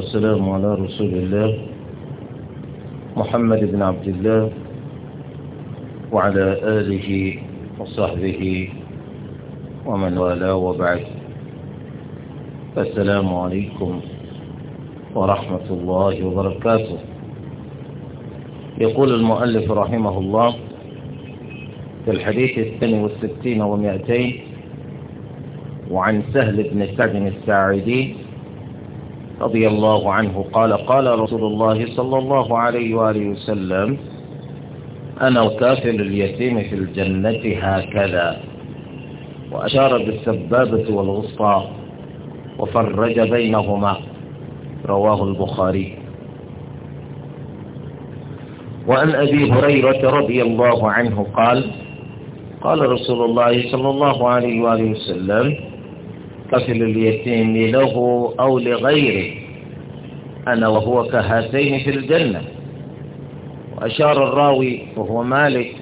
والسلام على رسول الله محمد بن عبد الله وعلى آله وصحبه ومن والاه وبعد السلام عليكم ورحمة الله وبركاته يقول المؤلف رحمه الله في الحديث الثاني والستين ومائتين وعن سهل بن سعد الساعدي رضي الله عنه قال قال رسول الله صلى الله عليه وآله وسلم أنا أكافل اليتيم في الجنة هكذا وأشار بالسبابة والغصة وفرج بينهما رواه البخاري وعن أبي هريرة رضي الله عنه قال قال رسول الله صلى الله عليه وآله وسلم تصل اليتيم له أو لغيره أنا وهو كهاتين في الجنة وأشار الراوي وهو مالك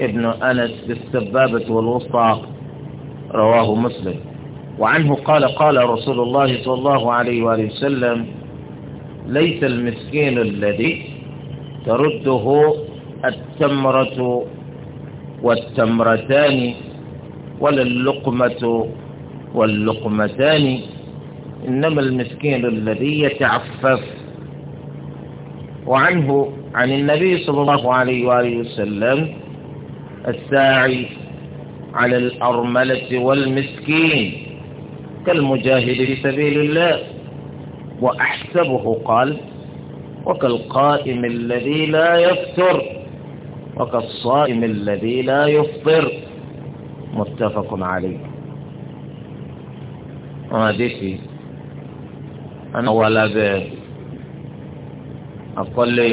ابن أنس بالسبابة والوسطى رواه مسلم وعنه قال قال رسول الله صلى الله عليه وآله وسلم ليس المسكين الذي ترده التمرة والتمرتان ولا اللقمة واللقمتان إنما المسكين الذي يتعفف وعنه عن النبي صلى الله عليه وآله وسلم الساعي على الأرملة والمسكين كالمجاهد في سبيل الله وأحسبه قال وكالقائم الذي لا يفتر وكالصائم الذي لا يفطر متفق عليه àwọn àdéhìí àná wà lábẹ́ àkọlé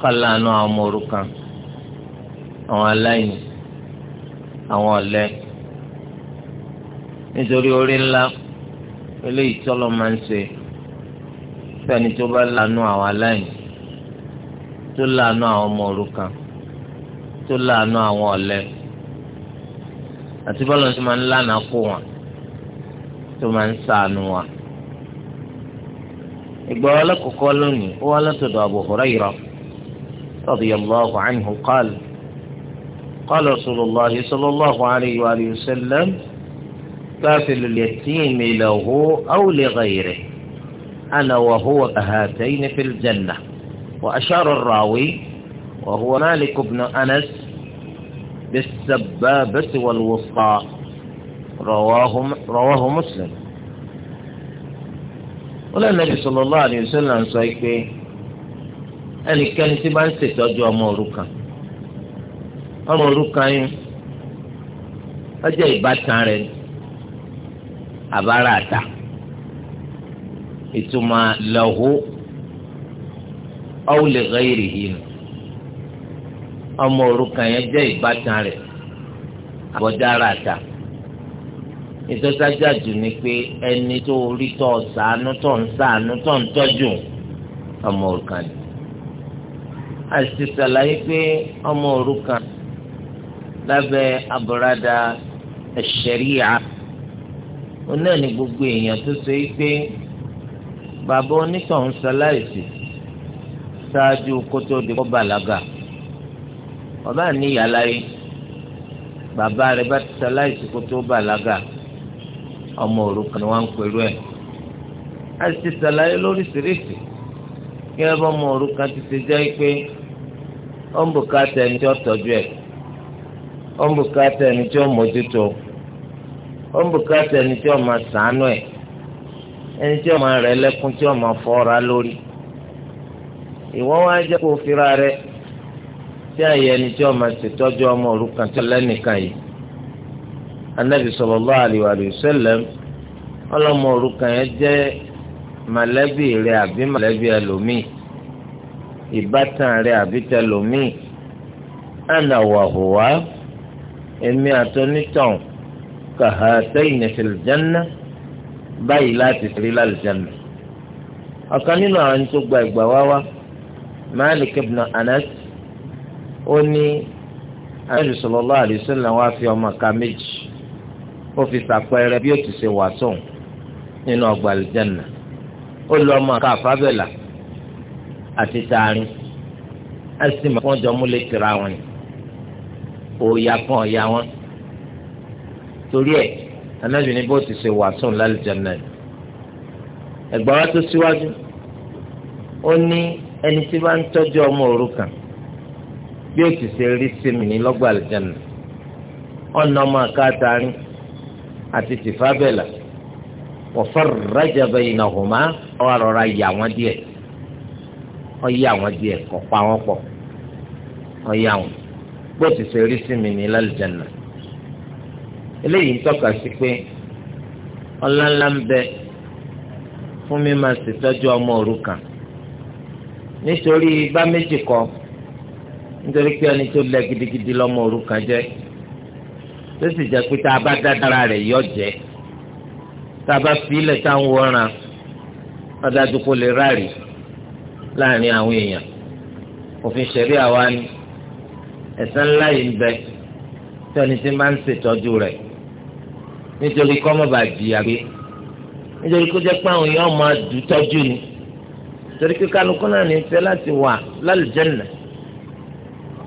kálánú àwọn ọmọ òrukàn àwọn aláìní àwọn ọ̀lẹ nítorí orí ńlá eléyìí tọ́lọ́ máa ń ṣe fẹ́ni tó bá lànú àwọn aláìní tó lànú àwọn ọmọ tó lànú àwọn ọ̀lẹ àti bọ́lá ti máa ń lànà kó wọn. tó máa ń sànù wa. ìgbà wọn ọlọ́kọ̀ọ́kọ́ lónìí ó wá látọ̀dọ̀ Abu Hurairah radiyallahu anhu qala qala rasulullah sallallahu alayhi wa sallam kafilu al-yatim lahu aw li ghayrihi ana wa huwa ní fil jannah wa ashara ar-rawi wa huwa Malik ibn Anas bis-sabbabati wal-wusta. rawahu Muslim wọlé nàbì sallallahu alaihi wasallam sọ pé ẹnikẹ́ni tí bá ń ṣètọ́jú ọmọ òrukàn ọmọ òrukàn yìí ọjọ́ ìbátan rẹ̀ àbára àtà ìtumọ̀ lahu aw li ghayrihi nù ọmọ òrukàn yẹn jẹ́ ìbátan rẹ̀ àbọ̀dára àtà. ìtọ́sájà jù ni pé ẹni tó rí tọ́ sànú tọ́ ń sànú tọ́ ń tọ́jú ọmọ òrukàn ni. a sì pé ọmọ òrukàn lábẹ́ àbúradà ni gbogbo èèyàn tó ṣe é pé bàbá onítọ̀hún ṣaláìsì ṣáájú kótó di kó bàlágà ọba níyàlá yìí bàbá rẹ̀ bá ti ṣaláìsì kótó ọmọ òrukàn ni ń pẹ̀lú ẹ̀ a ti lóríṣiríṣi kí ẹ ọmọ òrukàn ti ṣe jẹ́ pé ó ń ẹni tí ó tọ́jú ẹ̀ ó ń ẹni tí ó mójútó ó ń ẹni tí ó máa ṣàánú ẹ̀ ẹni tí ó máa lẹ́kún tí ó máa fọ́ra lórí wá jẹ́ kó fira rẹ̀ tí àyẹ̀ ẹni tí ó máa ṣètọ́jú ọmọ òrukàn tí ó lẹ́nìkan yìí anabi sallallahu alayhi wa sallam ọlọmọ òrukàn yẹn jẹ́ mọ̀lẹ́bí rẹ̀ àbí mọ̀lẹ́bí ẹlòmíì ìbátan rẹ̀ àbí tẹlòmíì ana wa huwa èmi àtọ́nítàn kahatayn fil janna báyìí láti fi lálùjánnà ọ̀kan nínú àwọn tó gba ìgbà wá wá Malik ibn Anas ó ní Ànábì sallallahu alayhi wa sallam wá fi ọmọ ká méjì ó fi sàpẹrẹ bí ó ti ṣe wà sóun nínú ọgbà àlùjánnà ó lọ ọmọ àká àfábẹ́là àti taarin ẹsìn mọ̀ fún ọjọ́ múlẹ̀ tìra wọn ni òòyà kan ọ̀yà wọn torí ẹ̀ anábì ní bó ti ṣe wà sóun lálùjánnà yìí ẹ̀gbọ́n wa tó síwájú ó ní ẹni tí bá ń tọ́jú ọmọ òrukàn bí ó ti ṣe rí sí mi ní lọ́gbà àlùjánnà ọ̀nà ọmọ àká taarin àti tìfábẹ́là wọ́fọ́rọ́jà bẹ́yìn náà hùmá ọ̀ àrọ̀rà yà wọ́n díẹ̀ ọ̀ yà wọ́n díẹ̀ kọ̀ pa wọ́n pọ̀ ọ̀ yà wọ́n bó ti ṣe rí sí mi ní lálùjáná eléyìí ń tọ́ka sí pé ọláńlá ń bẹ fún mi máa ṣètọ́jú ọmọ òrukàn nítorí bá méjì kọ nítorí pé ẹni tó lẹ gidigidi lọ́mọ òrukàn jẹ́ tó sì jẹ́ pé tá a bá dádára rẹ̀ yọ jẹ́ tá a bá filẹ̀ táwọn wọ́ran ọ̀dájú kó lè ráàrí láàrin àwọn èèyàn òfin ṣẹ̀rí àwa ni ẹ̀san ńlá yìí ń bẹ tí ẹni tí máa ń ṣètọ́jú rẹ̀ nítorí kọ́ mọ̀bà jìyà gbé nítorí kó jẹ́ pé àwọn èèyàn máa dùn tọ́jú ni torí pé kálukú náà ní fẹ́ láti wà lálùjẹ́nà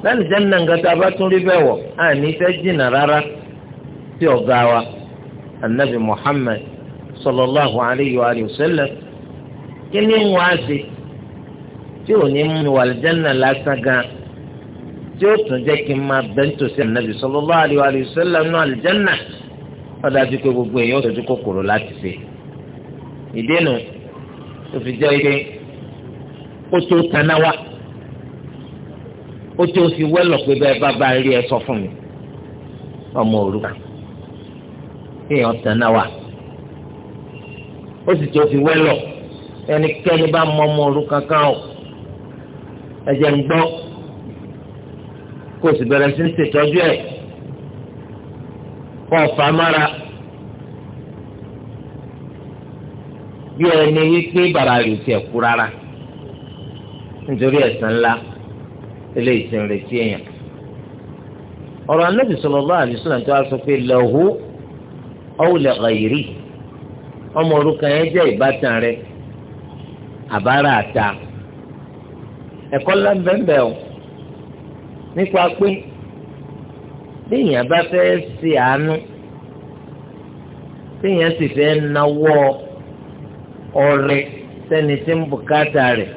lálùjẹ́nà nǹkan tá a bá tún rí bẹ́ẹ̀ wọ̀ àní fẹ́ jìnnà rárá. sí ọ̀gá wa anabi muhammed sallallahu alayhi wa sallam kí ni tí ò ní mú lásán gan tí ó tún jẹ́ kí n máa sí anabi sallallahu alayhi wa sallam náà àlìjánà wọ́n dájú pé gbogbo èèyàn ṣojú kòkòrò láti ṣe ìdénú tó fi jẹ́ ike ó tó kéèyàn tán náà wà ó sì tó fi wẹ́lọ̀ ẹnikẹ́ni bá mọ ọmọ òru kankan o ẹ̀jẹ̀ ń gbọ́ kó o sì bẹ̀rẹ̀ sí ní ṣètọ́jú ẹ̀ kó o fà á mára bí ẹni wípé bàrà rè tiẹ̀ kú rárá nítorí ẹ̀san ńlá eléyìí ti ń retí èèyàn ọ̀rọ̀ anábì sallallahu alaihi tó a sọ pé lahu aw li ghayri ọmọ òrukàn yẹn jẹ́ ìbátan rẹ̀ àbára àta ẹ̀kọ́ ńlá bẹ́ẹ̀ o nípa pé téèyàn bá fẹ́ ṣe àánú téèyàn sì fẹ́ náwó ọrẹ sẹ́ni tí ń bùkátà rẹ̀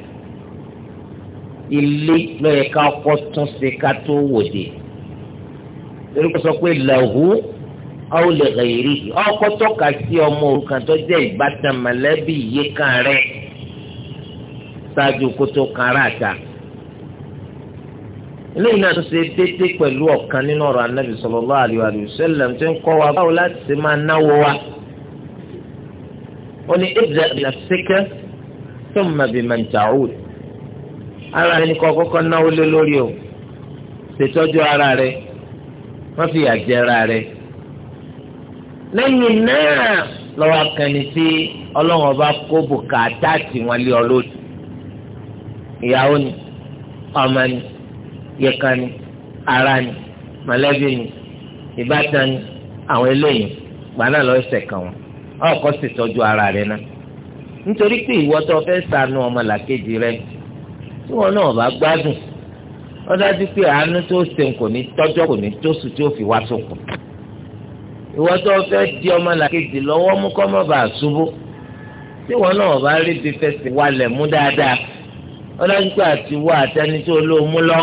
ilé lọ́yẹ̀ká ọkọ̀ tún ṣe ká tó wòde. erékọ́ sọ pé làwù aw li ghairihi ọkọ tọ́ka sí ọmọ òrukàn tó jẹ́ ìbátan mọ̀lẹ́bí ìyíkan rẹ̀ ṣáájú kótó kan ráàtà eléyìí náà tún ṣe déédéé pẹ̀lú ọ̀kan nínú ọ̀rọ̀ anábì sallallahu alaihi wa sallam tó ń kọ́ wa báwo láti ṣe máa náwó wa. ó ní ibda bi nafsika thumma biman ta'ud. ara rẹ ní kọ́ kọ́kọ́ náwó lé lórí o ṣètọ́jú ara rẹ má fi àjẹra rẹ lẹ́yìn náà lọ́wọ́ akẹni tí ọlọ́run ọba kó bùkátà tí wọ́n lé ọ ìyàwó ni ọmọ ni yẹka ni ara ni mọ̀lẹ́bí ni ìbátan ni àwọn eléyìí gbà lọ ẹsẹ̀ kan wọn sì tọ́jú ara rẹ náà nítorí pé ìwọ tó fẹ́ sanu ọmọ làkejì rẹ tí wọn náà bá gbádùn ọ dájú pé àánú tó ṣe kò ní tọ́jọ́ kò ní fi wá ìwọ tó fẹ́ di ọmọ làkejì lọ́wọ́ mú kọ́ mọ́ bàa ṣubú tí wọn náà bá rí ti fẹsẹ̀ walẹ̀ mú dáadáa ọlọ́dúnkọ́ àti wọ àtẹni tó olóòmú lọ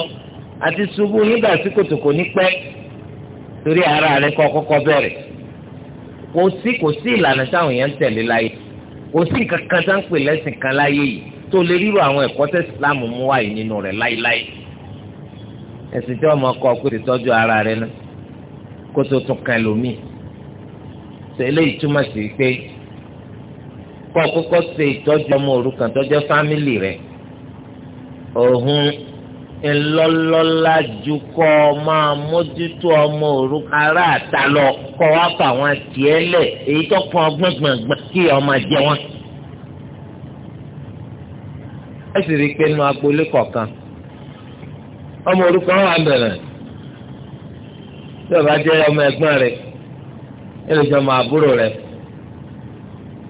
àti ṣubú nígbà tí kòtòkò ní pẹ́ torí ara rẹ kọ́ kọ́kọ́ bẹ̀rẹ̀ kò sí kò sí ìlànà táwọn èèyàn ń tẹ̀lé láyé kò sí kankan tá ń pè lẹ́sìn kan láyé yìí tó lè ríro àwọn ẹ̀kọ́ tẹ́ Ìsìláàmù mú wáyé nínú rẹ̀ láéláé ẹ̀sìn tí ọmọ kọ́ pé tọ́jú ara rẹ náà kó tó tún kan lómìn sọ eléyìí túmọ̀ sí pé kọ́ kọ́kọ́ ṣe ìtọ́jú ọmọ òrukàn tó jẹ́ fámìlì rẹ̀ òhun ńlọ́lọ́lá ju kọ́ máa mójútó ọmọ òrukàn ará àta lọ kọ́ wá fà wọn tiẹ̀ lẹ̀ èyí tó pọn gbọ̀ngbọ̀ngbọ̀n kí ọmọ jẹ wọn. ẹ sì rí i pé inú agboolé kọ̀ọ̀kan ọmọ òrukàn wà bẹ̀rẹ̀ tí ọba jẹ́ ọmọ ẹ̀gbọ́n rẹ̀ ó lè jọ ọmọ àbúrò rẹ̀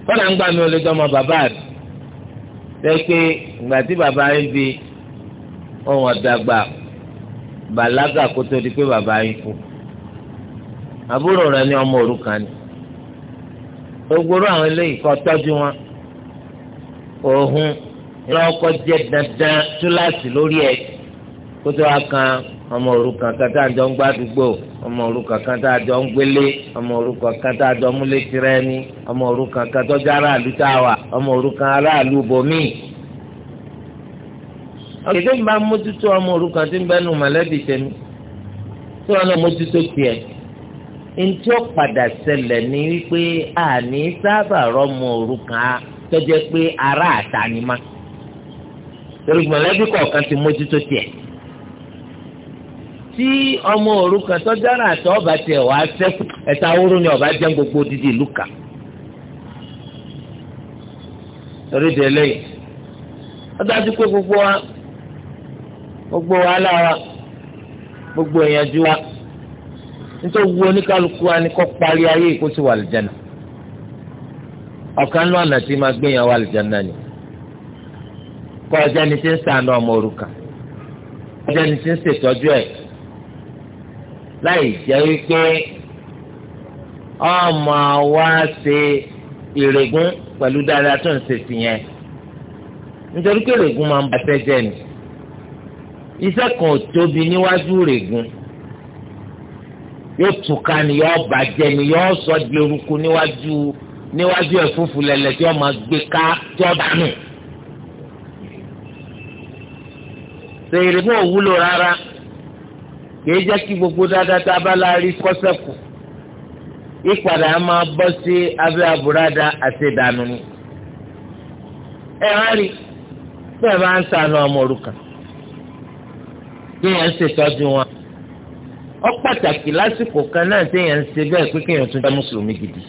kọ́nà ń gbà mí ó lè jọ ọmọ bàbá rẹ̀ tẹ́ pé ìgbà tí bàbá rẹ̀ bí ohun ọ̀dàgbà bàlágà kó tó di pé bàbá rẹ̀ kú àbúrò rẹ̀ ní ọmọ òrukàn ni ogboro àwọn eléyìí kọ́ tọ́jú wọn òhun lọ́kọ́ jẹ́ dandan túláàsì lórí ẹ̀ kótó akan ọmọ òrukàn kan tá a jọ ń ọmọ òrukàn kan tá a jọ ń gbélé ọmọ òrukàn kan tá a jọ múlé ni ọmọ òrukàn kan tọ́jú aráàlú tá a wà ọmọ òrukàn aráàlú bòmí. ọ̀gẹ̀dẹ̀ mi máa mójútó ọmọ òrukàn tí ń bẹ́ nu mọ̀lẹ́bí tẹ̀mí tí wọ́n náà mójútó tiẹ̀. ntí ó padà ṣẹlẹ̀ ni wípé àní sábà rọmọ òrukàn tọ́jẹ́ pé tí ọmọ òrukàn sọ́jára àti ọba tiẹ̀ wá sẹ́kù ẹ̀ta awúrú ni ọba jẹ́ gbogbo dídì ìlú kà. torí délé ọdájú pé gbogbo wa gbogbo wàhálà wa gbogbo ìyànjú wa nítorí oníkálukú wa ni kò parí ayé kó wà ọ̀kan náà nàti máa gbéyàn wà ni kọ́ ọjà ni ti ń sànù ọmọ òrukàn ọjà ni ti ń láì jẹ́ wípé ọmọ wa ṣe ìrègùn pẹ̀lú dáadáa tó ń ṣe sí yẹn nítorí pé ìrègùn máa ń ba iṣẹ́ jẹ́ ni iṣẹ́ kan ò tóbi níwájú ìrègùn yóò túká ni yóò bàjẹ́ ni yóò sọ di eruku níwájú níwájú ẹ̀fúùfù lẹ̀lẹ̀ tí wọ́n máa gbé ká tí wọ́n dànù ṣe ìrègùn ò wúlò rárá kìí jẹ́ kí gbogbo dáadáa tá a bá la rí kọ́sẹ́kù ìpadà á máa bọ́ sí abẹ́ àbúradà àti ìdánù ni. ẹ wá rí bẹ́ẹ̀ máa ń sànù ọmọ òrukàn kéèyàn ń ṣètọ́jú wọn. ó pàtàkì lásìkò kan náà téèyàn ń ṣe bẹ́ẹ̀ pé kéèyàn tún jẹ́ mùsùlùmí gidi.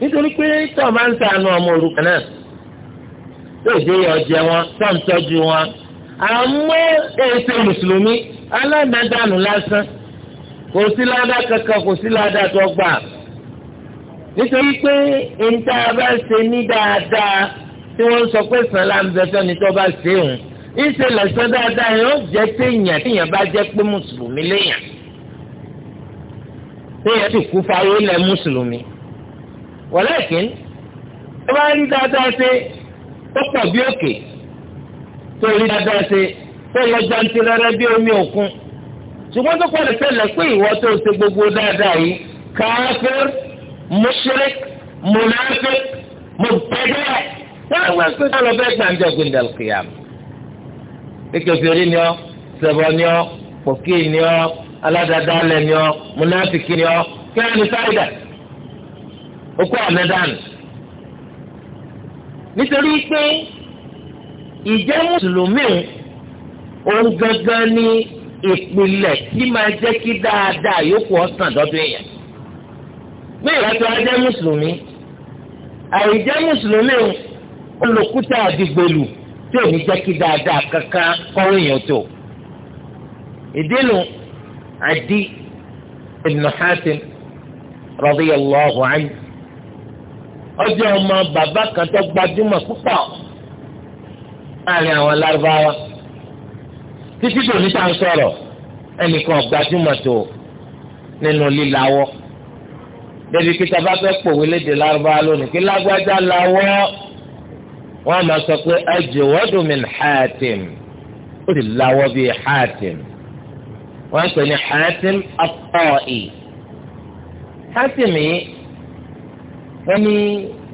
nítorí pé tó máa ń sànù ọmọ òrukàn náà tó ìdíyẹ ọjẹ wọn tó ń tọ́jú wọn àmọ́ èyí ṣe mùsùlùmí aládàdànù lásán kò sí ládà kankan kò sí ládà tó gbà nítorí pé níta bá ṣe ní dáadáa tí wọ́n sọ pé sàn lá ń bẹ sọ́ni tó bá ṣe òun ìṣe lẹ̀sán dáadáa yẹn ó jẹ́ téèyàn téèyàn bá jẹ́ pé mùsùlùmí léèyàn téèyàn sì kú fáwọn ilẹ̀ mùsùlùmí wọ́lẹ́kìn tó bá rí dáadáa ṣe tó pọ̀ bí òkè tó rí dáadáa ṣe tó lọ jantirẹrẹ bí omi òkun ṣùgbọ́n tó pọ̀lẹ̀ tẹ́lẹ̀ pé ìwọ tó ṣe gbogbo dáadáa yìí káfíìr mushrik munafiq mubtadi' wọ́n wá pé kí ọlọ́bẹ̀ gbàǹjọ́ gbìndàl kìyàm. ìkẹfìrí ni ọ́ sẹ̀bọ̀ ni ọ́ pòkì ni ọ́ aládàdálẹ̀ ni ọ́ munafiki ni ọ́ kí wọ́n okó àmẹ́dánù. nítorí pé ìjẹ́ mùsùlùmí òun gangan ní ìpìlẹ̀ tí máa jẹ́ kí dáadáa yòókù ọ̀sán dọ́dún èèyàn. bí ìrẹsì wa jẹ́ mùsùlùmí àìjẹ́ mùsùlùmí olùkúta àdìgbòlù tí ò ní jẹ́ kí dáadáa kankan kọ́rọ̀ èèyàn tó. ìdílù àdí ibn Hatim radiyallahu anhu ọjọ́ ọmọ bàbá kan tó gbajúmọ̀ púpọ̀ láàrin àwọn lárúbáwá títí dòní tá à ń sọ̀rọ̀ ẹnìkan gbajúmọ̀ tó nínú líláwọ́ débi kí sábà fẹ́ pòwe léde lárúbáwá lónìí kí lágbájá láwọ́ wọ́n á máa sọ pé ajwadu min Hatim ó sì láwọ́ bíi Hatim wọ́n á ní Hatim at-Ta'i yìí wọ́n ní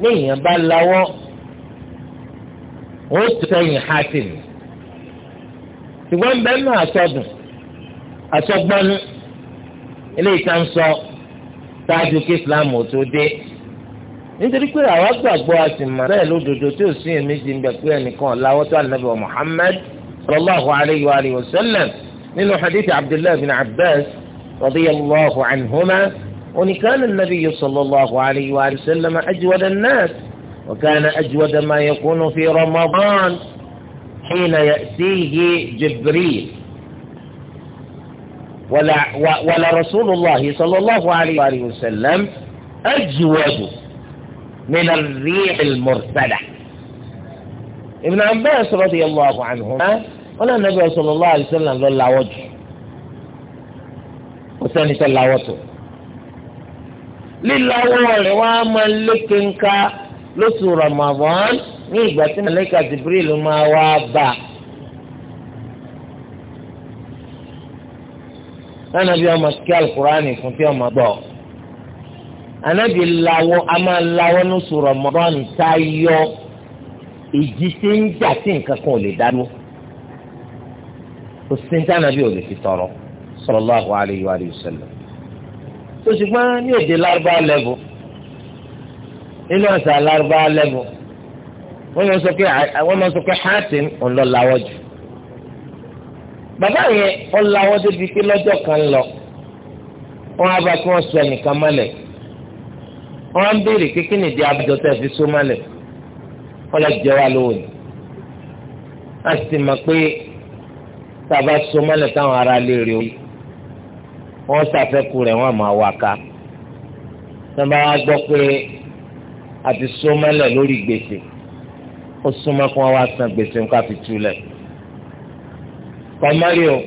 ní láwọ́ wọ́n ó tẹ̀yìn Hatim yìí ṣùgbọ́n bẹ́ẹ̀ náà àṣọdùn àṣọgbọ́nú eléyìí tá ń sọ ṣáájú kí Islam ò tó dé nítorí pé àwa gbàgbọ́ a sì mọ̀ bẹ́ẹ̀ lódodo tí ò sí èméjì ń bẹ pé ẹnìkan láwọ́ tó ànábì Muhammad sallallahu alayhi wa alihi wa sallam nínú hadith Abdullahi bin Abbas radiyallahu anhuma oníkan nàbí sallallahu alayhi wa sallam ajwada nas wa ajwada ma yakunu fi Ramadan. حين يأتيه جبريل ولا ولا رسول الله صلى الله عليه وآله وسلم أجود من الريح المرسلة ابن عباس رضي الله عنهما ولا النبي صلى الله عليه وسلم لولا وجه وثاني تلاوته لله وعلى وما لكنك لسو رمضان ní ìgbà tí màlẹ́kà jibril máa wá bá lánàbí ọmọ kí alukurani fún tí ọmọ gbọ́ anabi lawọ a máa lawọ ní sọ̀rọ̀ mọdánì tá a yọ ìjì tí ń jà tí nǹkan kan ò lè dá dúró kò sí ní tànàbí ò lè fi tọrọ sallallahu alayhi wa sallam tó ṣùgbọ́n ní èdè lárúbá lẹ́bù nínú àṣà lárúbá lẹ́bù wọ́n máa sọ pé àwọn máa sọ pé hàtìm ńlọ́láwọ́ jù bàbá yẹn ọ̀làwọ́ débi pé lọ́jọ́ kan lọ wọ́n á bá kí wọ́n sọ ẹnìkan mọ́lẹ̀ wọ́n á béèrè pé kí nìdí abùjọ tẹ̀ fi so mọ́lẹ̀ wọ́n lọ jẹ́ wa lówó ni a sì mọ̀ pé tàbá so mọ́lẹ̀ táwọn ará lè rí o wọ́n ṣàfẹ́kù rẹ̀ wọ́n máa wà ká tí wọ́n bá wá gbọ́ pé àti so mọ́lẹ̀ lórí gbèsè ó súnmọ́ kí wọ́n wá san gbèsè nǹkan fi túlẹ̀. kọ́márì o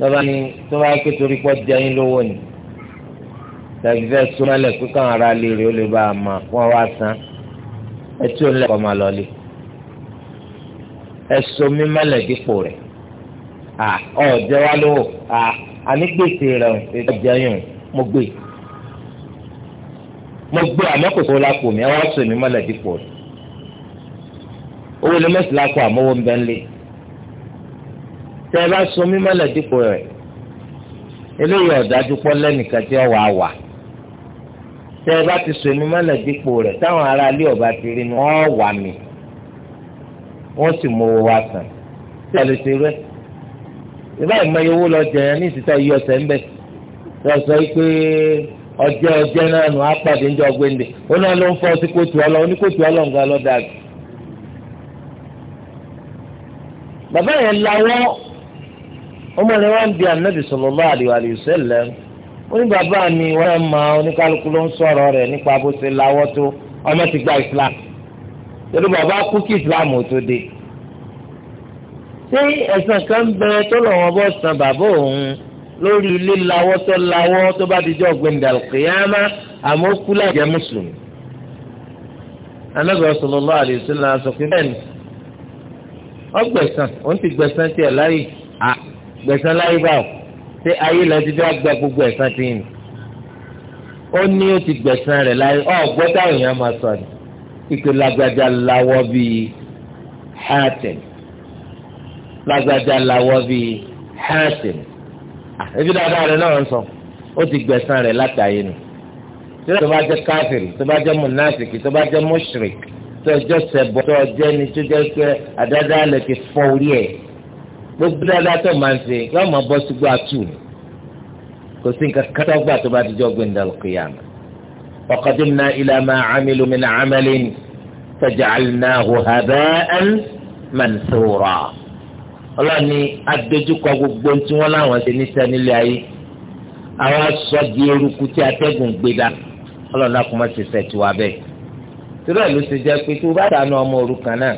lọ́ba ni tó bá ké torí pọ́ di ẹyin lówó ni tàbí fẹ́ súnmọ́lẹ̀ pé káwọn ará lè rí ó lè bá a mọ̀ kí wá san ẹ ò ń lẹ́kọ̀ọ́ máa lọ lé ẹ so mímọ́lẹ̀ dípò rẹ̀ ọ̀ jẹ́ wá lówó àní gbèsè rẹ̀ ò jẹ́ mo gbèsè mo gbé àmọ́kòkò lápò mi ẹ wá sọ èmi mọ́lẹ̀ dípò rẹ̀ owó lè mọ́sí lápò àmọ́wó ń bẹ́ ń lé tẹ́ ẹ bá sọ mí mọ́lẹ̀ dípò rẹ̀ eléyìí ọ̀dájú pọ́ lẹ́nìkan tí ọ wà á wà tẹ́ ẹ bá ti sọ èmi mọ́lẹ̀ dípò rẹ̀ táwọn ará ilé ọba ti rí ni wọ́n wà mí wọ́n sì mú owó wa sàn tí a lè ṣe rẹ́ ìbáyìí mọ iye owó lọ jẹ ní ìsìtọ́ iye ọ̀sẹ̀ ń bẹ̀ ọjẹ ọjẹ náà nù apàdé ńjọ gbẹndé ó náà ló ń fọ sí kóòtù ọlọ oníkóòtù ọlọ ń ga lọdà jù. bàbá yẹn lawọ́ ọmọ rẹ wá ń bi ànábì sallallahu alaihi wasallam ó ní bàbá mi wọ́n máa oníkálukú ló ń sọ̀rọ̀ rẹ̀ nípa bó ṣe lawọ́ tó ọmọ ti gba islam torí bàbá kú kí islam ò tó dé. ṣé ẹ̀sán kan bẹ tó lọ́wọ́ bọ́ san bàbá òun lórí lílawọ́ tó lawọ́ tó bá dijọ́ gbẹ̀ndàl kìyàmá àmọ́ kú lájẹ́ mùsùlùmí. anábẹ́ sallallahu alaihi wasallam sọ pé bẹ́ẹ̀ ni ọgbẹ̀sán òun ti gbẹ̀sán tiẹ̀ láyé à gbẹ̀sán láyé báwò ṣé ayé lọ́ọ́ ti dá gba gbogbo ẹ̀sán tí ń ó ní ó ti gbẹ̀sán rẹ̀ láyé ọ̀gbọ́n táwọn èèyàn máa sọ ni ìpè lágbájá lawọ́ bíi hàtẹ̀ lágbájá lawọ́ bíi hàtẹ̀ ebi dáadáa rẹ náà ń sọ ó ti gbẹ̀san rẹ̀ látàyè nù tó bá jẹ́ káfíìrì tó bá jẹ́ mùnásìkì tó bá jẹ́ mùṣírìk tó jẹ́ sẹ̀bọ̀ tó jẹ́ ni tó jẹ́ pé àdáadáa alẹ́ ti fọ orí ẹ̀ gbogbo dáadáa tó máa ń ṣe yóò máa bọ́ sígbó àtù kò sí nǹkan kátàgbà tó bá ti jọ gbé ndàlùkìyàmù وقدمنا إلى ما عملوا من عمل فجعلناه هباء منثورا ọlọ́ni adójúkọ gbogbo tí wọ́n láwọn ṣe ní sẹ́nílé ayé àwọn aṣọ di eruku tí atẹ́gùn gbé dá ọlọ́ni akọ́mọ́ ti fẹ́ tiwa bẹ́ẹ̀. torí ẹ̀ ló ṣe jẹ́ pé tó bá dànù ọmọ òrukàn náà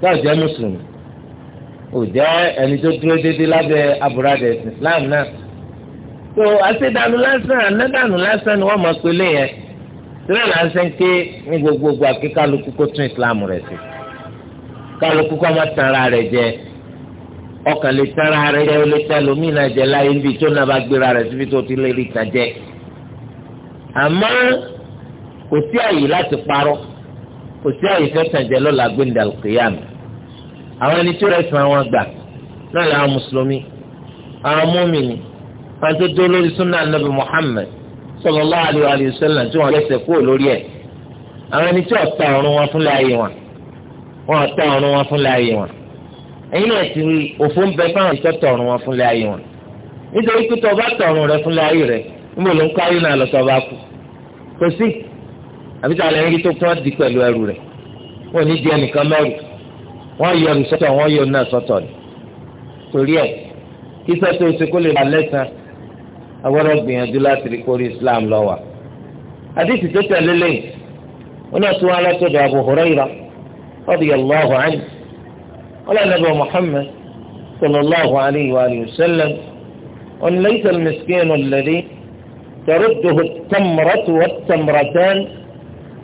tó jẹ́ mùsùlùmí ò jẹ́ ẹni tó dúró déédéé lábẹ́ aburada Islam náà tó àṣedànù lásán ànádànù lásán ni wọ́n mọ̀ pé lé yẹn torí ẹ̀ là ń ní gbogbogbò àkíkálukú kó tún Islam rẹ̀ sí kálukú kọ́ máa tanra rẹ̀ jẹ ọkàn lè tanra rẹ̀ jẹ ó lè tẹ lómi náà jẹ láyé níbi tó náà bá gbéra rẹ̀ síbi tó ti lè rí kan jẹ àmọ́ kò sí àyè láti parọ́ kò sí àyè fẹ́tàn jẹ lọ́la gbẹ̀ndàlùkìyàmù àwọn ẹni tó rẹ̀ sàn wọn gbà náà làwọn mùsùlùmí àwọn mọ́mìnì wọn tó dó lórí súnà nàbì muhammed sallallahu alaihi wa sallam tí wọn lẹsẹ kúrò lórí ẹ àwọn ẹni tí wọn wọn tẹ ọrùn wọn fúnlẹ̀ ayé wọn ẹ̀yin náà ti rí òfò ń bẹ fáwọn ìtọ́ tẹ ọrùn wọn fúnlẹ̀ ayé wọn nítorí pé tọ́ bá tẹ ọrùn rẹ fúnlẹ̀ ayé rẹ níbo ló ń kọ́ ayé náà lọ tọ́ bá kú kò sí àbí tá a tó kí wọ́n pẹ̀lú ẹrù rẹ̀ wọn ní di ẹnìkan mẹ́rù wọ́n yọ ẹrù sọ́tọ̀ wọ́n yọ náà sọ́tọ̀ ni torí ẹ̀ kí sẹ́tọ̀ oṣù kó lè ba lẹ́sàn agbọ́dọ̀ gbìyànjú láti rí kórè Islam lọ́wọ́ àdìsí tó tẹ̀lé lẹ́yìn wọn náà tún wá látọ̀dọ̀ Abu Hurairah رضي الله عنه ولا نبي محمد صلى الله عليه وآله وسلم أن ليس المسكين الذي ترده التمرة والتمرتان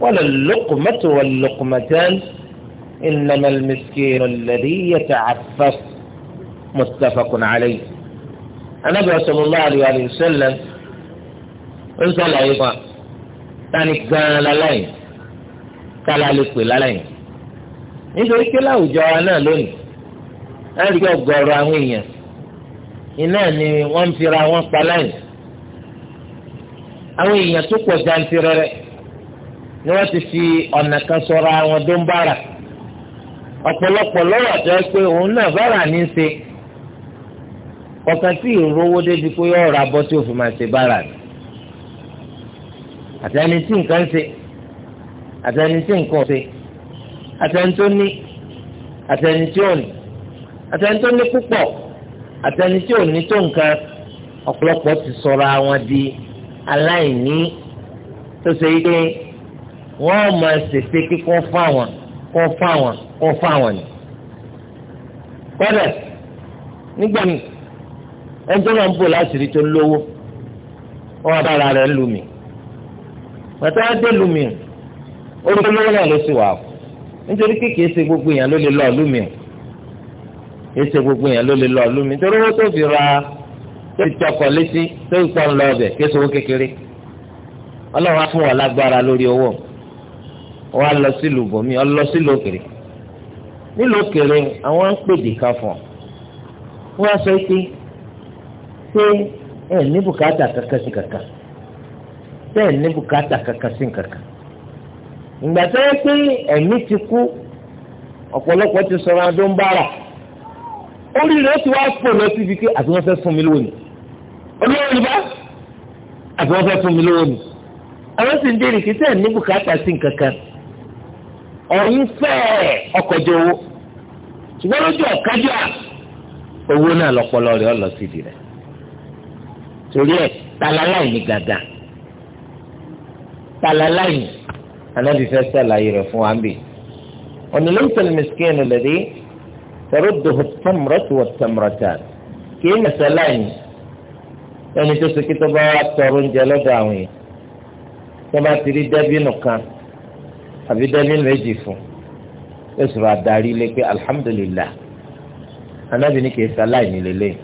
ولا اللقمة واللقمتان إنما المسكين الذي يتعفف متفق عليه النبي صلى الله عليه وآله وسلم انزل أيضا yìí kan tani gan-an lálẹ́yìn nítorí pé láwùjọ wa náà lónìí láti gbé ọ̀gọ̀rọ̀ àwọn èèyàn iná ni wọ́n ń fira wọn pa láyìn àwọn èèyàn tó pọ̀ jantirẹrẹ ni wọ́n ti fi ọ̀nà kan sọ̀rọ̀ àwọn tó ń bára ọ̀pọ̀lọpọ̀ lọ́wọ́ tó yẹ pé òun náà bára ní í ṣe ọ̀kan tí ìrówó débi pé yọ ọ̀rọ̀ abọ́ tí òfin máa ṣe bára ni àtẹni nǹkan ṣe àtẹni nǹkan ṣe àtẹni tó ní àtẹni tí ò ní àtẹni tó ní púpọ̀ àtẹni tí ò ní tó nǹkan ọ̀pọ̀lọpọ̀ ti sọ̀rọ̀ àwọn di aláìní tó ṣe pé wọ́n máa ṣèṣe kíkọ́ fáwọn kọ́ fáwọn kọ́ fáwọn ni. kọ́dà nígbà míì ẹjọ́ máa ń bò láṣìírí tó lówó wọ́n bá ara rẹ̀ lù mí. bàtà dé lù mí orí olówó náà ló sì wà á kú nítorí kékeré ṣe gbogbo èèyàn ló lè lọ ọ̀lú mi ò ṣe gbogbo èèyàn ló lè lọ ọ̀lú mi torí owó tó fi ra tó fi tọkọ létí tó fi pọ́n lọ ọbẹ̀ kí sowó kékeré ọlọ́run á fún wa lágbára lórí owó wa lọ sílùú bòmí ọlọ sílùú òkèrè nílùú òkèrè àwọn ń pèdè ká fún ọ wọ́n á sọ pé ṣé ẹ ní bùkátà kankan sí kankan ṣé ẹ ní bùkátà kankan sí kankan ìgbà tó yẹ pé ẹ̀mí ti kú ọ̀pọ̀lọpọ̀ ti sọ̀rọ̀ adó ń bára orí rẹ̀ ti wá pò lọ síbi pé àti wọ́n fẹ́ fún mi lónìí olówó ni bá àti wọ́n fẹ́ fún mi lónìí àwọn sì ń dé ìrìkì tẹ̀ ní bùkátà sí nǹkan ọ̀hún fẹ́ ọkọ̀jọ owó ṣùgbọ́n lójú ọ̀kájú à owó náà lọ́pọlọ rẹ̀ ọ̀ síbi rẹ̀ torí ẹ̀ talaláì ní gàgà talaláì ní anábì fẹ́ sàlàyé rẹ̀ fún wa ń bì. ọ̀nà lẹ́sẹ̀ mẹ́sìkìn lẹ́dí tẹ̀rọ̀dù tẹ̀mùrọ̀tù wọ̀ tẹ̀mùrọ̀tà kì í mẹ̀sẹ̀ láìní ẹni tó sèké tó bá tọrọ oúnjẹ lọ́dọ̀ àwọn yìí tó bá ti rí dẹ́bínù kan àbí dẹ́bínù méjì fún yóò sọ̀rọ̀ àdarí lé pé alhamdulillah anábì ní kì í sàlàyé lélẹ́yìn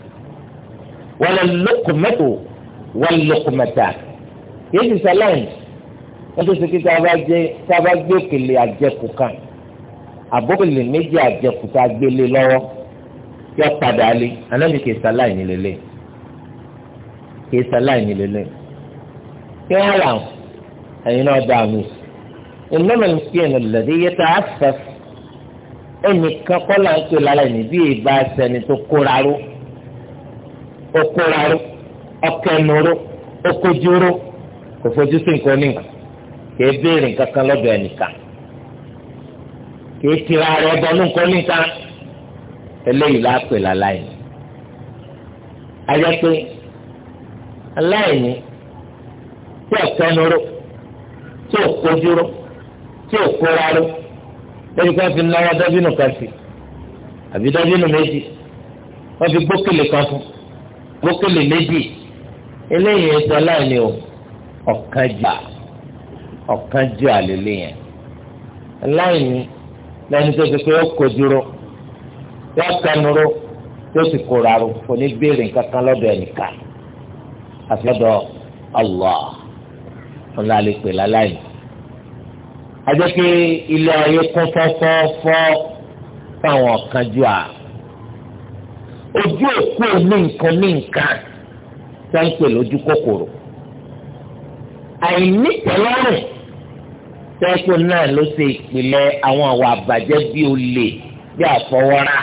wọ́n lọ́kùnmẹ́tò wọ́n lọ́kùnmẹ́tà yéèdì sàlàyé ẹjọ́ sọ pé tá a bá gbé òkèlè àjẹkù kan àbókèlè méjì àjẹkù tá a gbélé lọ́wọ́ yọ padà lé anábì kìí sáláì ní lélẹ̀ kìí sáláì ní lélẹ̀ kí wọ́n rà ẹ̀yin náà dá mi ìnáwó ìsìnkú ìlẹ̀dí yẹ tá a fẹ́ ẹnìkan kọ́ là ń pè lálẹ́ ní bí ìbá sẹni tó kóra ró ó kóra kò fojú sí nǹkan oníkan kìí béèrè nǹkan kan lọ́dọ̀ ẹnìkan kìí tira rẹ̀ bọ́nú nǹkan nìkan eléyìí lápè láláìní. ayé pé aláìní tí ọ̀tẹ́nuró tí òkojúró tí òkóraró lórí kan fi náwó dábínú kan sí àbí dábínú méjì wọ́n fi gbókèlè kan fún gbókèlè méjì eléyìí ẹ̀sọ́ aláìní o ọ̀kan jà ọ̀kan jù àlélẹ́ yẹn láìní lẹ́ni tó ti pé ó kó dúró yọ kẹnuró tó sì kóra ro kò ní béèrè kankan lọ́dọ̀ ẹnìkan àti lọ́dọ̀ Allah ọ̀la lè pè láláìní. ajẹ́ pé ilé ayé kún fọ́fọ́fọ́ fáwọn ọ̀kan jù à ojú òkú ní nǹkan ní nǹkan sáńpẹ̀ lójú kòkòrò àìní tẹ́lọ́rùn tẹ́kù náà ló ṣe ìpìlẹ̀ àwọn àwọ̀ àbàjẹ́ bí olè bí àfọwọ́rá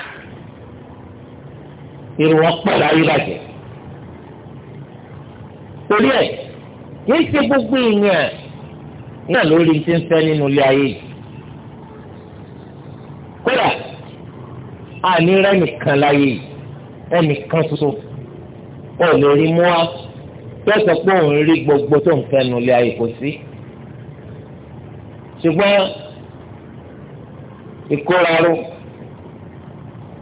irú wọn pẹ̀lú ayébàjẹ́. torí ẹ̀ kìí ṣe gbogbo ìyẹn náà lórí ti ń fẹ́ nínú ilé ayé yìí. kódà àní rẹ́nìkan láyé yìí ẹnìkan ṣoṣo ò lè tẹ́sán pé òun rí gbogbo tó ń fẹ́ nínú ilé ayé kò sí ṣùgbọ́n ìkóraró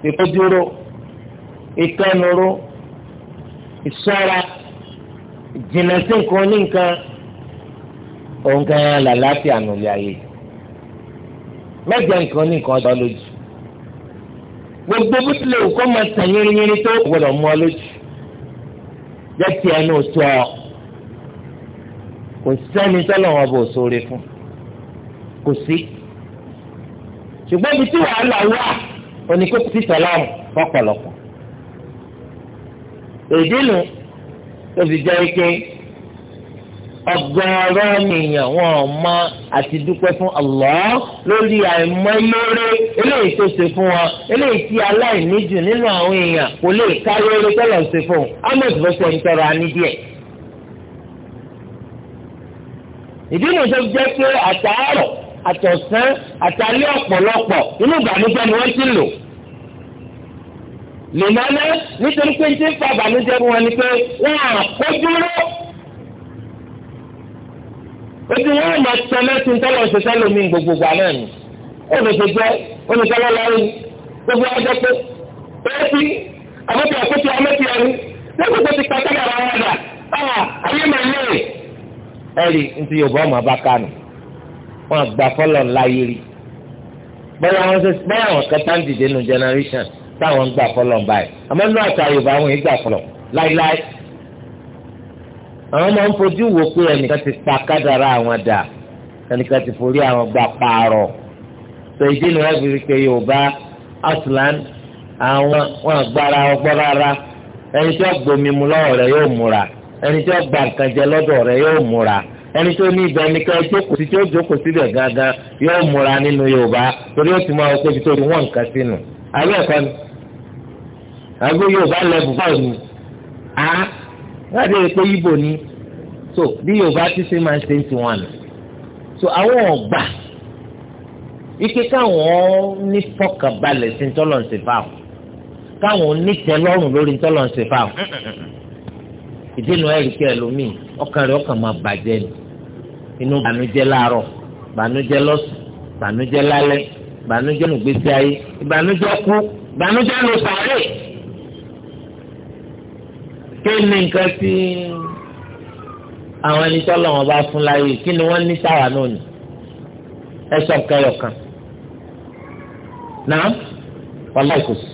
ìkójúró ìkẹnuró ìṣọ́ra ìjìnlẹ̀ sí nǹkan oníǹkan òun gan làlàáfíà nùlẹ̀ ayé mẹ́jọ nǹkan oníǹkan ọjọ́ lójú gbogbo bó tilẹ̀ òkú máa tàn yínrínyínrín tó gbọdọ̀ mú ọ lójú jẹ́ tiẹ̀ ní oṣù ọ kò sẹ́ni tọ́lọ̀ wọn bò sóore fún kò sí ṣùgbọ́n ibi tí wàhálà wà oníkó ti sọ̀láàmù fọ́pọ̀lọpọ̀ èdè nù tó fi jẹ́ ike ọgọ́rọ́ nìyẹn wọn mọ àti dúpẹ́ fún Allah lórí àìmọlóore eléyìí tó ṣe fún wọn eléyìí tí aláìní jù nínú àwọn èèyàn kò lè kárí oore tẹ́lẹ̀ ṣe fún un ahmed bọ́sẹ̀ ń tọrọ anídìẹ̀. ìdí nìyẹn tó jẹ́ pé àtàárọ̀ àtọ̀sán àtàlẹ́ ọ̀pọ̀lọpọ̀ inú ìbànújẹ́ ni wọ́n ti lò. lèmọ́nà nítorí pé ní ti ń fa ìbànújẹ́ fún wọn ni pé wọ́n á kó dúró. ojú wọn ò máa tẹ lẹ́sìn tẹ́lẹ̀ ọ̀sẹ̀ tẹ́lẹ̀ omi gbogbo gbà náà ni. ó lè ṣe jẹ́ olùkọ́lọ́ lọ́rùn gbogbo ọjọ́ pé ó ti àbọ̀tì àkótì ọmọdé lẹ́gbẹ̀ẹ́ tó ti pàtàkì àwọn ọ̀dà ah, ayé màá lè. ẹ̀rí ntí Yorùbá ọmọ abá kánù wọn àgbà fọlọ ńlá yìí rí bẹ́ẹ̀ àwọn bẹ́ẹ̀ àwọn kan táwọn dìde nu generation táwọn ń gbà fọlọ báyìí àmọ́ inú àti àyùbá àwọn yìí gbà fọlọ láíláí àwọn máa ń fojú wo pé ẹnìkan ti pa kádàrá àwọn dà ẹnìkan ti forí àwọn gbà pààrọ̀ tó ìdí nu wọn fi rí pé Yorùbá aslan àwọn wọn àgbára ọgbọ́ rárá ẹni tí wọn gbomi mu lọ́wọ́ rẹ̀ yóò múra ẹni tí wọn gbà nǹkan jẹ lọ́dọ̀ rẹ̀ yóò múra ẹni tó ní ibẹ̀ ni ká jókòó sí tí ó jókòó síbẹ̀ gángan yóò múra nínú yorùbá torí ó ti máa wọ pébi tó ní wọ́n nǹkan sínú àbẹ́ ẹ̀kọ́ ni àbí yorùbá lẹ́bù báwo ni a láti rí i pé ibo ni so bí yorùbá ti ṣe máa ń ṣe ti wọn nù so àwọn ọ̀gbà ike káwọn ní fọkànbalẹ̀ sí tọ́lọ̀ ń ṣe fáwọn káwọn onítẹ̀lọ́rùn lórí tọ́lọ̀ ń ṣe fáwọn ìdí nu ẹ̀rí kí ẹlòmíì ọkàn rẹ̀ ọkàn máa bàjẹ́ ni inú bànújẹ́ láàárọ̀ bànújẹ́ lọ́sùn bànújẹ́ lálẹ́ bànújẹ́ nùgbésí ayé ìbànújẹ́ kú bànújẹ́ ló sàárè. kí ni nǹkan tí àwọn ẹni tọ́lọ̀ wọn bá fún láyé kí ni wọ́n ní sáwà náà nì ẹ sọ kẹyọ kan náà wàlá ìkòsí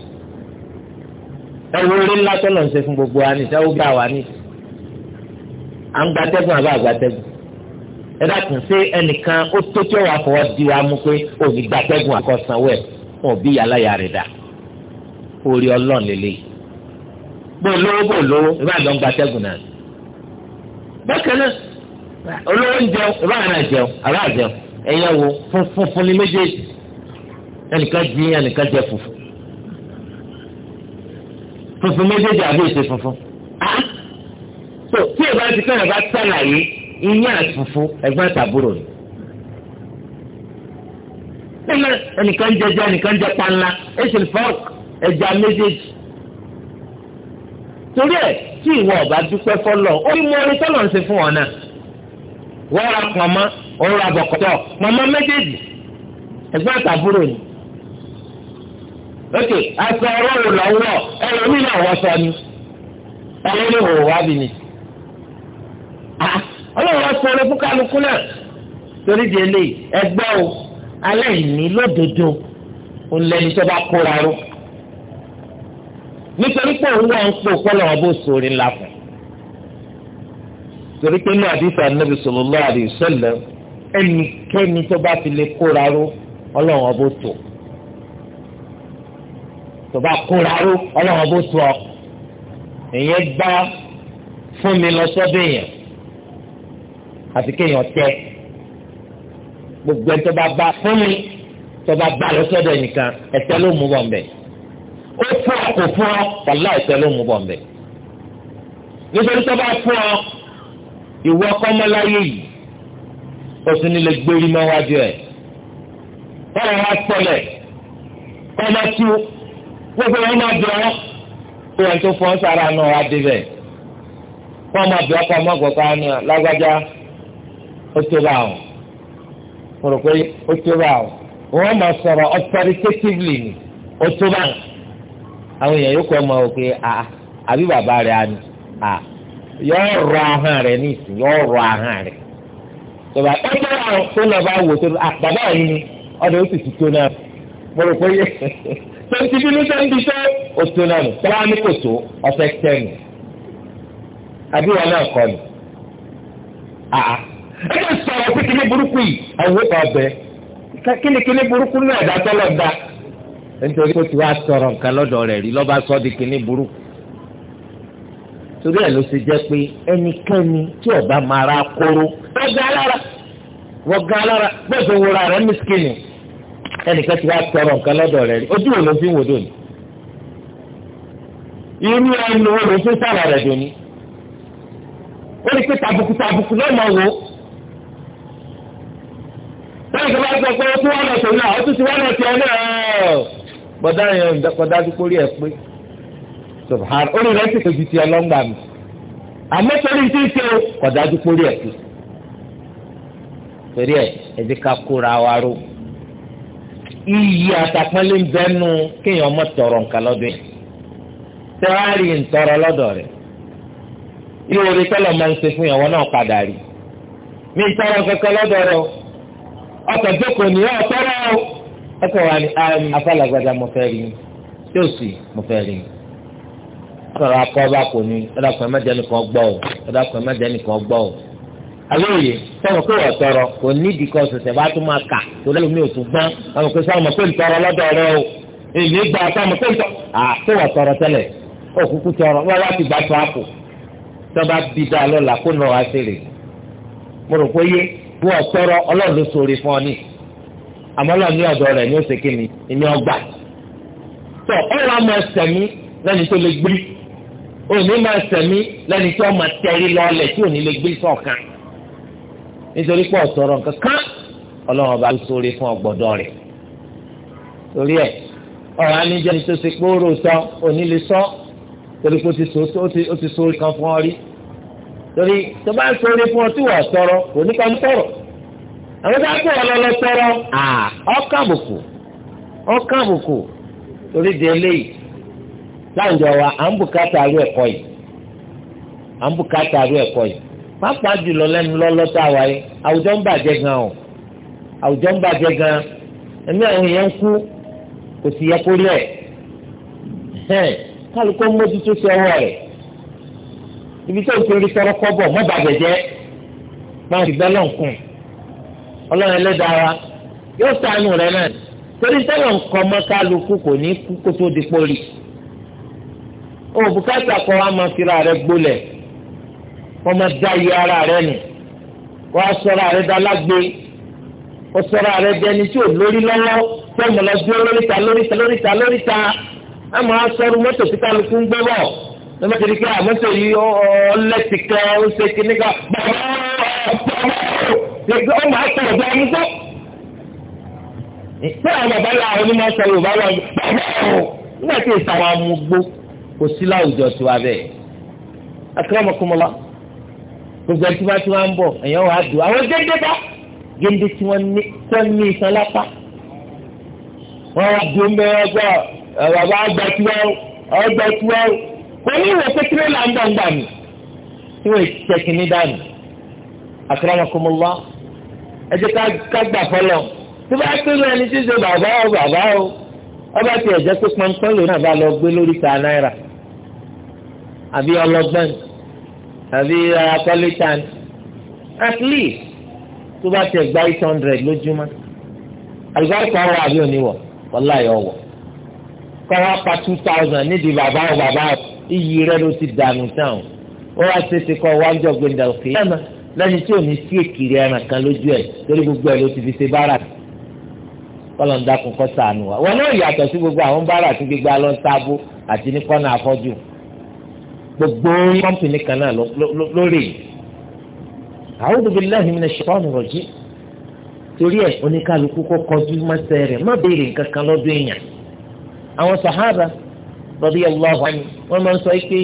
ẹ wo orí ńlá tọ́lọ̀ ń ṣe fún gbogbo wa ní ìṣẹ́wó gbà wá ní à ń gbatẹ́gùn àbá àgbàtẹ́gùn ẹ dákun ṣé ẹnìkan ó tó tí ọ̀rọ̀ àfọwọ́ di wa mú pé òní gbàtẹ́gùn àkọsanwó ẹ̀ wọn ò bí yàrá yàrá rẹ̀ dà orí ọlọ́run lélẹ̀ bó lówó bó lówó ìbá lọ ń gbàtẹ́gùn náà bákan náà olówó ń jẹun ìbá àná jẹun àbá jẹun ẹ̀yẹ wo funfun ní méjèèjì ẹnìkan jí ẹnìkan jẹ funfun funfun méjèèjì àbí èsè funfun ah! so tí ìbá ti kẹ́yìn bá sàlàyé iyán àtúfú ẹ̀gbọ́n tàbúrò ni. nílẹ̀ ẹnìkan jẹ jẹ ẹnìkan jẹ panla ẹsìn fọk ẹja méjèèjì. torí ẹ tí ìwọ ọba dúpẹ́ fọlọ́ ó ní mo rí tọ́lọ̀ ń ṣe fún ọ náà. wọ́n ra pọ̀nmọ́ òun ra bọ̀kọ̀tọ̀ pọ̀nmọ́ méjèèjì ẹ̀gbọ́n tàbúrò ni. ok aṣọ ọlọ́run lọ́wọ́ ẹ̀rọ mi náà wọ́n sọ ni ẹ̀rọ mi ò wá bí ni. ah ọlọ́run wá sọ̀rọ̀ fún kálukú náà torí di eléyìí ẹgbẹ́ o aláìní lódodo òun lẹni tó bá kóra ró nítorí pé òun náà ń pò kọ́lọ̀ wọn bó sórí ńlá fún torí pé ní àdìsá nàbì sallallahu alaihi wasallam ẹnikẹ́ni tó bá fi lè kóra ró ọlọ́run ọbó tó tó bá kóra ró ọlọ́run ọbó tó ọ èyí gbá fún mi lọ sọ́dọ̀ èèyàn àti kéèyàn tẹ gbogbo ẹtọ́ bá bá fún mi tó bá bá lọ sọ́dọ̀ nìkan ẹ̀tẹ́ ló mú bọ̀ mbẹ́ ó fún ọ kò fún ọ wàlá ẹ̀tẹ́ ló mú bọ̀ mbẹ́ nítorí tó bá fún ọ ìwọ kọ́mọláyé yìí ó sì ní lè gbérí mọ́ wájú ẹ̀ kọ́ra wá sọlẹ̀ kọ́mọ tú gbogbo wọn máa bẹ̀ ọ́ kó wọn tó fọ́ sára náà wá débẹ̀ kọ́mọ bẹ̀ ọ́ kọ́mọ gbọ̀ká ni lágbájá ó tó bá wọn mo rò pé ó tó bá wọn wọn máa sọ̀rọ̀ authoritatively ni ó tó bá wọn àwọn èèyàn yóò kọ́ ọmọ wò pé ah, ah, àbí bàbá rẹ̀ á ní ah, yọ̀ọ́ rọ ahọ́n rẹ̀ ní ìsìn rọ ahọ́n rẹ̀ tọba ẹgbẹ́ àwọn tó náà bá wò tó a bàbá yìí ni ọ̀dọ̀ ó sì ti tó náà mo rò pé yẹ tẹ̀sí bí ló o tó náà nù tọ́lá ní kò tó ọ̀sẹ̀ tẹ̀nù àbí wọn náà kọ́ ni àá kí ni sọ̀rọ̀ pé kí ni burúkú yìí àwọn kan bẹ kí ni kí ni burúkú náà dá tọ́lọ̀ dá nítorí pé tí wàá sọ̀rọ̀ nǹkan lọ́dọ̀ rẹ̀ rí lọ́ba sọ di kí ni burúkú torí ẹ̀ ló ṣe jẹ́ pé ẹnikẹ́ni tí ọba máa ra kóró ọgá alára wọgá alára gbọ́dọ̀ wúra rẹ̀ ní skinny ẹnìkan tí wàá sọ̀rọ̀ nǹkan lọ́dọ̀ rẹ̀ rí ojú wo ló fi wò dòní irú ẹnu wo ló fi sára rẹ̀ dòní ó ní pé tàbùkù tàbùkù lọ́mọ wo sẹ́yìn kan bá gbọ́ pé ó tún wọ́n lọ sọ náà ó tún ti wọ́n lọ sọ náà bọ́dá yẹn kọ́dá dúpọ̀ rí ẹ pé subhan orí rẹ sì tóbi ti ọlọ́ngbà mi àmọ́ torí ti ṣe kọ́dá dúpọ̀ rí ẹ pé torí ẹ ẹ ti ká kóra wa ró iyì àtàpọ́nlé ń bẹ́nu kéèyàn ọmọ tọrọ nǹkan lọ́dọ̀ yìí tẹ́wárì ń tọrọ lọ́dọ̀ rẹ̀ ìwòrè tọ́lọ̀ máa ń ṣe fún ìyàwó náà padà rí mi tọrọ kankan lọ́dọ̀ rẹ̀ o ọkọ̀ jókòó ní ọ̀tọ́rọ̀ o ọkọ̀ wa ni afálagbada mo fẹ́ rí i yóò sì mo fẹ́ rí i ọkọ̀ akọ́ba kò ní ọ̀dàpọ̀ ẹ̀mẹ́jẹ nìkan gbọ́ o ọ̀dàpọ̀ ẹ̀mẹ́jẹ nìkan gbọ́ o alóye sọ̀rọ̀ pé ọ̀tọ̀rọ̀ kò nídìí kan ṣẹ̀ṣẹ̀ bá tún máa kà tó lẹ́nu mi ò tún gbọ́n àwọn kò sọ̀rọ̀ mọ̀ pé ntọ̀rọ̀ lọ́dọ̀ rẹ o èmi gba ọ̀tọ̀ mọ̀ pé ntọ̀ àpò ọ̀tọ̀rọ̀ tẹ́lẹ̀ òkúkú tọrọ wọ́n wá ti gbà tó àpò tọ́ba bí dáa lọ́la kó nà wá sí rè mo rò pé yé bí wọ́n sọ̀rọ̀ ọlọ́run ló sọ̀rọ̀ fún ọ ní àmọ́ ọlọ́run ní ọ̀dọ̀ rẹ̀ ní ó ṣe kí ni ìní ọgbà tọ ọ̀rọ̀ àmọ́ ẹsẹ̀mí lẹ́ni tó lè gbé òní máa ẹsẹ̀mí lẹ́ni tó máa tẹ̀rí lọ́ọ̀lẹ̀ tí òní lè gbé sọ̀kan nítorí pé ọ̀sọ̀rọ̀ kankan ọlọ́run ọba ló sọ̀rọ̀ fún ọgbọ̀dọ̀ rẹ̀ torí ẹ̀ ọ̀rọ̀ anijẹ́ni tó ṣe pé ó rò sọ òní lè sọ torí pé ó ti sọ ó ti sọ orí kan fún ọ rí torí tó bá ń sọrí fún ọ tí wọ́n tọrọ kò ní ká ń tọrọ àwọn tó bá kó ọlọ́lọ́ tọrọ ọkà àbùkù ọkà àbùkù torí di eléyìí láwùjọ wa à ń bùkátà àrú ẹ̀kọ́ yìí à ń bùkátà àrú ẹ̀kọ́ yìí pápá jùlọ lẹ́nu lọ́lọ́tà wáyé àwùjọ ń bàjẹ́ gan o àwùjọ ń bàjẹ́ gan ẹ̀mí àwọn èèyàn ń kú kò sì yẹ kó lẹ̀ kálukó mójútó sí ọwọ́ rẹ̀ ibi tó ń torí tọrọ kọ́bọ̀ mọ́ bàbẹ̀ jẹ́ máa fi bẹ́lọ̀ nkùn ọlọ́run ẹlẹ́dàá yóò sànù rẹ náà torí tọ́lọ̀ nǹkan mọ́ kálukú kò ní kú kó tó di pọ́lì o bùkátà kọ́ wa máa fira rẹ gbolẹ̀ wọ́n máa dá iye ara rẹ nù wọ́n á sọ̀rọ̀ rẹ dá lágbe wọ́n sọ̀rọ̀ rẹ dẹni tí ò lórí lọ́wọ́ tẹ́mọ̀lọ́dún lóríta lóríta lóríta lóríta á máa lọ́mọ tẹ̀lé pé àmọ́sẹ̀ yìí ọlẹ́tìkẹ́ ó ṣe kíní ká bàbá ọ̀pọ̀ ọmọ àti ọ̀dọ́ ọmọ sọ. Ṣé àwọn bàbá yà àwọn onímọ̀ sọ Yorùbá wà ní bàbá ọ̀ nígbà tí èsì àwọn amúgbó kò sí láwùjọ tiwa bẹ́ẹ̀. Akérèmọkùnmọ́lá gbogbo ẹtí bá ti wá ń bọ̀ ẹ̀yàn wà á dùn àwọn géńdé bá géńdé tí wọ́n ní tán ní iṣan lápá. Wọ́n á dùn mẹ́rin ọgbà bàbá ọgbà tiwa ọgbà tiwa pẹ̀lú ìwé kékeré là ń gbàgbà mi ìwé tẹkíní dànù àkàràmọkọmọlá ẹ jẹ́ ká gbà fọlọ tí bá tó lọ ẹni tí ń ṣe bàbá o bàbá o ọba tí ẹ̀jẹ̀ tó pọnpọ́n lòun náà bá lọ gbé lórí ta náírà àbí ọlọ́gbọ́n àbí akọ́lítàn at tó bá tẹ̀ gba eight hundred lójúmọ́ àlùbáríkà wà àbí òníwọ̀ wọ́n láyọ̀ kọ́ wá pa two thousand nídìí bàbá o bàbá o iyì rẹ ló ti dànù tán ó wá tètè kọ́ wájọ gbẹ̀ndà òkè yàmà lẹ́ni tí ò ní sí èkìrì ẹran kan lójú ẹ̀ torí gbogbo ẹ̀ ló ti fi ṣe bára kọ́lọ̀ ń dákun kọ́ sànù wa wọn náà yàtọ̀ sí gbogbo àwọn bára àti gbígbá lọ sábó àti ní kọ́nà afọ́jú gbogbo kọ́mpìnì kan náà lórí a'udhu billahi minash shaitani rajim torí ẹ̀ oníkálukú kọ́ kọjú mọ́sẹ̀ rẹ̀ má béèrè nǹkan kan lọ́dún èèyàn àwọn sàhábà radiyallahu anhu wọ́n máa ń sọ pé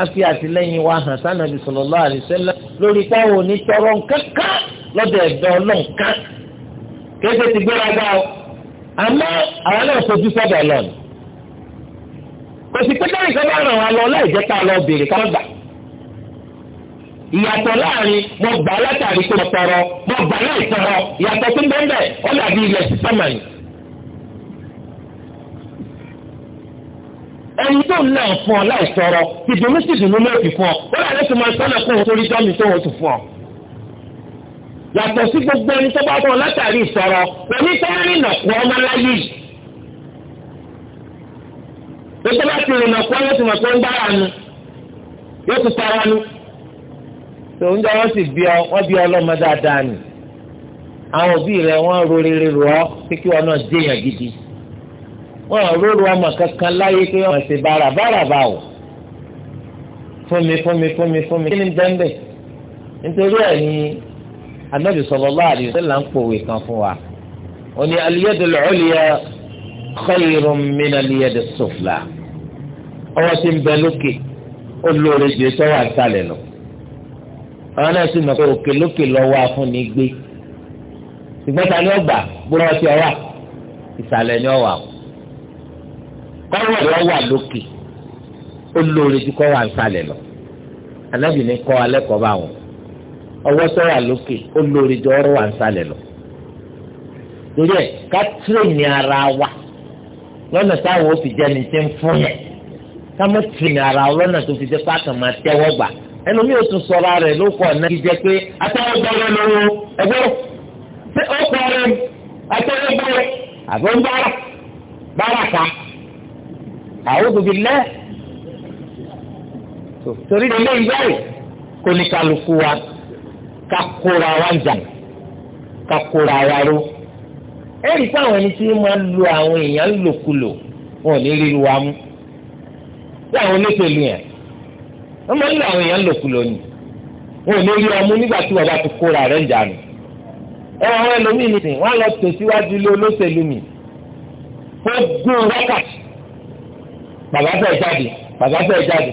a fi àtìlẹ́yìn wa hàn sànàbì sallallahu alaihi wasallam lórí táwọn onítọ̀rọ̀ kankan lọ́dọ̀ ẹ̀dọ́ ọlọ́nkan kéde ti gbéraga o àmọ́ àwọn náà sojú sọ́dọ̀ lọ́nà kò sí pé táwọn ìkan bá ràn lọ láì jẹ́ ká lọ béèrè ká gbà ìyàtọ̀ láàrin mo látàrí pé mo tọrọ láì ọlọ́run náà fún ọ láì sọ̀rọ̀ ìdùnnú sì dùnnú ló fi fún ọ ó rà lẹ́sìn máa sọ́nà kó o torí jọ́mi tó o tù fún ọ. yàtọ̀ sí gbogbo ẹni tó bá fún ọ látàrí ìsọ̀rọ̀ òní sẹ́rìn nàkú ọmọ láyé yìí. ètò bá ti rìn nàkú ọmọ tó mọ̀ tó ń dára nu yóò ti sara nu. tòun jẹ́ wọ́n sì bí ọ wọ́n bí ọ lọ́mọ dáadáa ni àwọn òbí rẹ̀ wọ́n ro rere ọ́ pé kí wọn náà wọn ò róró ọmọ kankan láyé pé wọn ṣe bárabáraba o fúnmi fúnmi fúnmi fúnmi kí ni bẹ́ńbẹ́ nítorí ẹ̀ ní anábì sallallahu alaihi wasallam ń pòwe kan fún wa ó ní al-yadul ulya khayrun min al-yadis sufla ọwọ́ sí ń bẹ lókè ó lóore jù sọ wà sálẹ̀ lọ àwọn náà sì mọ̀ òkè lókè lọ́wọ́ afúnni gbé ṣùgbọ́n ni ọgbà búrọ́ọ̀tì ọwà ìsàlẹ̀ ni ọwà o kọ́wọ́ rẹ̀ wà lókè ó lóore ju kọ́wọ́ àǹsálẹ̀ lọ anábì ní kọ́ alẹ́ kọ́ bá wọn ọwọ́ tó wà lókè ó lóore ju ọ̀rọ̀ àǹsálẹ̀ lọ torí ẹ̀ ká tírèmì ara wa lọ́nà táwọn ó fi jẹ́ni tí ń fún yẹn ká mọ́ tírèmì ara wa lọ́nà tó fi jẹ́ pàtàkì máa tẹ́wọ́ gbà ẹnu mi ò tún sọra rẹ̀ ló kọ náà jíjẹ pé atẹ́wọ́gbọ́rẹ́ lọ́wọ́ ẹgbẹ́ ó kọ atẹ́wọ́gbọ́rẹ́ àbọ̀ ń bára bára ká a'udhu billahi torí ilé ìyá yìí kò ní kálukú wa ká kóra wa jà ká kóra wa ró ẹ̀rí pé àwọn ẹni tí máa ń lo àwọn èèyàn lòkulò wọn ò ní ríru wa mú bí àwọn olóṣèlú yẹn wọ́n máa lo àwọn èèyàn lòkulò ni wọn ò ní rí ọmú nígbà tí wọ́n bá ti kóra rẹ̀ ń jànú ẹ wọ́n ẹlòmíì nìsín wọ́n á lọ tẹ̀síwájú ilé olóṣèlú mi fún gún wákàtí bàbá fẹ́ jáde bàbá fẹ́ jáde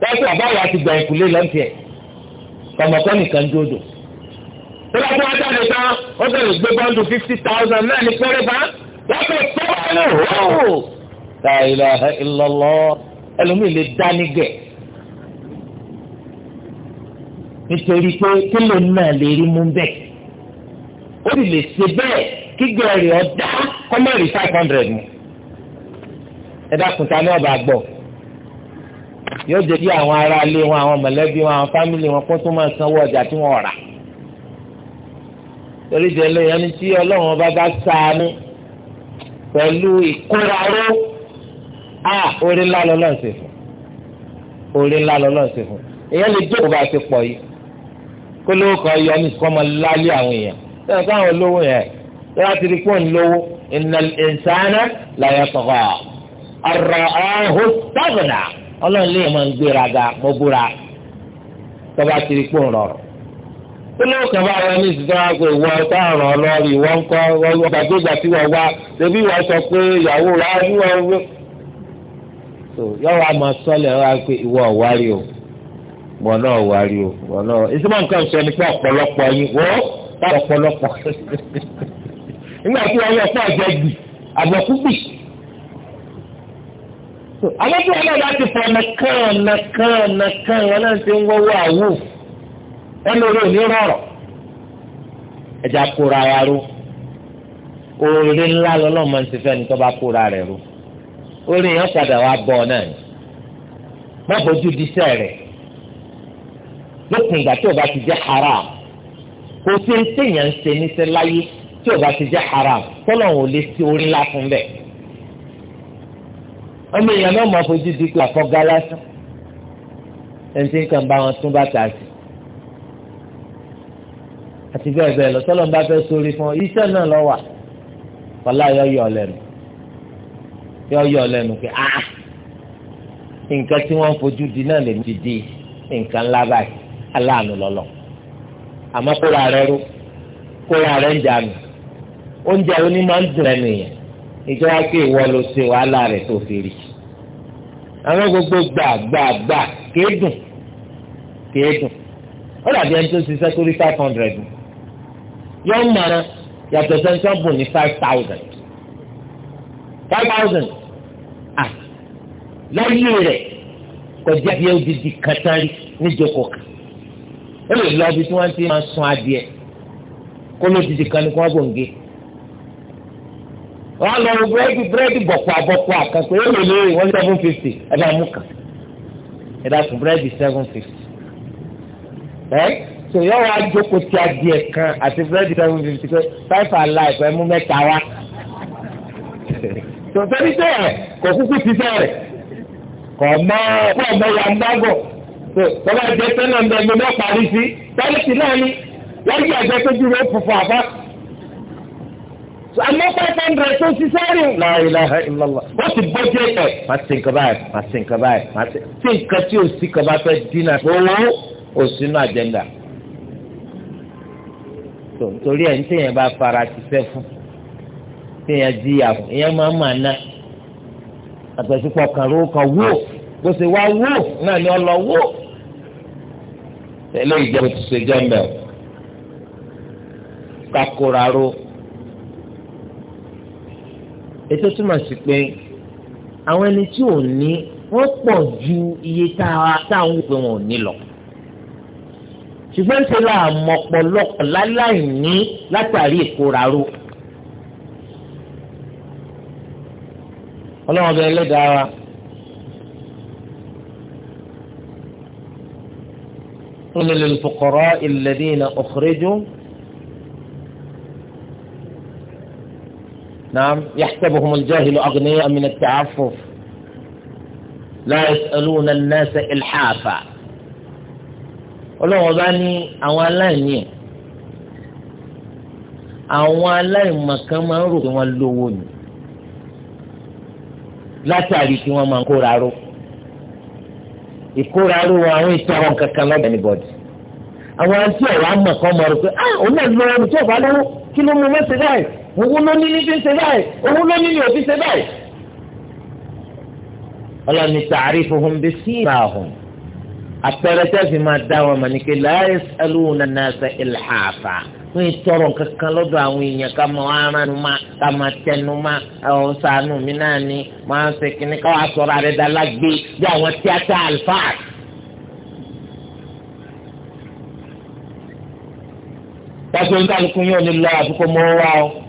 lọ́sẹ̀ bàbá wa ti gbà ìkúlé lọ́sẹ̀ tọmọkọ́ nìkan dúró tó bá tó wá jáde tán ó bẹ̀rẹ̀ gbé bọ́ńdù fifty thousand náà ní pẹ́rẹ́ bá lọ́sẹ̀ tó wà ní òwò. la ilaha illallah ẹlòmíì lè dá nígẹ̀ nítorí pé kílò náà lè rí mú bẹ́ẹ̀ ó sì lè ṣe bẹ́ẹ̀ kígbẹ́ rẹ̀ ọ̀dá kọ́mọ̀rì five hundred mu ẹ dákun ta ní ọba gbọ́ yóò jẹ́ kí àwọn ará ilé wọn àwọn mọ̀lẹ́bí wọn àwọn fámìlì wọn kó tó máa sanwó ọjà tí wọ́n rà torí délé ẹni tí ọlọ́run ọba bá ṣàánú pẹ̀lú ìkóraró a orí ńlá lọ́lọ́ ṣe fún orí ńlá lọ́lọ́ ṣe fún èèyàn lè jókòó bá ṣe pọ̀ yìí kó lówó kan yọ ní ìkọ́mọ lálé àwọn èèyàn sẹ́yìn káwọn olówó yẹn lọ́wọ́ ti di lówó innal insana la yatgha ọ̀rọ̀ ọ̀hún sábìnà ọlọ́run lè máa ń gbéraga mo búra tọ́ba ti rí pò ń rọrùn. Olówó kan bá wọn ní ìsìnkú àgbo ìwọ ọ̀tá ọ̀ràn ọlọ́ọ̀rì ìwọ ń kọ́ gbàgbégbà tí wọ́n wá ṣebí wọ́n sọ pé ìyàwó rà á níwọ̀n wé. Yọ̀wọ́ a máa sọ́lẹ̀ wá pé ìwọ ọ̀wárí o, ìwọ náà ọ̀wárí o, ìwọ náà. Ìsìnkú nǹkan sọ ni pé ọ̀pọ̀lọpọ̀ yín wọ́ ọ̀pọ̀lọpọ̀. Nígbà tí wọ́n yọ àwọn tí wọn náà bá ti fọ nàkàn nàkàn nàkàn wọn náà ti ń wọwọ àwò ẹnu rẹ ò ní rọrọ ẹja kóra ya ró oore ńlá lọlọ́mọ ti fẹ́ ni tó bá kóra rẹ̀ ró oore yẹn padà wá bọ̀ náà ni má bójú di sẹ́ lópin ìgbà tí o bá ti jẹ́ haram kò sí ní sèyàn ń ṣe níṣẹ́ láyé tí o bá ti jẹ́ haram tọ́lọ̀ ò lè ṣe orí ńlá fún bẹ́ẹ̀ ọmọ èèyàn náà máa fojú di pé àfọgá lásán ẹni tí nǹkan bá wọn tún bá tà sí àti bẹ́ẹ̀ bẹ́ẹ̀ lọ tọ́lọ́ bá fẹ́ sórí fún ọ iṣẹ́ náà lọ wà ọ̀la yọ yọ lẹ́nu yọ yọ lẹ́nu pé ah, ah nǹkan tí wọ́n fojú di náà lè ti di nǹkan ńlá báyìí aláàánú lọ́lọ́ àmọ́ kóra rẹ ró kóra rẹ ń jà nù oúnjẹ oní máa ń dùn ẹnu yẹn ìjọba pé ìwọ ló ṣe wàhálà rẹ̀ tó fi rí àwọn gbogbo gbà gbà gbà kéédùn kéédùn ó dàbí ẹni tó ṣiṣẹ́ tó five hundred yóò mọ̀ràn yàtọ̀ sẹ́ńtọ́ bùn ní five thousand five thousand ah lọ́yìn rẹ̀ kọjá bí odidi kàtàrí níjókòó kan ó lè lọ bí tí wọ́n ti máa sun adìẹ kó lódidi kan ní kí wọ́n bò wọ́n lọ búrẹ́dì búrẹ́dì bọ̀kọ̀ àbọ̀kọ̀ àkànkọ́ yóò lè lè wọ́n seven fifty ẹ bá mú kàn ẹ dàpọ̀ búrẹ́dì seven fifty ẹ so yọ wá jókòó ti adìẹ kan àti búrẹ́dì seven fifty pé five alive ẹ mú mẹ́ta wá tó sẹ́ni tẹ́ ẹ̀ kò kúkú ti tẹ́ ẹ̀ kò mọ́ kó ọmọ ya ń bá bọ̀ tó tọ́lá jẹ́ tẹ́lẹ̀ ń bẹ̀ ní mọ́ parí sí tẹ́lẹ̀ sí náà ni wọ́n yí àjẹsójú rẹ̀ fùfù àbá àmọ́ five hundred tó ṣiṣẹ́ rìn. la ilaha illallah. wọ́n ti bọ́ jẹ́ ẹ̀. má ṣe nǹkan báyìí má ṣe nǹkan báyìí má ṣe ṣe nǹkan tí òsì kan bá fẹ́ dínà owó òsínú àjẹ́ndà. torí ẹ̀ ń tẹ̀yẹ̀ bá fara ṣiṣẹ́ fún tẹ̀yẹ̀ jìyà fún ìyẹn máa máa ná àtẹ̀sípọ̀ kan ló kan wó bó ṣe wá wó náà ni ọ lọ wó. eléyìí jẹ́ bó ti ṣe jẹ́ mẹ́ọ̀ kakura ro ètò túmọ̀ sí pé àwọn ẹni tí ò ní wọ́n pọ̀ ju iye táwọn wò pé wọn ò ní lọ ṣùgbọ́n ṣe láà mọ ọ̀pọ̀lọpọ̀ láláì ní látàrí ìkóraró. ọlọ́wọ́n bẹ ẹlẹ́dàá wa ó ní lil fuqara نعم يحسبهم الجاهل أغنياء من التعفف لا يسألون الناس إلحافا ọlọ́wọ́n bá ní àwọn aláìní ẹ̀ àwọn aláìmọ̀kan máa ń rò pé wọ́n lówó ni látàrí tí wọ́n máa ń kóra ró ìkóra ró àwọn ètò àwọn kankan lọ́dọ̀ anybody àwọn àti ọ̀rọ̀ àmọ̀kan máa rò pé ah òun náà lọ́wọ́ tí ọ̀bá lọ́wọ́ kí ló mú mẹ́sẹ̀ báyìí owó ló ní ní fi ń ṣe báyìí owó ló ní ní òfin ṣe báyìí. ọlọ́ni ta'rifuhum bi simahum àpẹẹrẹ tẹ́sí máa dá wọn mọ̀ ní pé la yas'aluna an-nasa ilhafa fún ìtọrọ kankan lọ́dọ̀ àwọn èèyàn ká máa aránu má ká máa tẹnu má ọ sànù mí náà ni máa ń ṣe kínní káwá sọ̀rọ̀ àrẹ dala gbé bí àwọn tíátà alfaas. pàṣẹ nígbà tó yóò ní lọ àfikún mọ́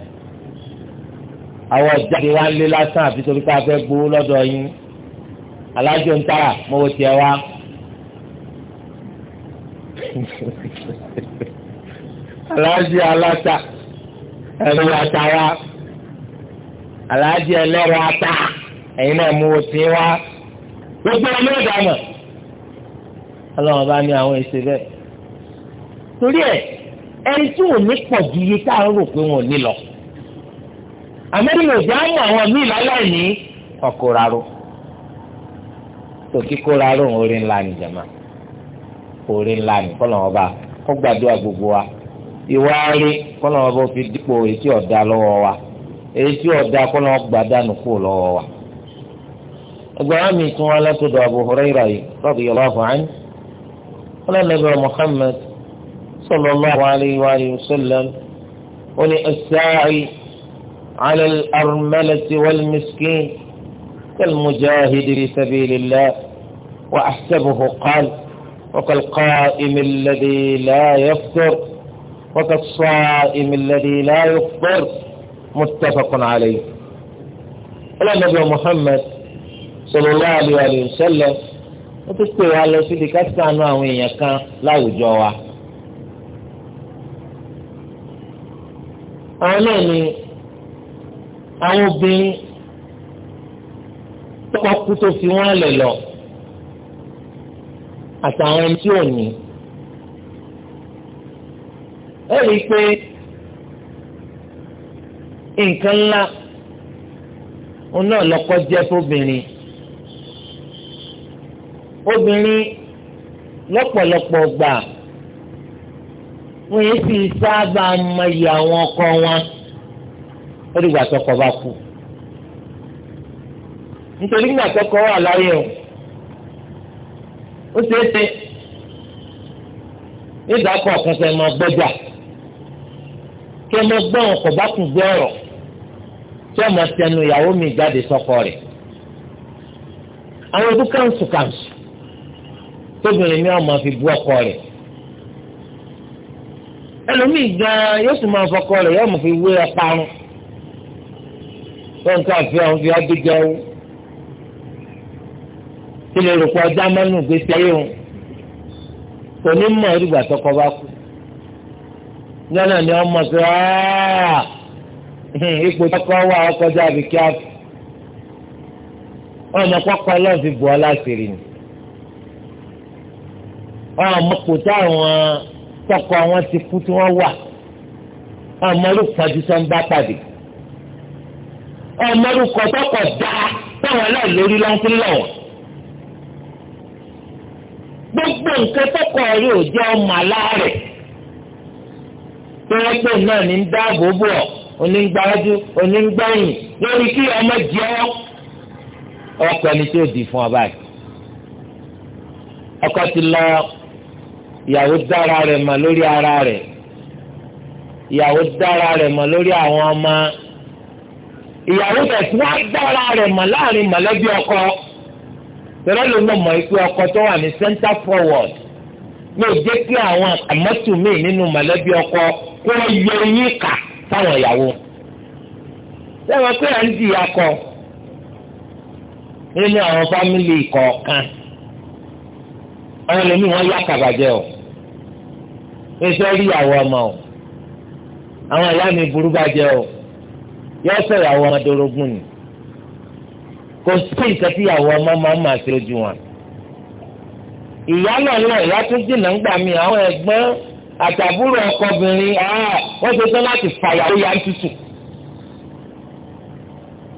àwọn jáde wá lé lásán àfi torí ká fẹ́ gbowó lọ́dọ̀ yín alájọ ń tà mọ owó tiẹ̀ wá. aláàjì aláta ẹ̀rọ ata wá aláàjì ẹlẹ́rọ ata ẹ̀yin náà mú owó tiẹ̀ wá gbogbo ọmọ ẹ̀dá mọ̀ ọlọ́run bá ní àwọn èsì bẹ́ẹ̀ torí ẹ̀ ẹni tí ò ní pọ̀ ju iye tá a rò pé wọn ò ní lọ àmẹ́rin òjá ń mọ àwọn míì lálẹ́ ní ọkọ̀raró tó kíkóraró orí ńlá ni jàmá orí ńlá ni kọ́lọ́wọ́n bá kó gbàdúrà gbogbo wa ìwà rí kọ́lọ́wọ́n bá fi dípò etí ọ̀dà lọ́wọ́ wa etí ọ̀dà kọ́lọ́wọ́n gbàdánù kù lọ́wọ́ wa. ẹgbẹ́rún mi tún wọn lọ́tọ̀dọ̀ Abu Hurairah yìí radiyallahu anhu ọlọ́nàbẹ̀ Muhammad sallallahu alayhi wa sallam ó على الأرملة والمسكين كالمجاهد في سبيل الله وأحسبه قال وكالقائم الذي لا يفطر وكالصائم الذي لا يفطر متفق عليه قال النبي محمد صلى الله عليه وآله وسلم وتستوى على pè wá lọ síbi ká ṣàánú àwọn èèyàn kan láwùjọ wa. وين sibi لا يجوى awon àwọn obìnrin tọkọ kú tó fi wọn lẹ lọ àtàwọn ẹni tí ò ní ẹ rí i pé nǹkan ńlá òun náà lọ́kọ jẹ́ fóbìnrin obìnrin lọ́pọ̀lọpọ̀ gbà wọ́n yìí sì sábà mọyì àwọn ọkọ wọn ó dìgbà tọkọ bá kú nítorí nígbà tọkọ wà láyé o ó ṣeé ṣe nígbà kọ ọ̀kan sẹ́ máa gbẹ́jà kí ẹ máa gbọ́ ọkọ̀ bá kún gbé ọ̀rọ̀ tí ọmọ tẹnu ìyàwó mi jáde sọ́kọ rẹ̀ àwọn ojú kanṣu kanṣu tóbìnrin ní ọmọ fi bú ọkọ rẹ̀ ẹlòmíì gan yóò sì máa fọkọ rẹ̀ yóò mọ̀ fi wé ẹ parun wọn kọ àfi àwọn fi agbẹjọ wò kí lè rò pé ọjà mẹnu gbèsè ayé wọn kò ní mọ ìdìgbà tọkọ bá kú yánà ni wọn mọ sí ipò tọkọ wà ọkọjá àbí kí á wọn mọ kọkọ Ọlọ́run fi bù ọ láṣìírí ni wọn mọ kò táwọn tọkọ àwọn ti kú tí wọn wà wọn mọ ló pàdé sọ ń bá pàdé ọmọdún kọtọkọ dáa táwọn aláìlórí ló ń fi lọ wọn. gbogbo nǹkan tọkọ yóò jẹ ọmọ aláàrẹ pẹlẹpẹ náà ní dáàbò bò ọ onígbàájú onígbàyìn lórí kí ọmọ jẹ ọ ọkọ ẹni tí ó di fún ọ báyìí ọkọ ti lọ ìyàwó dára rẹ̀ mọ̀ lórí ara rẹ̀ ìyàwó dára rẹ̀ mọ̀ lórí àwọn ọmọ ìyàwó rẹ̀ tí wọ́n dára rẹ̀ mọ̀ láàrin mọ̀lẹ́bí ọkọ tẹ̀lé ló ń mọ̀ ìpè ọkọ tó wà ní center forward yóò jẹ́ kí àwọn àmọ́tò míì nínú mọ̀lẹ́bí ọkọ kó yọ yín kà táwọn ìyàwó. lẹ́wọ̀n pé à ń di akọ nínú àwọn fámìlì kọ̀ọ̀kan àwọn ẹlòmí wọn yá kàbàjẹ́ o ní sẹ́rí ìyàwó ọmọ o àwọn ìyá mi burú bàjẹ́ o yọ sọ ìyàwó ọmọ dorogún ni kò sí nǹkan tí ìyàwó ọmọ máa ń máa ṣe lójú wọn. ìyá náà lọ ìyá tó jìnnà ń gbà mí àwọn ẹ̀gbọ́n àtàbúrò ọkọbìnrin wọ́n ṣe tán láti fàyàwó ya tútù.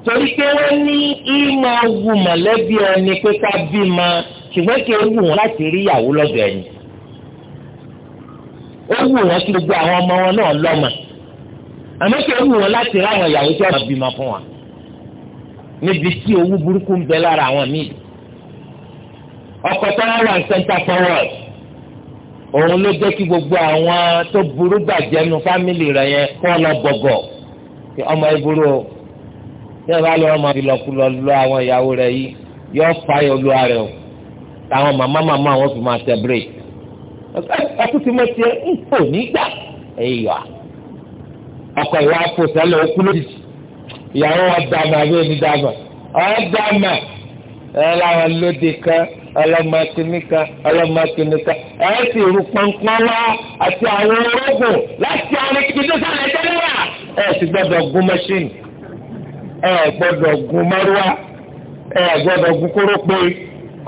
torí pé wọ́n ní ìmọ̀ wù mọ̀lẹ́bí ẹni pé ká bímọ ṣùgbọ́n kí ó wù wọ́n láti rí ìyàwó lọ́dọ̀ ẹ̀yìn. ó wù wọ́n kí gbogbo àwọn ọmọ wọn náà lọ́mọ àmọ́ kí ewu wọn láti ráwọn ìyàwó tí wọ́n bímọ fún wa níbi tí owó burúkú ń bẹ lára àwọn míì ọkọ̀ tó ń ra center forward òun ló jẹ́ kí gbogbo àwọn tó burú bàjẹ́ nu fámìlì rẹ̀ yẹn kọ́ lọ bọ̀gọ̀ kí ọmọ ìbúrò tí ẹ bá lọ ọmọ ìlọkulọ lọ àwọn ìyàwó rẹ̀ yìí yọ fa olúwa rẹ̀ o táwọn màmá màmá àwọn fi máa tẹ break ọtún ti mọ tiẹ̀ ń pò nígbà ẹ̀yọ́ à ọkọ ìwà àpòsẹ́lẹ̀ òkú lójijì ìyàwó wa dàmà àbí ẹni dàmà ọ̀dàmà ẹ láwọn lóde kan ọlọ́mọ kìnìkan ọlọ́mọ kìnìkan ẹ sì rú pọnpọn wá àti àwọn orógùn láti àwọn kìnìkan sálẹ̀ jẹ́lẹ́wà ẹ sì gbọ́dọ̀ gun mẹ́ṣíìnì ẹ gbọ́dọ̀ gun márúwá ẹ gbọ́dọ̀ gun kórópè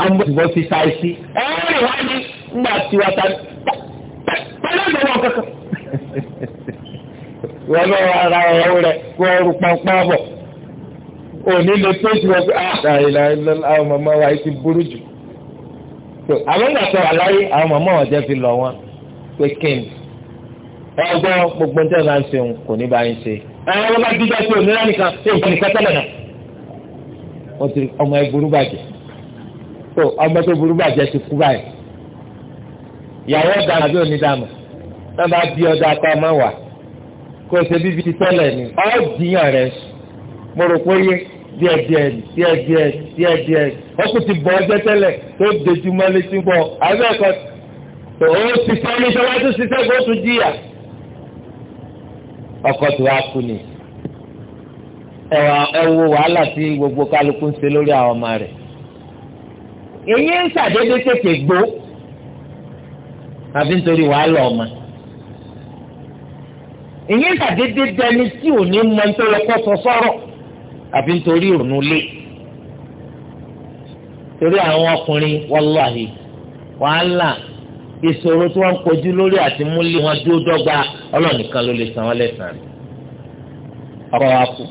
amúdìbò ti sa ẹsí ẹ rìn wá ní ńgbà tiwa ta pẹ̀lú ìdánwò kankan wọ́n lọ ara ìyàwó rẹ̀ kó ọrù pọnpọ́n bọ̀ òní lè tó ti wọ́n pé àìlà ah, àwọn màmá wa ti burú jù tó àwọn ìgbà tó wà láyé àwọn màmá wọn jẹ́ fi lọ wọn pé kéènì ọgbọ́n gbogbo ń tẹ̀lé à ń ṣeun kò ní bá ń ṣe àwọn ọlọ́ba dídá sí òmìnira nìkan tí nǹkan nìkan tẹ́lẹ̀ náà wọ́n ti ọmọ ẹ burú bàjẹ́ tó ọmọ tó burú bàjẹ́ ti kú báyìí ìyàwó ọ̀daràn àbí onídàmọ̀ náà bá bí ọ̀dà akọ ọmọ wà kó ṣe bíbí ti tẹ́lẹ̀ ni ọ́ jiyàn rẹ̀ mo rò pé yé díẹ̀ díẹ̀ díẹ̀ díẹ̀ díẹ̀ díẹ̀ ọkùn ti bọ̀ ọjọ́ tẹ́lẹ̀ tó dojú mọ́ létí bọ̀ àbẹ́ ẹ̀kọ́ tó o ṣiṣẹ́ ní sọ́wọ́ tó ṣiṣẹ́ kó tún jìyà ọkọ̀ tó wá kú ni ẹ wo wàhálà tí gbogbo kálukú ń ṣe lórí àwọn ọmọ rẹ̀ èyí ń ṣàdédé tètè gbó àbí nítorí wàhálà ọmọ ìyẹn ṣàdédé dání tí ò ní mọ nítorí ọkọ sọ sọ̀rọ̀ àbí nítorí òun lé torí àwọn ọkùnrin wàláhì wàhálà ìṣòro tí wọ́n ń kojú lórí àti múlé wọn dúró dọ́gba ọlọ́nìkan ló lè san wọ́n lẹ́sàn-án ọkọ wa kú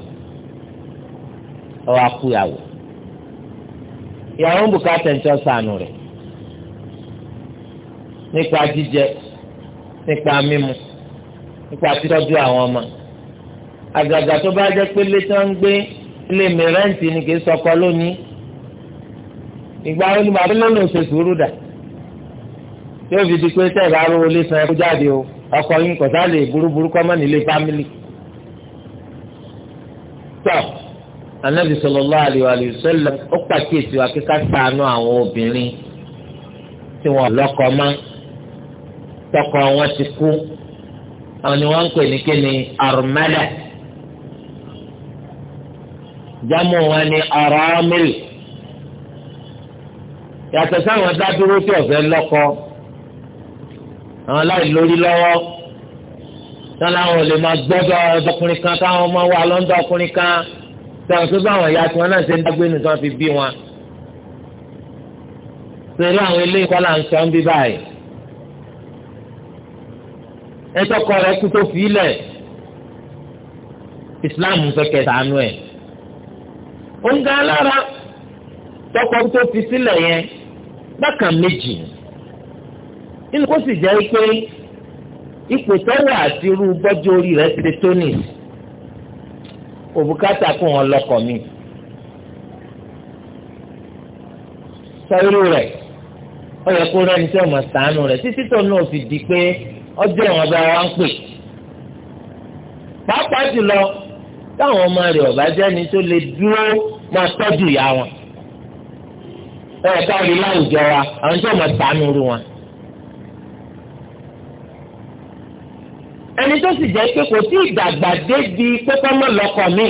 ọwọ́ akú ìyàwó ìyàwó ń bùkátà ń tọ́ sànù rẹ̀ nípa jíjẹ nípa mímu nípa títọ́jú àwọn ọmọ àgàgà tó bá jẹ́ pé létí wọ́n ń gbé ilé mi rẹ́ǹtì ni kì í sọkọ lónìí ìgbà wo ni bàbá lónìí ò ṣe sùúrù dà yóò fi di pé tẹ̀ bá rówó lé san ẹkú jáde o ọkọ yín kọ̀tà lè burúburú kọ́mọ́ nílé fámìlì. tọ́ anabi sallallahu alaihi wa sallam ó pàkíyèsí wa kíkà sànú àwọn obìnrin tí wọ́n lọ́kọ mọ́ tọkọ wọn ti kú àwọn ni wọ́n ń pè ní kíni armada jamu wọn ni aramil yàtọ̀ sáwọn dádúró tí ọ̀fẹ́ lọ́kọ àwọn aláì lórí lọ́wọ́ sọ́nà àwọn ò lè máa gbọ́dọ̀ ọkùnrin kan káwọn ọmọ wa lọ́ńdọ̀ ọkùnrin kan sọ̀rọ̀ tó bá àwọn ìyá tiwọn náà ṣe ń dágbé nìkan fi bí wọn. sọ̀rọ̀ àwọn eléyìí kọ́ là ń sọ ń bí báyìí ẹtọkọ rẹ kú tó fi lẹ̀ islam fẹkẹ sànú ẹ oúnjẹ alára tọkọ tó fi sílẹ̀ yẹn bákan méjì nínú kó sì jẹ́ pé ipò tọ́wọ́ àti irú bọ́jú orí rẹ̀ ti tó nì òbúkátà kó wọn lọ́kọ mi. sọ irú rẹ̀ ó yẹ kó rẹ́ni tí ọmọ sàánú rẹ̀ títí tó náà fi di pé ọjọ́ ìwọ̀n bá wa ń pè pàápàá jùlọ táwọn ọmọ rẹ̀ ọ̀bá jẹ́ni tó lè dúró máa tọ́jú ìyá wọn ẹ̀ káàrí láwùjọ wa àwọn tí ọmọ sànú rú wọn. ẹni tó sì jẹ́ pé kò tí ìdàgbà débi pépé mọ́ lọ́kọ̀ mi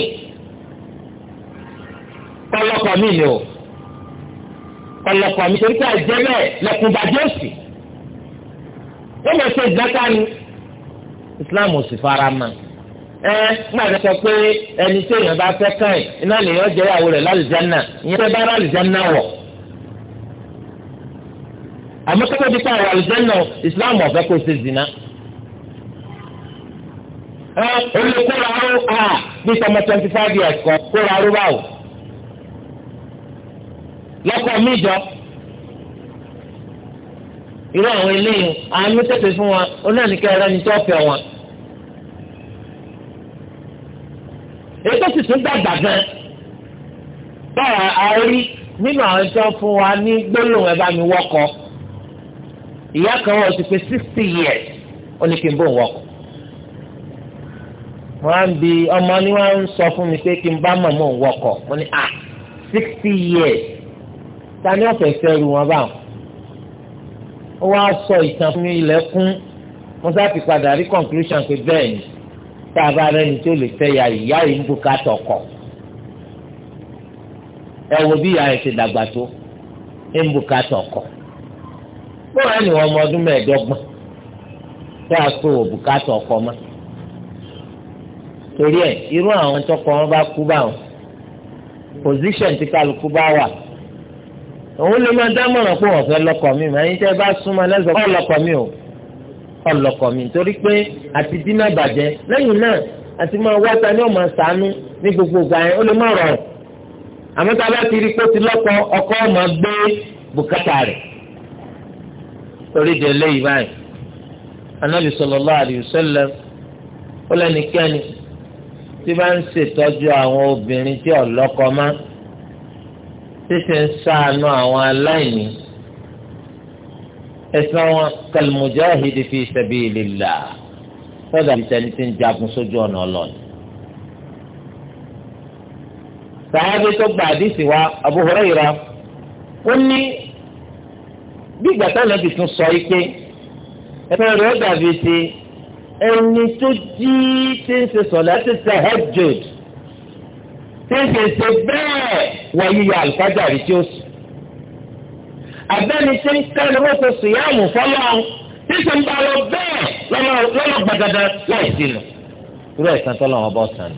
kọ́ lọ́kọ̀ mi ni o kọ́ lọ́kọ̀ mi torí pé àìjẹ́ bẹ́ẹ̀ lẹ́kùn bàjẹ́ òsì lọ ṣe ìgbẹ́ta ni islam ò sì fara mọ́ ẹ nígbà tó sọ pé ẹni tí èèyàn bá fẹ́ kàn ẹ̀ iná lèèyàn jẹ́ ìyàwó rẹ̀ lálùjáná ìyẹn fẹ́ bá lálùjáná wọ̀ àmọ́ kókó ti pààrọ̀ àlùjáná islam ọ̀fẹ́ kó ṣe zina ẹ olùkóra ó a, bí tọmọ twenty five years kan kóra ó báwò lọ́kọ̀ mi jọ irú àwọn eléyìí àmì tètè fún wa ó náà ní kí ara ní tó fẹ́ wọn. èyí tó sì tún dàgbà gan báwa a rí nínú àwọn tó fún wa ní gbólóhùn ẹ bá mi wọkọ ìyá kan wọ́n ti pé sixty years ó ní kí n bò wọkọ wọ́n á bi ọmọ ni wọ́n ń sọ fún mi pé kí n bá màmá òun wọkọ wọ́n ní ah sixty years ta ni ọ̀fẹ́ fẹ́ ru wọn báwọn ó wá sọ ìtàn fún ilẹ̀kùn mo sáfi padà rí conclusion pé bẹ́ẹ̀ ni tá a bá rẹ́ni tó lè fẹ́ ya ìyá yìí ń bùkátà ọkọ ẹ wo bí ìyá yẹn ti dàgbà tó ń bùkátà ọkọ bóun ẹni wọn ọmọ ọdún mẹ́ẹ̀ẹ́dọ́gbọ̀n tó a tó wò bùkátà ọkọ mọ́ torí ẹ irú àwọn tọkọ wọn bá kú báwọn position tí kálukú bá wà òun lè máa dámọ̀ràn pé ọ̀fẹ́ lọ́kọ mi mà ẹ̀yin tẹ́ bá súnmọ́ lẹ́sọ̀ kọ́ lọ́kọ mi o kọ́ lọ́kọ mi torí pé àti dínà bàjẹ́ lẹ́yìn náà àti máa wá ta ni ó máa sànú ní gbogbo ìgbà yẹn ó lè má rọrùn àmọ́ tá a bá ti rí kó ti lọ́kọ ọkọ máa gbé bùkátà rẹ̀ torí de lé yìí báyìí anabi sallallahu alaihi wasallam ó lẹ́nikẹ́ni tí bá ń ṣètọ́jú àwọn obìnrin tí ọlọ́kọ máa títí ń ṣàánú àwọn aláìní ẹ̀sán wọn kalmujahidi fi sabilillah sọ́dà ìtẹ̀lẹ́ ti ń jagun sójú ọ̀nà ọlọ́ọ̀ni. sàábé tó gba àdìsí wa Abu Hurairah ó ní gbígbà táwọn ẹbí tún sọ yìí pé ẹgbẹ́ rẹ̀ ó dàbí ti ẹni tó jí tí ń ṣe sọ̀lá ti ṣe hajjud tí ń ṣe ṣe bẹ́ẹ̀ wọ yíyọ àlùfájàrí tí ó sùn. àbẹ́ni tí ń kẹ́ni wọ́n ti sùn yá àmú fọ́lọ́ tí sì ń bá lọ bẹ́ẹ̀ lọ́nà gbàgàdà láì sínú. irú ẹ̀sán tó lọ́wọ́ bọ́ sàn.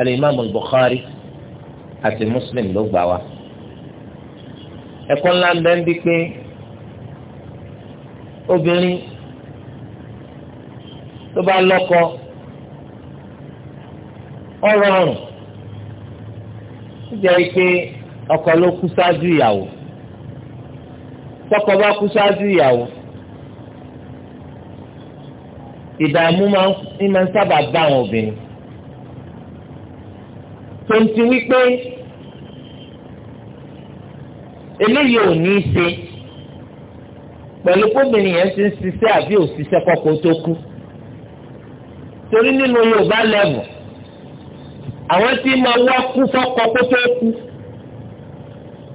alimami Bukhari àti Muslim ló gbà wá. ẹ̀kọ́ ńlá ń bẹ́ ń bí pé obìnrin tó bá lọ́kọ ọ̀rọ̀ ọ̀rùn ó jẹ́ pé ọkọ ló kú ṣáájú ìyàwó tọkọ bá kú ṣáájú ìyàwó ìdààmú máa ń máa ń sábà bá àwọn obìnrin tó ń ti wípé eléyìí ò ní í ṣe pẹ̀lú kóbìnrin yẹn ti ń ṣiṣẹ́ àbí òṣìṣẹ́ kọ́kọ́ tó kú torí nínú Yorùbá lẹ́bùn àwọn tí máa wá kú fọ́kọ kó tó kú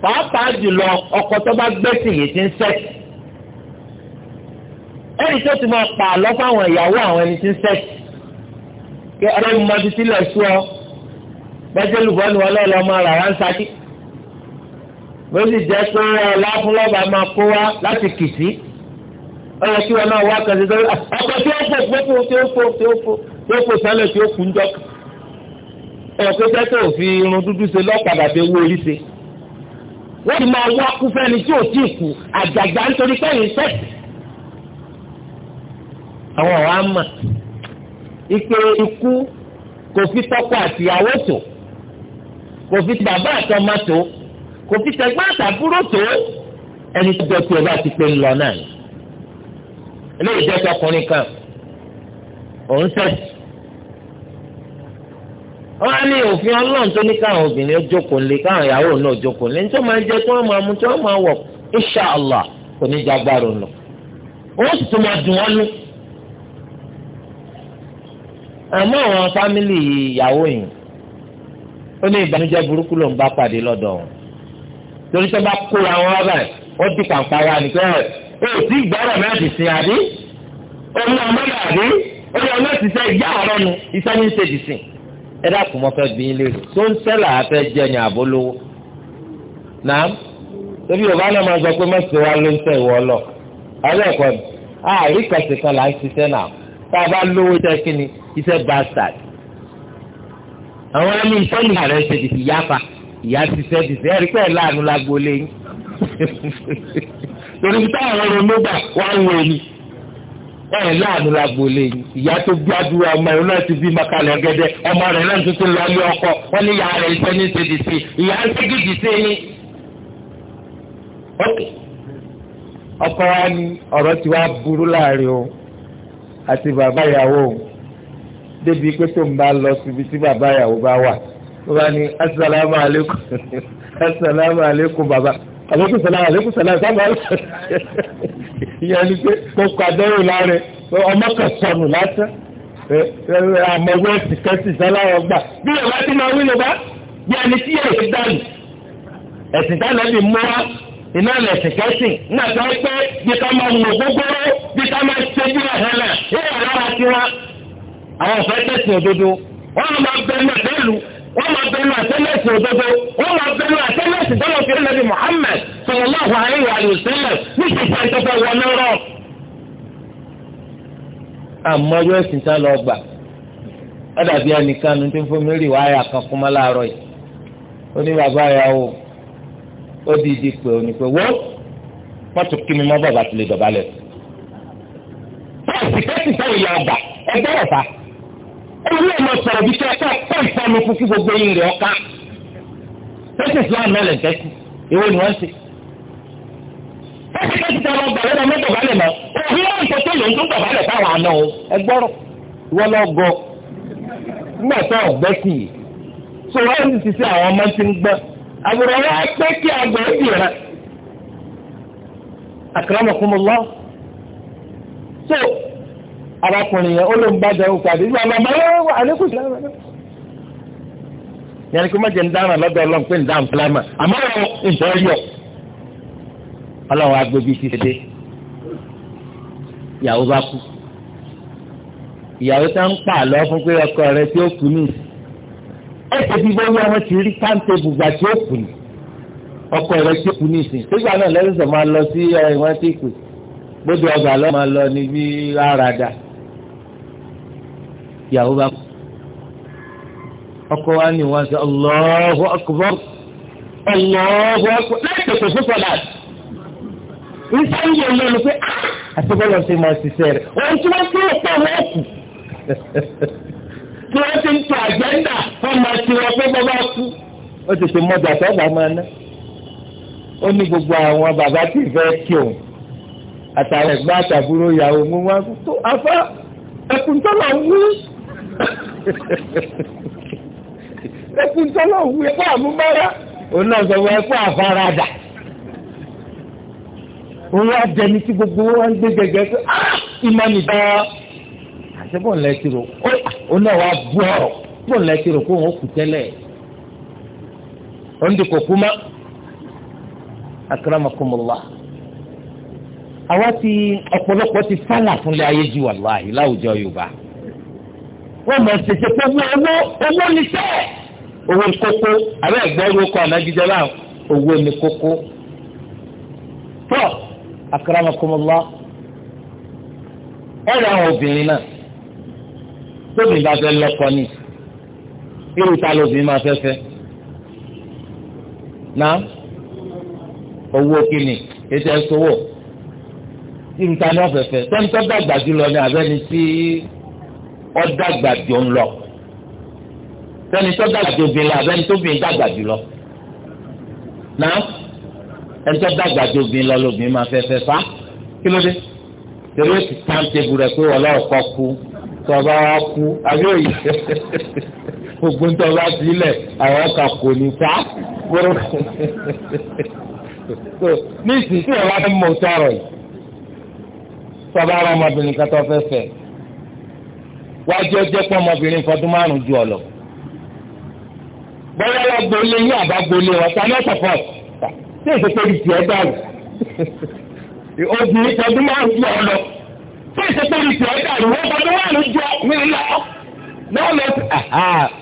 pàápàá jùlọ ọkọ tó bá gbẹ́sìn yìí ti ń sẹ́kì ẹni tó ti máa pa àlọ́ fáwọn ìyàwó àwọn ẹni tí ń sẹ́kì kí ọlọ́run máa fi sílẹ̀ sú ọ gbẹ́sẹ̀ lùbọ́nù ọlọ́ọ̀lọ́ máa rà wá ń sakí bó sì jẹ́ pé ọlá fúnlọ́ba máa kó wá láti kìsì ọyọ kí wọn náà wá kan sí sọ́yìn ọkọ tí ó fò tí ó fò tí ó fò tí ó fò tí ó fò sálẹ̀ tí ó kú ń jọ́kàn ọ̀pẹ tẹ́tẹ́ òfin irun dúdú ṣe lọ́kadà tó wó orí ṣe. wọ́n ti máa wá kú fẹ́ni tí ò tí ì kú àjàgbá nítorí pẹ́yìn sẹ́ẹ̀tì. àwọn ọ̀rọ̀ á mà ipe ikú kò fi tọ́kọ àtìyàwó tó kò fi bàbá àtọmọ tó kò fi tẹ̀gbọ́n àtàbúrò tó ẹni tó dọ̀tí ẹ bá ti pé ńlọ náà. eléyìí jẹ́ tọkùnrin kan òun sẹ́ẹ̀tì wọn á ní òfin Ọlọ́run tó ní káwọn obìnrin jókòó lé káwọn ìyàwó náà jókòó lé nítorí máa jẹ kí wọn máa mú kí wọn máa wọ insha allah kò ní ju agbára lọ wọn sì tún máa dùn wọn nú. àmọ́ àwọn fámìlì ìyàwó yìí ó ní ìbànújẹ́ burúkú ló ń bá pàdé lọ́dọ̀ wọn torí sọ bá kóra wọn wá báyìí ó di pàǹpára nìkan ẹ̀ ó ti gbọ́rọ̀ náà ti sin àbí ó ní ọmọdé àbí ó ní ọmọdé ẹ dákun mọ́ fẹ́ bí ilé rẹ̀ tó ń sẹ́là afẹ́ jẹ́ ní àbólówó náà tóbi yorùbá náà máa sọ pé mẹ́sàn-án wa ló ń tẹ̀ ìwọ lọ ọ̀rẹ́ ẹ̀kọ́ ni àárí kẹsì kan là ń ṣiṣẹ́ náà tá a bá lówó iṣẹ́ kí ni iṣẹ́ bastard àwọn ẹni iṣẹ́ nìyà rẹ̀ ṣe dìbò ìyáfa ìyá ṣiṣẹ́ dìbò ẹ̀rí pẹ́ láàánú lágbó lẹ́yìn torí táwọn ọmọ ọmọ gbà wọ́n ń wọ ẹni báyìí láàánú la gbolé ìyá tó bí adúrú ọmọ rẹ̀ náà ti bí makalẹ gẹdẹ ọmọ rẹ̀ náà tó ti lọ ilé ọkọ wọn ní ìyá rẹ̀ iṣẹ́ ní ṣe dìde ìyá ń ṣe gidi ṣe ni. ọkọ wa ní ọ̀rọ̀ tí wàá burú láàrin o àti bàbá ìyàwó o débi pé tó ń bá lọ síbi tí bàbá ìyàwó bá wà wọn bá ní asalaamualeykum asalaamualeykum bàbá àlékún sàlám àlékún sàlám sábà ìyẹn ni pé mo kọ àdéhùn láre ọmọ kan sọnù lásán àmọ̀wé ẹ̀sìnkẹ́sì sáláwọ̀ gbà bí ọ̀la ti máa wí ló bá bí ẹni tí yóò ṣe dànù ẹ̀sìn dáná bí mú wa iná lẹ̀ ẹ̀sìnkẹ́sì nígbà tó ń pẹ́ bí ká máa mú gbogbooro bí ká máa ṣe bí ọ̀hánà yóò wà lára tiwa àwọn ọ̀fẹ́ tẹ̀sìn òdodo wọ́n á máa bẹ́ẹ̀ náà bẹ́ẹ̀ lù wọ́n máa bẹnu àtẹ́lẹ́sì òdodo wọ́n máa bẹnu àtẹ́lẹ́sì dọ́lọ̀ fi rẹ́lẹ́bí Muhammad sallallahu alaihi wa sallam ní ìṣẹ̀ṣẹ̀ ìtọ́fẹ́ wọn rọ. àmọ́ yóò sì sá lọ gbà ó dàbí ẹnìkan ní tó ń fún mi rí wáyà kan kúmọ́ láàárọ̀ yìí ó ní bàbá ìyàwó ó di ìdí pé ó ní pé wọ́n wọ́n tún kí mi mọ́ bàbá tó lè dọ̀bálẹ̀. báyìí sì kẹ́sì sọ ìyá ọgbà ẹgbẹ́ ọ̀fà ẹni yóò máa sọ̀rọ̀ bí kẹ́kẹ́ kọ́ ìfọ́nù fún kí gbogbo yìí rẹ̀ ọ̀ká tẹ́sí islam náà lè tẹ́sí ìwé ni wọ́n ṣe. tẹ́sí tẹ́sí tẹ́wọ́ gbàlẹ́ náà mẹ́tọ̀ balẹ̀ náà òfin náà ń sọ pé tó gbà balẹ̀ táwọn o ẹ gbọ́rọ̀ lọ gọ nígbà tó sí i so wọ́n ti ti sí àwọn ọmọ tí ń gbọ́ àbúrò wọn á kí àgbẹ̀ ó dìrà àkàràmọ̀kúnmọ́ lọ. so arákùnrin yẹn ó ló ń bá dẹ̀ òkú àdé ìgbà màmá yẹn wà àlékún ìsìlámù náà. yẹn ni kí wọ́n jẹ́ ń dáhùn lọ́dọ̀ ọlọ́run pé ń dáhùn fúlámà àmọ́ ìfẹ́ yọ. ọlọ́run agbègbè ti ṣe ìyàwó bá kú ìyàwó tá ń pa àlọ́ fún pé ọkọ rẹ tí ó kú ní ìsìn ẹ tẹ̀sí bọ́ọ̀lù àwọn ti rí táǹtẹ̀bù gbà tí ó kù ní ọkọ rẹ tí ó kú ní ìsìn sígbà náà lẹ́sìn máa lọ sí ẹ̀wọ̀n tí kù gbọ́dọ̀ ọgbà lọ́ máa lọ níbi rárá dáa ìyàwó bá kú ọkọ wa ni wọn sọ Allahu akbar Allahu akbar láti tètè fún sọlá nítorí yẹn lọ ni pé ah! àti bọ́lá ti máa ṣiṣẹ́ rẹ̀ wọ́n ti wọ́n ti wọ́n pa wọ́n kù tí wọ́n ti ń tọ àjẹ́ńdà wọ́n máa ti wọ́n pé bọ́ bá kú ó ti ṣe mọ́jà tó bá máa ná ó ní gbogbo àwọn bàbá tí ìfẹ́ àtàwọn ẹ̀gbọ́n àtàbúrò ìyàwó mú wọn tó afá ẹkùn tó lọ wú. ẹkùn tọ́lá òwú ẹkọ́ àmúbárá òun náà sọ wọ ẹkọ́ àfaradà òun á jẹni tí gbogbo wa ń gbé gẹ́gẹ́ pé ah, ìmọ̀ nìbá àṣẹ́bọ̀ lẹ́tìrò òun náà wà bú ọ̀rọ̀ bọ̀ lẹ́tìrò kó kù tẹ́lẹ̀ òun kò kú mọ́ àwa ti ọ̀pọ̀lọpọ̀ ti ayé wọ́n mọ̀ ṣèṣe pé owó owó owó ni sẹ́ẹ̀ owó ni kókó abẹ́ ìgbọ́rú kọ́ ànágídé náà owó ni kókó. tọ́ akramakumullah ọ̀rọ̀ àwọn obìnrin náà tóbi bá fẹ́ lọ́kọ ní irú ta lóbìnrin máa fẹ́ fẹ́ náà owó kìíní ètò ẹ̀sọ́wọ́ irú ta ní ọ̀fẹ́fẹ́ tẹ́ńtọ́ dàgbà jùlọ ní abẹ́ni tí. Si, ọ̀dàgbà jù ń lọ sẹ́ni tó dàgbà jù obìnrin abẹ́ni tó bìnrin dàgbà jù lọ náà ẹni tó dàgbà jù obìnrin lọ lóbìnrin máa fẹ́ fẹ́ fa kí ló dé torí ó ti tán tebu rẹ̀ pé wọ́n lọ́wọ́ kọ́ ku tó ọba wa ku àbí òye gbogbo ń tọ́ ọba sílẹ̀ àwọn ọkà kò ní fa kúrò ní ìsìn tí wọ́n wá fẹ́ mọ̀ tọrọ yìí tó ọmọbìnrin kan tó fẹ́ fẹ́ wájú ọjọ́ pọ̀ ọmọbìnrin fọdún márùn-ún ju ọ̀lọ́. bọ́lá lọ gbolé ní àbá gbolé ọ̀tá mẹ́tọ̀ pọ̀ ṣé ìṣètò ìdí tiẹ̀ dàrú obìnrin fọdún márùn-ún ju ọ̀lọ́ ṣé ìṣètò ìdí tiẹ̀ dàrú wọ́n fọdún márùn-ún ju mí lọ. náà lọ sí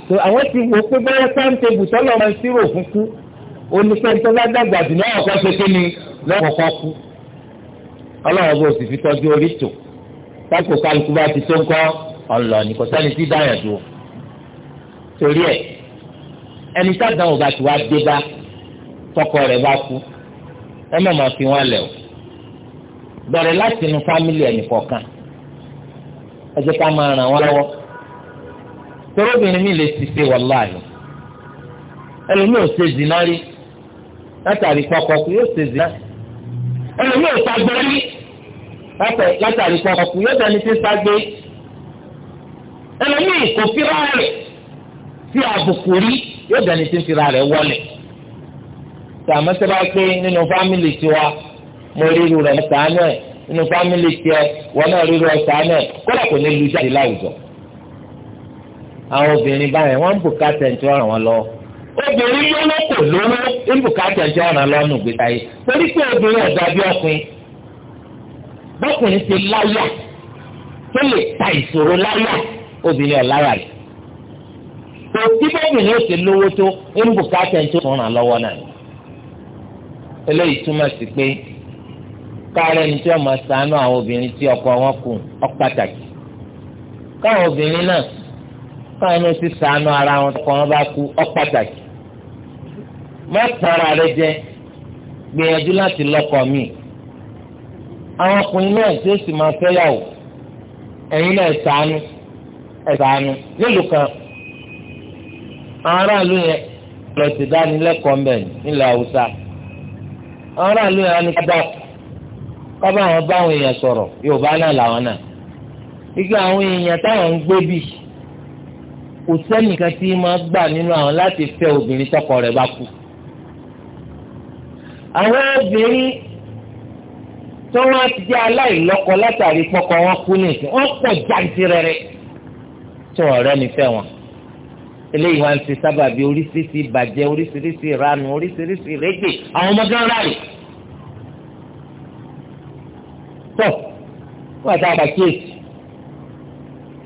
so àwọn ti wo pé bẹ́ẹ̀ sáńtẹ̀bù tọ́lọ́ máa ń sírò fún kú onífẹ́ntẹ́ bá dàgbà jù náà ọ̀kọ́ ṣe kí ni lọ́kọ̀ọ́kọ́ kú ọlọ́run bó sì fi tọ́jú orí tò tákò kálukú bá ọlọ ní kò sẹ́ni tí dáyàn dùn torí ẹ ẹni sádàn ọba tí wàá dé bá tọkọ rẹ̀ bá kú ẹ má máa fi wọn lẹ̀ o bẹ̀rẹ̀ láti inú fámìlì ẹnì kọ̀ọ̀kan ẹ jẹ́ ká máa ràn wọ́n lọ́wọ́ torobìnrin mi lè ti ṣe wàláàyè ẹlòmíì ò ṣe zina rí látàrí kọkọkù yóò ṣe zina ẹlòmíì ò ṣàgbé rí látàrí kọkọkù yóò ṣàní ti ṣàgbé rí ẹlòmíì kò fira rẹ̀ tí àbùkù rí yóò dání tí ń fira rẹ̀ wọlé tàmí sábà pé nínú fámìlì tiwa mo ríru rẹ̀ sànú ẹ̀ nínú fámìlì tiẹ̀ wọn náà ríru ẹ̀ sànú ẹ̀ kódà kò ní lu jáde láwùjọ. àwọn obìnrin báyẹn wọ́n ń bùkátà ẹ̀ tí wọ́n ràn wọ́n lọ́wọ́ obìnrin yóò lọ́kọ̀ lówó ìbùkátà jẹ́ ọ̀ràn lọ́nù gbèsè ayé torí pé obìnrin ọ̀dà bí ọkùnrin bọ́kùnrin ti láyà tó lè ta ìṣòro láyà obìnrin ọ̀lára rẹ̀ kò tí bẹ́ẹ̀ni ni ó ti lówó tó ń bùkátà tó fún ràn lọ́wọ́ náà eléyìí túmọ̀ sí pé kárẹ́ ni tí wọ́n máa ṣàánú àwọn obìnrin tí ọkọ wọn kù ó pàtàkì káwọn obìnrin náà káwọn náà sì ṣàánú ara wọn tí ọkọ wọn bá kú ó pàtàkì má tara rẹ jẹ gbìyànjú láti lọ́kọ mi àwọn ọkùnrin náà tí ó sì máa fẹ́ yàwó ẹ̀yin náà ṣàánú ẹ̀sánú nílùú kan àwọn aráàlú yẹn lọ sí dánilẹ́kọ̀ọ́ mbẹ̀ nílẹ̀ haúsá àwọn aráàlú yẹn á ní kábàá kábàá àwọn báwọn èèyàn sọ̀rọ̀ yorùbá náà làwọn náà igi àwọn èèyàn táwọn ń gbé bì kò sẹ́nìkan tí máa gbà nínú àwọn láti fẹ́ obìnrin tọkọ rẹ̀ bá kú àwọn obìnrin tó wọn ti jẹ́ aláìlọ́kọ látàrí pọkọ wọn kú nìkan wọ́n pọ̀ jàǹtìrẹrẹ tí wọn rẹ nífẹ̀ẹ́ wọn eléyìí wá ń ṣe sábàbí oríṣiríṣi ìbàjẹ́ oríṣiríṣi ìranù oríṣiríṣi ìrẹ́gbẹ̀ àwọn ọmọ gan rárẹ. tọ́ wọ́n àti àbàkíyèsí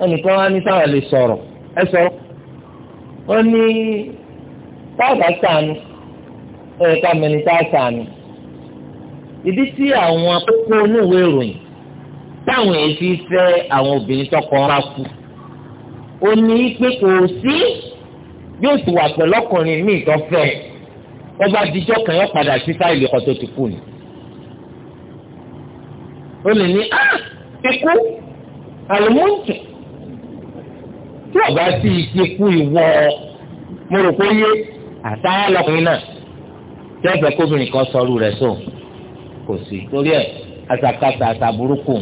ẹnìkan wá ní sáwọn lè sọ̀rọ̀ ẹ sọ̀rọ̀ ó ní táàbà sànù ẹ̀ka mẹ́nìtà sànù ìdí tí àwọn akókó oníwèé ìròyìn táwọn èyí fi fẹ́ àwọn obìnrin tọkọ ọ́n bá kú ó ní pé kò sí yóò sì wà pẹ̀lú ọkùnrin míì tó fẹ́ ó bá dijọ́ kan yóò padà sí fáìlì ọkọ tó ti kú ni. ó lè ní ah, ikú àlùmọ́ǹtì tí ọba sí ikú ìwọ mo rò pé yé àtàrà lọkùnrin náà tẹ́gbẹ́ kóbìnrin kan sọ̀rọ̀ rẹ̀ sọ kò sí torí ẹ̀ àṣàkáṣà àṣà burúkú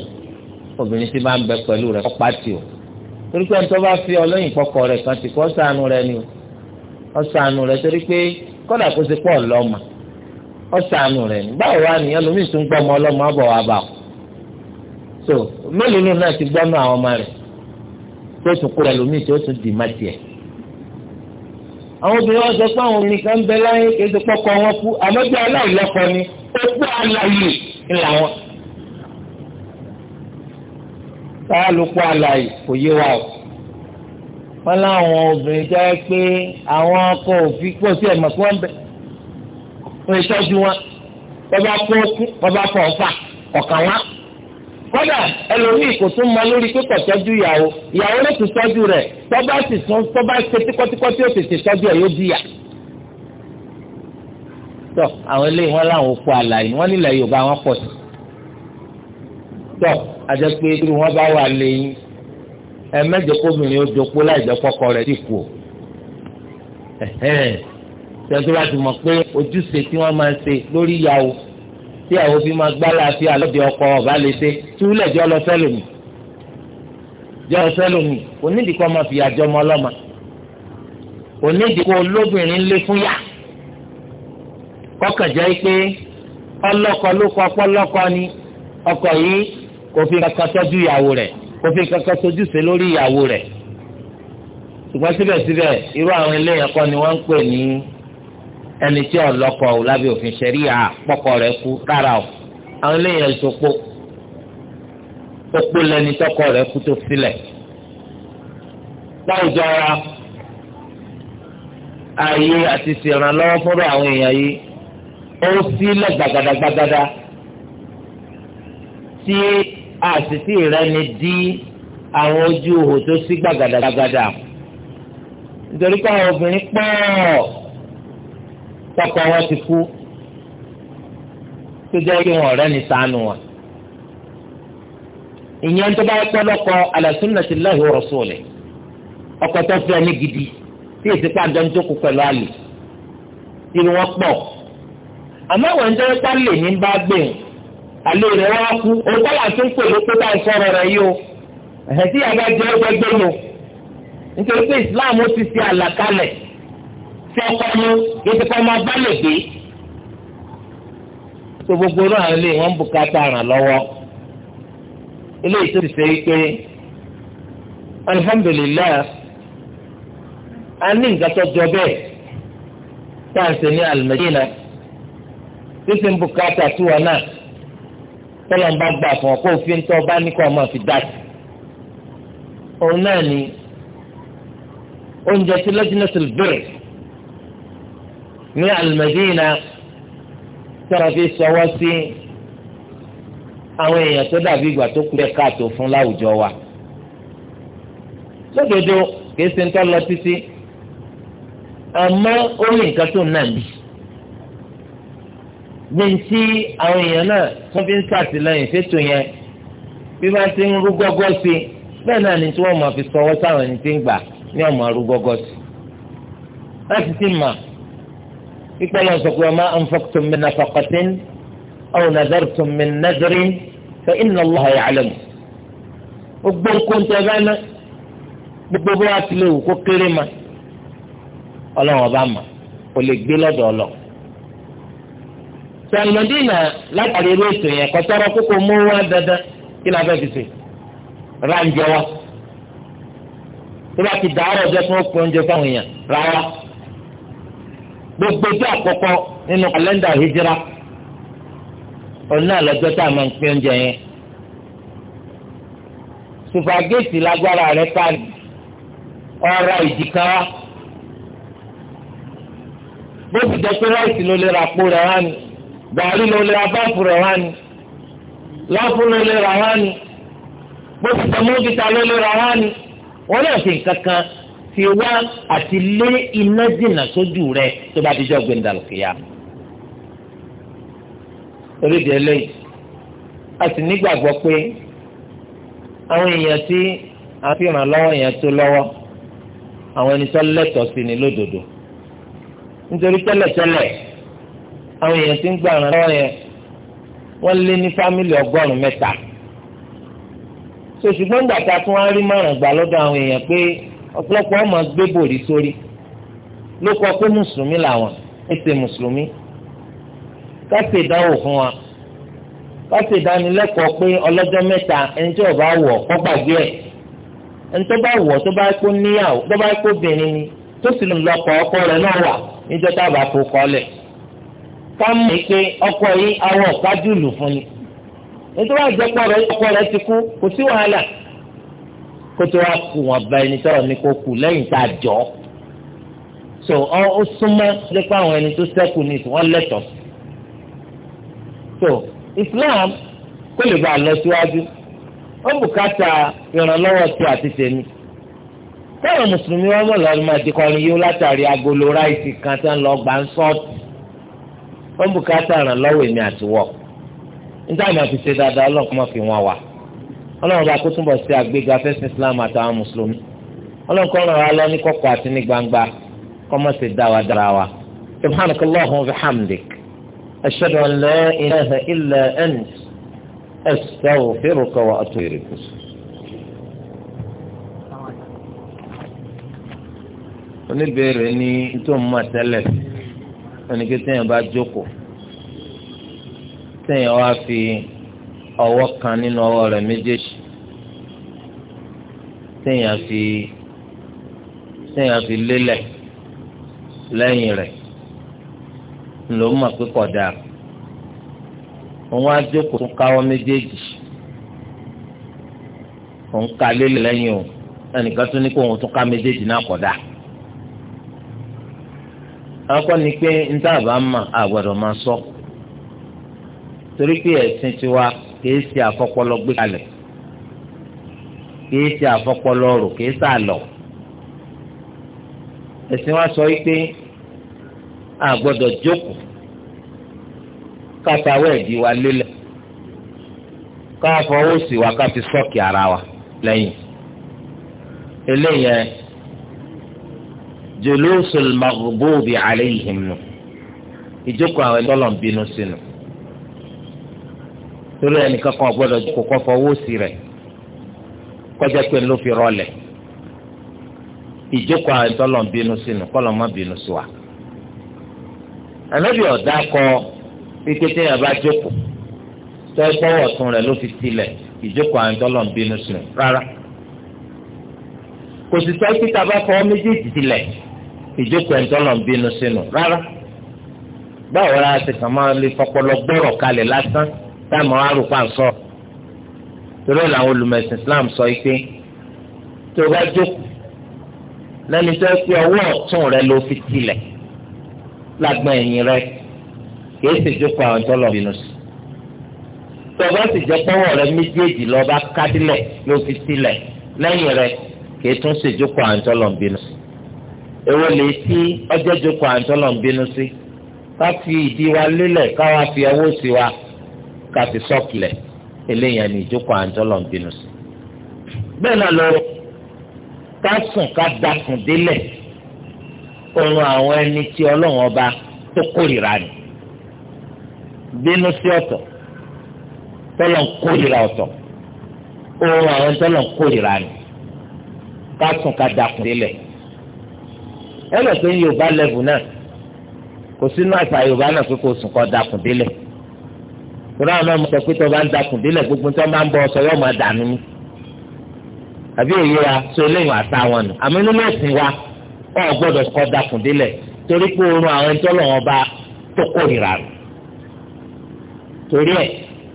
obìnrin tí máa ń bẹ pẹ̀lú rẹ̀ kọ́ pátì o torí pé ẹnitọ́ bá fi ọlọ́yìn kọkọ rẹ̀ kan ti kọ́ sànù rẹ̀ ni ọ sànù rẹ̀ torí pé kọ́dà kó ti pọ̀ lọ́mà ọ sànù rẹ̀ ni báwo wá nìyẹn lómi tún gbọ́ ọmọ ọlọ́mọ àbọ̀ wá bá ọ. so mélòó ló náà ti gbọ́nú àwọn ọmọ rẹ̀ tó tún kúrẹ̀ lómi tó tún dì má tiẹ̀. àwọn obìnrin wọn sọ pé àwọn nìkan ń bẹ láyé kéde pọ́kọ wọn kú àmọ́jọ́ aláìlọ́kọ ni ó kú aláyè ńlá wọn kálukú àlàyé kò yé wa o wọn láwọn obìnrin jẹ́ pé àwọn ọkọ òfin pọ̀ sí ẹ̀mọ̀ kí wọ́n bẹ̀ wọ́n ìtọ́jú wọn bàbá kó kú bàbá kọ̀ ọ̀fà ọ̀kan wá kódà ẹlòmíì kò tún mọ lórí pípọ̀ tọ́jú ìyàwó ìyàwó ló ti tọ́jú rẹ̀ tọ́ba sì tún tọ́ba ṣe tíkọ́tíkọ́ tí ó tètè tọ́jú ẹ̀ yóò díyà. tọ́ àwọn eléyìí wọn láwọn òkú àlàyé wọn nílẹ̀ Yorùbá wọn pọ̀ sí. tọ́ àjẹ́ pé bí wọ́n bá wà lẹ́yìn ẹ mẹ́jọ kóbìnrin ó dọ́pọ̀ láì jẹ́ kọ́kọ́ rẹ̀ ti kù tẹ̀síwájú láti mọ̀ pé ojúṣe tí wọ́n máa ń ṣe lórí ìyàwó tí àwọn òbí máa gbá láàfin àlọ́dẹ ọkọ ọ̀bá lè ṣe túlẹ̀ jọ lọ fẹ́lòmì jọ lọ fẹ́lòmì onídìí kọ́ fìyà jọ ọmọ ọlọ́mà onídìí olóbìnrin lé fún yà kọ́kànjẹ́ pé ọlọ́kọ ló kọ́ ọpọlọ́kọ ni ọkọ yìí kò fi kankan tọ́jú ìyàwó rẹ̀ kò fi kankan tọ́jú ṣe lórí ìyàwó rẹ̀ ṣùgbọ́n síbẹ̀síbẹ̀ irú àwọn eléyàn kọ́ ni wọ́n ń pè ní ẹni tí ọlọ́kọ ò lábẹ́ òfin ṣẹ̀ríà pọ́kọ rẹ̀ kú rárá o àwọn eléyàn ìṣòpó òpó lẹni tọ́kọ rẹ̀ kú tó sílẹ̀ láwùjọ wa ààyè àti ìṣèrànlọ́wọ́ fọ́rọ̀ àwọn èèyàn yìí ó sílẹ̀ gbàgàdàgbàgàdà tí àtìtì rẹ ni dí àwọn ojú ihò tó sí gbàgàdàgbàgàdà nítorí pé àwọn obìnrin pọ̀ tọkọ wọn ti kú tó jẹ́ kí wọn ọ̀rẹ́ ní sànù wọn. ìyẹn tó bá pẹ́ lọ́kọ ala sunnati Allahi wa rasulih tó fẹ́ ní gidi tí èsì pàdé ń jókòó pẹ̀lú àlè tí wọ́n pọ̀ àmọ́ àwọn ẹ̀ńtẹ́ pálẹ̀ ní bá gbé àlẹ́ rẹ̀ wá kú òkú làtún pè ló kó tá à ń sọ̀rọ̀ rẹ̀ yìí o ẹ̀hẹ̀ tí yàrá jẹ́ ọgbẹ́ gbé lò nítorí pé Islam ti ṣe àlàkalẹ̀ tí ọkọ mu ètò kan máa bá lè gbé tó gbogbo náà lè wọ́n bùkátà ràn lọ́wọ́ eléyìí tó ti ṣe pé alihamdulilayi a ní nǹkan tó jọ bẹ́ẹ̀ tá à ń ṣe ní alimẹ́dínà tó ṣe ń bùkátà tiwọn náà tọ́lọ̀ ń bá gbà fún ọ kó fi ń tọ́ ọ bá ní kó ọmọ fi dá òun náà ni oúnjẹ tí lọ́jìnẹ́sì bẹ̀rẹ̀ ní Al-Madina tọ́lọ̀ fi sọwọ́ sí àwọn èèyàn tó dàbí ìgbà tó kúrẹ́ káàtó fún láwùjọ wa. lódodo kìí ṣe ń tọ́ lọ títí àmọ́ ó nǹkan tó nà ní ní ti àwọn èèyàn náà wọ́n fi ń ṣàtìlẹ́yìn fẹ́tò yẹn bí wọ́n ti ń rú gọ́gọ́ sí bẹ́ẹ̀ náà ni tí wọ́n máa fi sọwọ́ sáwọn ẹni tí ń gbà ní ọmọ rú gọ́gọ́ sí. láti ti mà pípẹ́ lọ sọ pé ọmọ anfaqtum min nafaqatin aw nadartum min nadrin fa inna Allaha ya'lamu. gbogbo nǹkan tẹ bá ná gbogbo bó wàá tilẹ̀ wò kó kéré ma ọlọ́run ọba mà kò lè gbé lọ́dọ̀ ọlọ́run sàlùmọ́dínà látàrí irú ètò yẹn kọ́tọ́rọ́ kókó mú wá dandan kí la fẹ́ fi ṣe ráńjẹ wa tó bá ti dàárọ̀ jẹ́ fún ọkùnrin oúnjẹ fáwọn èèyàn rárá gbogbo tó àkọ́kọ́ nínú kàlẹ́ndà hijira òun náà lọ́jọ́ tá a máa ń pín oúnjẹ yẹn sùpàgẹ́tì lágbára rẹ̀ ká ọ̀rọ̀ ìdìkan wa bó ti jẹ́ pé ráìsì ló lè rà pò rẹ̀ wá ni. gàrí na lè abáàpù rẹ̀ ni láàpù ló lè ni bóti tẹmọ́gìtà ló lè náà fi kankan fi wá àti lé iná dìnnà sójú tó bá ti jẹ́ ọ̀gbìn dàlùkìyà. torí di a sì nígbàgbọ́ pé àwọn èèyàn tí a fi ràn lọ́wọ́ èèyàn tó àwọn ẹni tó sí ni lódodo nítorí àwọn èèyàn ti ń gbà ràn lọ́wọ́ yẹn wọ́n lé ní fámìlì ọgọ́rùn-ún mẹ́ta so ṣùgbọ́n ìgbà tá a tún wá rí márùn gbà lọ́dọ̀ àwọn èèyàn pé ọ̀pọ̀lọpọ̀ ọmọ gbé bòrí sórí ló kọ pé mùsùlùmí làwọn ẹsẹ̀ mùsùlùmí káṣẹ̀ ìdánwò fún wa káṣẹ̀ ìdánilẹ́kọ̀ọ́ pé ọlọ́jọ́ mẹ́ta ẹni tí ó bá wọ̀ kó gbàgbé ẹ̀ ẹni tó bá wọ̀ tó bá kó níyàwó tó bá kó bìnrin ni tó sì lọ́kọ̀ ọkọ rẹ̀ náà wà níjọ́ tá a bá fò kọ́lẹ̀ ká mọ̀ pé ọkọ yìí awọ ọ̀kájú lù fún ni nítorí àjẹpọ̀ rẹ̀ ọkọ rẹ̀ ti kú kò sí wàhálà kó tó wá kú wọn bá ẹni tọrọ ní kó kú lẹ́yìn tá a jọ so ó súnmọ́ nípa àwọn ẹni tó ṣẹ́kù ní ìsìn wọn lẹ́tọ̀ọ́ so Islam kó lè bá a lọ síwájú ó bùkátà ìrànlọ́wọ́ tí a ti tèmi táwọn mùsùlùmí wọn mọ̀ lọ́dún máa di kọrin yóò látàrí agolo ráìsì kan tí wọ́n lọ gbà ń sọ́ọ̀tù ó ń bùkátà ìrànlọ́wọ́ èmi àti wọ́ níta àmì àti ṣe dáadáa ọlọ́run má fi wọn wá ọlọ́run bá kó túnbọ̀ sí àgbéga fẹ́sìn islam àtàwọn mùsùlùmí ọlọ́run kọ́ ràn wá lọ ní kọ̀kọ̀ àti ní gbangba kọ́ mọ̀ sí dáwà dára wa subhanaka allahumma wa bihamdik ashhadu an la ilaha illa ant astaghfiruka wa atubu tó ń tẹ́lẹ̀ ẹni pé téèyàn bá jókòó téèyàn wá fi ọwọ́ kan nínú ọwọ́ rẹ̀ méjèèjì téèyàn fi téèyàn fi lélẹ̀ lẹ́yìn rẹ̀ ló mọ̀ pé kódà òun á jókòó tún káwọ́ méjèèjì òun ka lélẹ̀ lẹ́yìn o ẹnìkan tún ní kó òun tún ká méjèèjì náà kódà. akọ́ ni pé níta ma mà àgbọ̀dọ̀ sọ torí pé ẹ̀sìn tiwa kìí ṣe àfọpọlọ gbé kalẹ̀ kìí ṣe àfọpọlọ rò kìí sàlọ ẹ̀sìn wa sọ wípé àgbọ̀dọ̀ jókòó kátàwé ẹ̀dí wa lélẹ̀ káfọwọ́sì wa ká fi ara wa lẹ́yìn eléyẹn. جلوس المغضوب عليهم nù ìjókòó àwọn ẹlọ́lọ́ ń bínú sínú torí ẹnìkan kan gbọ́dọ̀ kókó fọwọ́ sí rẹ̀ kọjá pé ló fi rọlẹ̀ ìjókòó àwọn ẹlọ́lọ́ ń bínú sínú kọ́lọ́ má bínú sí wa. ànábì ọ̀dà kọ pípẹ́tẹ́ yẹn bá jókòó tọ́ ẹ gbọ́wọ́ tún ló fi tilẹ̀ ìjókòó àwọn ẹlọ́lọ́ ń bínú rárá kò sì sọ pé tá méjèèjì tilẹ̀ ìjókòó ẹ̀ńtọ́nà bínú sínú rárá báwo la ti kàn máa lè fọpọlọ gbọ́rọ̀ kalẹ̀ lásán táwọn arúgbó àǹsọ torí làwọn olùmẹ̀sìn Islam sọ pé tó o bá jókòó lẹ́ni tó pé ọwọ́ ọ̀tún rẹ ló fi tilẹ̀ lágbọ́n ẹ̀yìn rẹ kìí sì jókòó àwọn tó lọ bínú sí tó o bá sì jẹ́ pọ́wọ́ rẹ méjèèjì lọ́ọ́ bá kádìlẹ̀ ló fi tilẹ̀ lẹ́yìn rẹ kìí tún sì jókòó àwọn tó lọ bínú sí. èwo lè ọjọ́ ìjókòó àǹtọ́lọ̀ bínú ìdí wa lélẹ̀ káwa fi ọwọ́ sí wa ká fi sọ́kìlẹ̀ eléyàn ní ìjókòó àǹtọ́lọ̀ bínú sí. bẹ́ẹ̀ náà lọ ká sùn ká dakùn délẹ̀ àwọn ẹni tí ọlọ́run ọba tó kórìíra ni bínú sí ọ̀tọ̀ tọ́lọ̀ ń kórìíra ọ̀tọ̀ àwọn tọ́lọ̀ ń kórìíra ni ká sùn ẹ lọ pé yorùbá lẹ́bù náà kò sínú àṣà yorùbá náà pé kò sùn kọ́ dakùn délẹ̀ kúrò àwọn ọmọ sọ pé tó bá ń dakùn délẹ̀ gbogbo tó bá ń bọ ọsọ yóò máa dànù ni àbí èyí wa so eléyìn àṣà wọn nù àmì nínú ẹ̀sìn wa ọ̀ gbọ́dọ̀ kọ́ dakùn délẹ̀ torí pé oorun àwọn ẹni tó lọ́wọ́ bá tó kórìíra rẹ̀ torí ẹ̀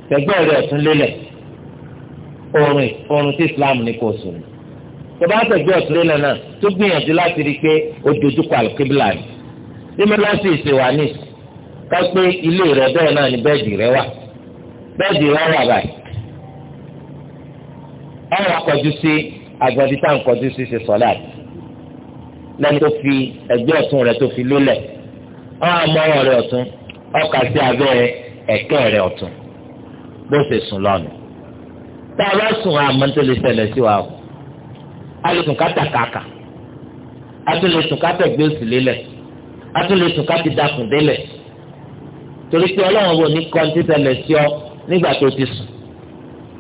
tẹ̀gbẹ́ rẹ̀ tún lélẹ̀ oorun oorun tí Islam ní kò sùn ní tó bá tẹ̀gbẹ́ ọ̀tún lẹ́nà náà tó gbìyànjú láti rí i pé ó dojúkọ àlùkébìlà rẹ̀ bí mọ́láṣí ìṣèwà ní ká pé ilé rẹ̀ bẹ́ẹ̀ náà ni bẹ́ẹ̀dì rẹ̀ wà bẹ́ẹ̀dì rẹ̀ wà báyìí ọ̀rọ̀ akọ̀jú sí agbọ̀dí tá à ń kọjú sí ṣe sọ̀lá lẹ́ni tó fi ẹ̀gbẹ́ ọ̀tún rẹ̀ tó fi lólẹ̀ ọ̀rọ̀ amọ́rọ̀ rẹ̀ ọ̀tún ọkà sí abẹ́ ẹ̀kẹ́ rẹ̀ ọ̀tún bó ṣe sùn lọ́nu tá sùn àmọ́ tó lè ṣẹlẹ̀ sí wa o a lè sùn ká tà kàkà a tún lè sùn ká tẹ̀gbé òsì lélẹ̀ a tún lè sùn ká ti dakùn délẹ̀ torí pé ọlọ́run wò ní kọ́ńtì tẹ̀lẹ̀ sí ọ nígbà tó ti sùn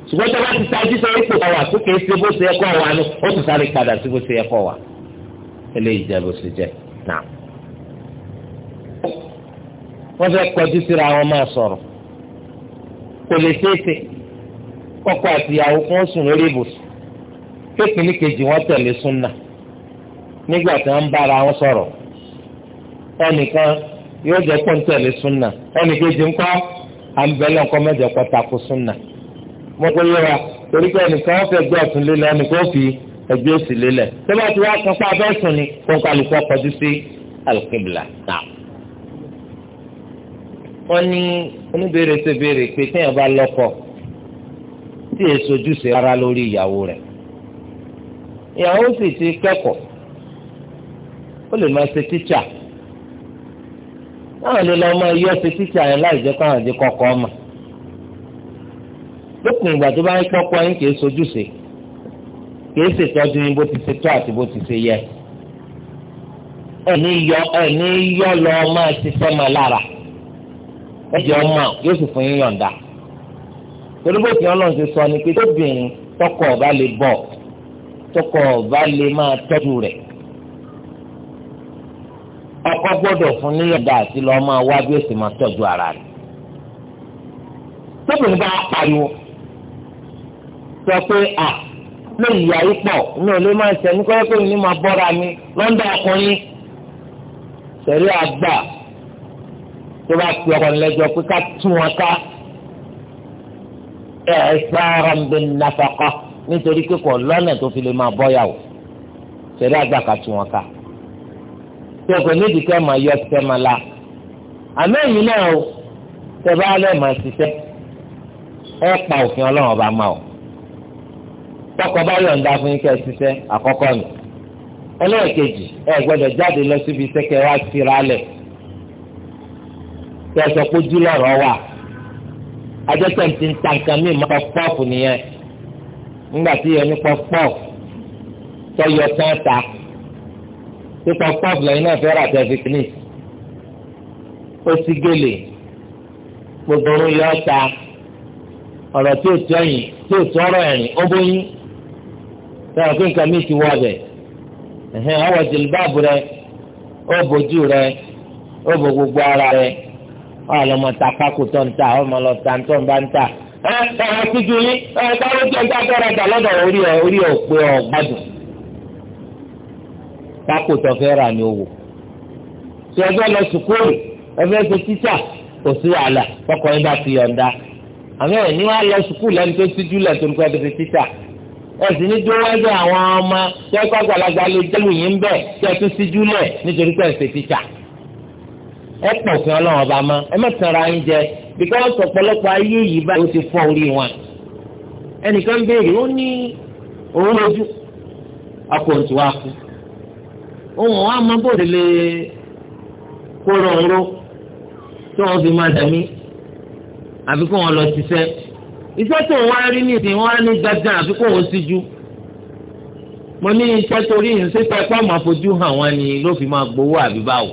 ṣùgbọ́n tí a bá ti ta ojú sọ ipò kọ̀wà tó kéé ṣe bó ṣe ẹ̀kọ́ wa ni ó tún sáré padà sí bó ṣe ẹ̀kọ́ wa eléyìí jẹ́ bó ṣe jẹ́ náà. wọ́n fẹ́ kọjú síra wọn máa sọ̀rọ̀ kò lè ṣeéṣe kọ́kọ́ àtìyàwó fún sùn lórí ibùsùn kékeré kejì wọn tẹ̀lé súnà nígbà tí wọ́n ń bára wọn sọ̀rọ̀ ẹnìkan yóò jẹ́ pọ́n tẹ̀lé súnà ẹnìkejì ńkọ́ àǹbẹ̀lẹ̀ ńkọ́ mẹ́jọ kọ́ tako súnà mo kò yẹra torí pé ẹnìkan wọ́n fẹ́ gbé ọ̀tún lélẹ̀ ẹnìkan fi ẹgbẹ́ òsì lélẹ̀ tó bá ti wá kan fún abẹ́sùn ni kó n kálukú ọkọ̀jú sí alùkébìlà náà. wọ́n ní oníbèrè ṣe béèrè pé téèyàn bá lọ́kọ tí èso ojúṣe ara lórí ìyàwó rẹ̀ ìyàwó sì ti kẹ́kọ̀ọ́ ó lè máa ṣe tíṣà náà lè máa yọ ṣe yẹn láì jẹ́ káwọn kọ̀ọ̀kan ọmọ ìgbà tó bá ń pọ́pọ́ yín sojúṣe ṣètọ́jú ti ṣe tó àti bó ti ṣe yẹ ẹni yọ ẹni yọ lọ máa ti lára ọmọ fún yín yọ̀ǹda torí bó ti ni pé tọkọ ọba lè bọ̀ tọkọ ọba lè máa tọ́jú rẹ̀ ọkọ gbọ́dọ̀ fún níyànjú àti lọ máa wá bí ó sì máa tọ́jú ara rẹ̀ tóbìnrin bá pariwo sọ pé à lóyè ìyá yìí pọ̀ ní olè máa ń sẹ́ni kọ́ ní máa bọ́ra mi lọ́ńdà ọkùnrin sẹ̀rí àgbà tó bá pe ọkùnrin lẹ́jọ́ pé ká tún wọn ká ẹ̀ ẹ́ sáárọ̀ ń bẹ nàfàkọ́ nítorí pé kò lọ́nà tó fi lè máa bọ́yàwó ṣẹlẹ̀ àgbàkà tí wọ́n ká tí o kò nídìí kẹ́ máa yọ ọ́ máa la àmọ́ ẹ̀yin náà o tẹ́ bá lẹ́ máa ṣiṣẹ́ ẹ pa òfin ọlọ́run ọba máa o tọkọ bá yọ̀ǹda fún yín kẹ́ ẹ ṣiṣẹ́ àkọ́kọ́ nù ẹlẹ́ẹ̀kejì ẹ gbọ́dọ̀ jáde lọ síbi iṣẹ́ kẹ́ ẹ wá síra lẹ̀ kẹ́ ẹ sọ pé ojú lọ́rọ̀ wà ajẹ́tẹ̀ ti ń ta nǹkan mí nígbà tí ẹni pọpọ tọyọ tán ta tí pọpọ lẹ́yìn náà fẹ́ rà tẹfí kìnnìkì ó sì gèlè gbogbo orun yọ ta ọ̀rọ̀ tí ò tó ẹ̀yìn tí ò tó ọ̀rọ̀ ẹ̀rìn ó bóyún sọ̀rọ̀ pé nǹkan mi ti wọ ọbẹ̀ ẹ̀hìn ọwọ́ jìlbáàbù rẹ ó bójú rẹ ó bò gbogbo ara rẹ ọ̀ àlọ́ mọ̀ pákó tó ń ta ọ̀ mọ̀ lọ tó ń bá ń ta ẹ ẹ kíjú yín ẹ káwé jẹ ẹgbẹ agbára gbà lọ́dọ̀ orí ẹ orí ẹ òpè ọ gbádùn tako tó fẹ́ rà ní owó tí ẹgbẹ́ lọ sùkúrù ẹgbẹ́ ṣe tíṣà kò sí wàhálà kọkọ yín bá ti yọ̀ǹda àmì ẹ̀ ní wàá lọ sùkúrù lẹ́nu tó ṣíjú lẹ̀ torí pé ẹ ti fi tíṣà ẹ̀sìn ní dúró àwọn ọmọ tí ẹ̀kọ́ àgbàlagbà lè jẹ́lu yín ń bẹ̀ tí ẹ tún ṣíjú lẹ̀ nítorí pé ẹ ṣe tíṣà ẹ pọ̀ fún ọlọ́run ọba mọ́ ẹ mẹ́tàn ra jẹ because ọ̀pọ̀lọpọ̀ ayé yìí báyìí ó ti fọ́ orí wọn ẹnìkan béèrè ó ní òun lójú akọ̀ǹtù wa kú òun wa máa bòde lè kóró òró tí wọ́n fi máa dàmí àbí kó wọn lọ ṣiṣẹ́ iṣẹ́ tó wọ́n rí ní ìsìn wọn á ní gbàgbọ́n àbí kó wọn ṣíjú mo ní iṣẹ́ torí ìṣẹ́pẹ́ pàmò àfojú hàn wọn ni ló fi máa gbowó àbí báwo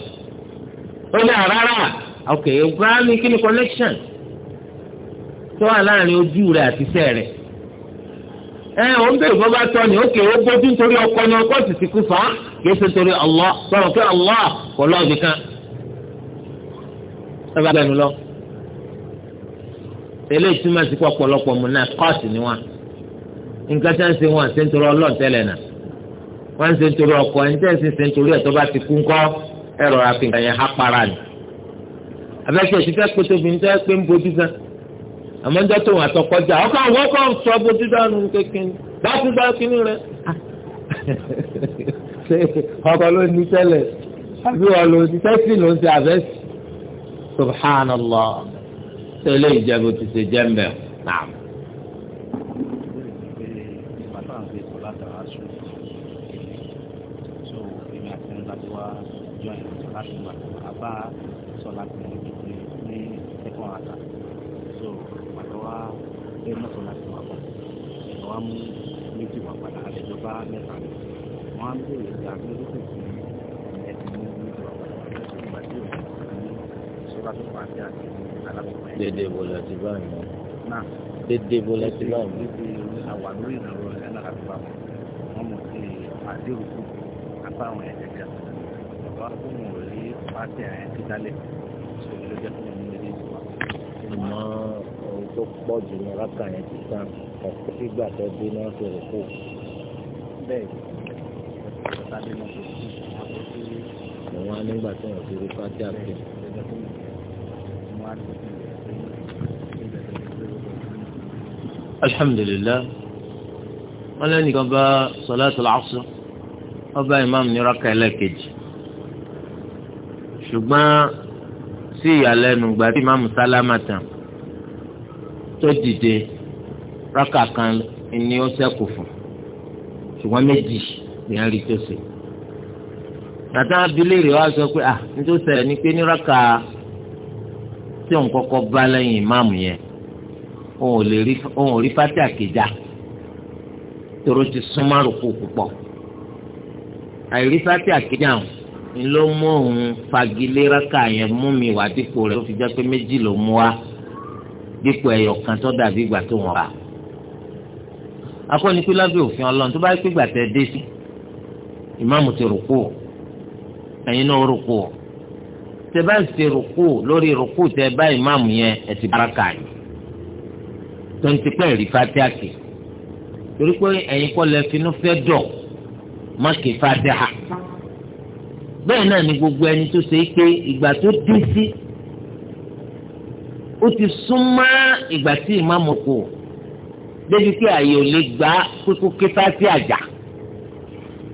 ó ní àrárá. ok Ibrahim kí ni connection tó wà láàrin ojú rẹ àti iṣẹ́ rẹ ẹ ò ń bèrè bọ́bá tọ́ ni ọkọ ni ọkọ sì ti kú fà kìí ṣe nítorí Allah sọ̀rọ̀ pé Allah kò lọ́ọ̀ nìkan ẹ bá bẹ̀rù lọ eléyìí túmọ̀ mu náà ni wọn nǹkan tí wọ́n ṣe wọn ṣe nítorí ọlọ́ọ̀ tẹ́lẹ̀ náà wọ́n ọkọ ẹni ṣe nítorí ẹ̀ tó ti kú ẹ̀rọ abẹ́tí ẹ̀sìn fẹ́ pété obìnrin tó yẹ pé ń bojú gan àmọ́ ń dọ́tò wọn àtọkọjá ọkọ àwọn ọkọ sọ bojú dánù kékeré bá tún bá kínní rẹ ọkọ ló ní tẹ́lẹ̀ àbí wọn ló ní tẹ́sí ló ń ṣe àbẹ́sì subhanallah tẹ́lẹ̀ ìjẹ́bù ti ṣe jẹ́mbẹ̀ náà. Thank you join láti gbà àbá sọlá ti ní ìdíje àtà so àlọ́ wa bẹ́ẹ̀ mọ́ sọlá ti wà bọ̀ ẹ̀rọ wa mú méjì wà padà àlejò bá mẹ́ta lọ wọ́n á bèèrè sí àgbélé tó ti ẹ̀sìn ní méjì wà padà nígbà tí o ní sọlá tó pàṣẹ àti alábọ̀pẹ́. dédé bó la ti bá yẹn. náà dédé bó la ti bá yẹn. dédé àwa lórí ìrànlọ́wọ́ ẹ̀ náà àti bàbá wọn mọ̀ sí àdéhùn àbáwọn ẹ̀jẹ̀ wá fún òun rí pàṣẹ ẹ̀ ti dálẹ̀ ṣe ló jẹ́ fún òun méjì wá. ìmọ̀ ohun tó pọ̀ jù ní rákà yẹn ti tán ọ̀pọ̀ sígbà tó dé náà ṣe rò kù. bẹ́ẹ̀ ọ̀tàdé náà kò sí àpò sí. àwọn anígbà tí wọ́n ti rí pàṣẹ àpè. alhamdulilayi wọn lẹ́nu kan bá sọlá tó lọ́sọ̀ ọba imam ṣùgbọ́n sí ìyàlẹ́nu ìgbà tí ìmáàmù sálámà tán tó dìde rákà kan ni ó ṣẹ́kù fún ṣùgbọ́n méjì ni a rí tó ṣe. tàtà a wa sọ pé à ah, nítorí sẹ̀rẹ̀ ni pé ní rákà tí òun kọ́kọ́ bá lẹ́yìn ìmáàmù yẹn òun ò rí ti súnmọ́ púpọ̀ àìrí ni ló mú òun fagilé rákà yẹn mú mi wá dípò rẹ̀ ó fi jẹ́ pé méjì ló mú wa dípò ẹyọ kan tó dàbí ìgbà tó wọn rà akọni pé lábẹ́ òfin Ọlọ́run tó bá pé ìgbà tẹ dé sí ìmáàmù ti rùkú ẹ̀yin náà rùkú tẹ bá ti rùkú lórí rùkú tẹ bá ìmáàmù yẹn ẹ ti báraka yìí tó ń ti pẹ́ rí fatiaki torí pé ẹ̀yin kọ́ lẹ fẹ́ dọ̀ má ké fatiha bẹ́ẹ̀ náà ni gbogbo ẹni tó ṣe é pé ìgbà tó dé sí ó ti súnmọ́ ìgbà tí ìmáàmù kò débi pé àyè ò lè gbà kókó kíta sí àjà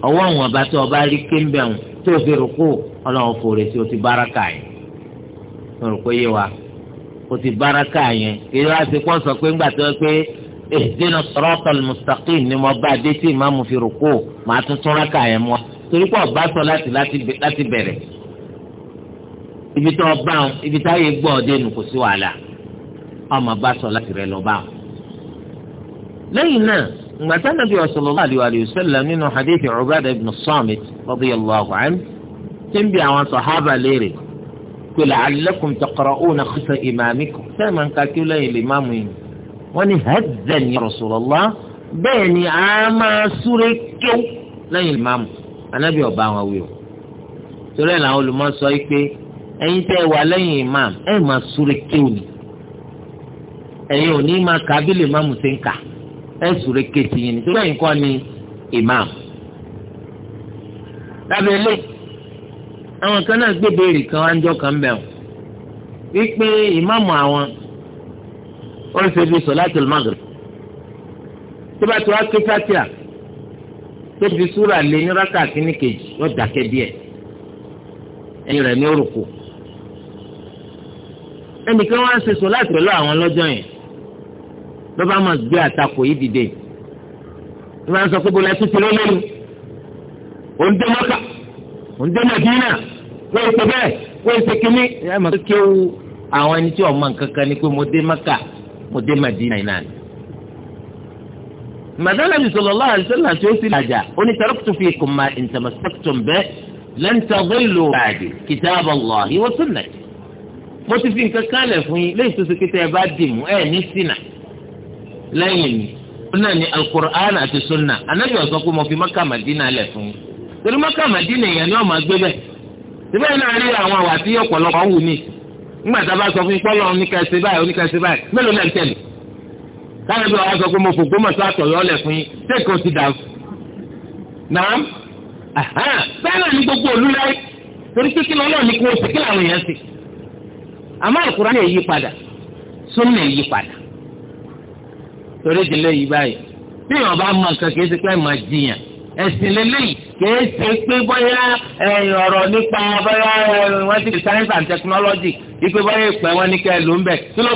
ọwọ́ àwọn ọba tó ọba rí kéńbẹ̀hùn tó o fi rò kó ọlọ́run fòrè sí o ti báraka yẹn mo rò pé yé wa o ti báraka yẹn kí ló wá sí pọ́n sọ pé ńgbà tó yẹ pé ihdina siratal mustaqim ni mo bá dé tí ìmáàmù fi rò kó màá tún tún yẹn mọ́ torí pé ọba sọ láti láti bẹ̀rẹ̀ ibi tó ọba àwọn ibi táyé gbọ́ ọdẹ nù kò sí wàhálà ọmọ ọba sọ láti rẹ lọ bá àwọn. lẹ́yìn náà ngbàtà nàbí sallallahu alayhi wa sallam nínú hadithi Ubadah ibn Samit radiyallahu anhu tí ń bi àwọn sàhábà léèrè pé la'allakum taqra'una khalfa imamikum sẹ́ẹ̀ máa ń ka lẹ́yìn lè máàmù yìí wọ́n ní hadhan ya bẹ́ẹ̀ ni a máa súré kíó lẹ́yìn lè máàmù anabi ọba wọn wí o torí ẹ̀ làwọn olùmọ̀ sọ yìí pé ẹ̀yin tẹ́ ẹ wà lẹ́yìn imam ẹ máa súré kéwù ni ẹ̀yin ò ní máa kà bí lè má mú ń kà ẹ súré kéètì yìí ni torí ẹ̀yin kọ́ ni imam. lábẹ́ ilé àwọn kan náà gbé béèrè kan wá ń jọ kan bẹ̀ wọ́n wípé ìmáàmù àwọn ó ń ṣe bí sọ̀láàtì Maghrib tí bá ti wá ké sátíà tó fi súra lé ní rákà kínní kejì yóò dákẹ́ díẹ̀ ẹ̀yìn rẹ̀ ní orúkọ ẹnìkan wá ń ṣe sọ láti pẹ̀lú àwọn lọ́jọ́ yẹn ló bá máa gbé àtakò yìí dìde ló bá ń sọ pé bọ́lá ẹtú ti lọ́lẹ́nu òun dé mọ́kà òun dé mọ́dínà wọ́n ti bẹ́ẹ̀ wọ́n ti kínní ẹ̀ máa kéwu àwọn ẹni tí wọ́n mọ nǹkan kan ni pé mo dé mọ́kà mo dé mọ́dínà yìí náà ni màdàlá mi sọlọ lọ́wọ́ àdìsọ́lá tí ó sì làjà onítàrọ́kùtù fi kùn máa ìtàmọ̀sẹ́kùtùm bẹ́ẹ̀ lẹ́ńtàgbẹ́lò àdì kìtàbọ̀ lọ ìwọ súnà mo ti fi nǹkan kálẹ̀ fún yín lẹ́yìn tó ṣe kí tẹ́ ẹ bá dì mú ẹ ní sínà lẹ́yìn mi súnà ni alukur'an àti súnà anábì ọ̀sán pé mo fi mọ́kà màdínà lẹ̀ fún yín torí mọ́kà màdínà èèyàn ni wọ́n máa gbé bẹ́ẹ̀ síbẹ̀ náà rí àwọn àwàtí ọ̀pọ̀lọpọ̀ wù láti lọ àwọn sọ pé mo fògbó mọ̀ sí àtọ̀yọ́ lẹ̀ fún yín tẹ́kọ̀ ti dà náà bẹ́ẹ̀ náà ní gbogbo òlu láyé torí pé kí lọ́lọ́ ní kí wọ́n sì kí làwọn èèyàn sì àmọ́ àkùrá lè yí padà sún lè yí padà torí ìdílé yìí báyìí bí ìwọ̀n bá mọ nǹkan kì í ṣe pé ẹ̀ máa jiyàn ẹ̀sìn kì í science and technology ìpè bóyá ìpè wọn ní kẹ́ ló ń bẹ̀ ló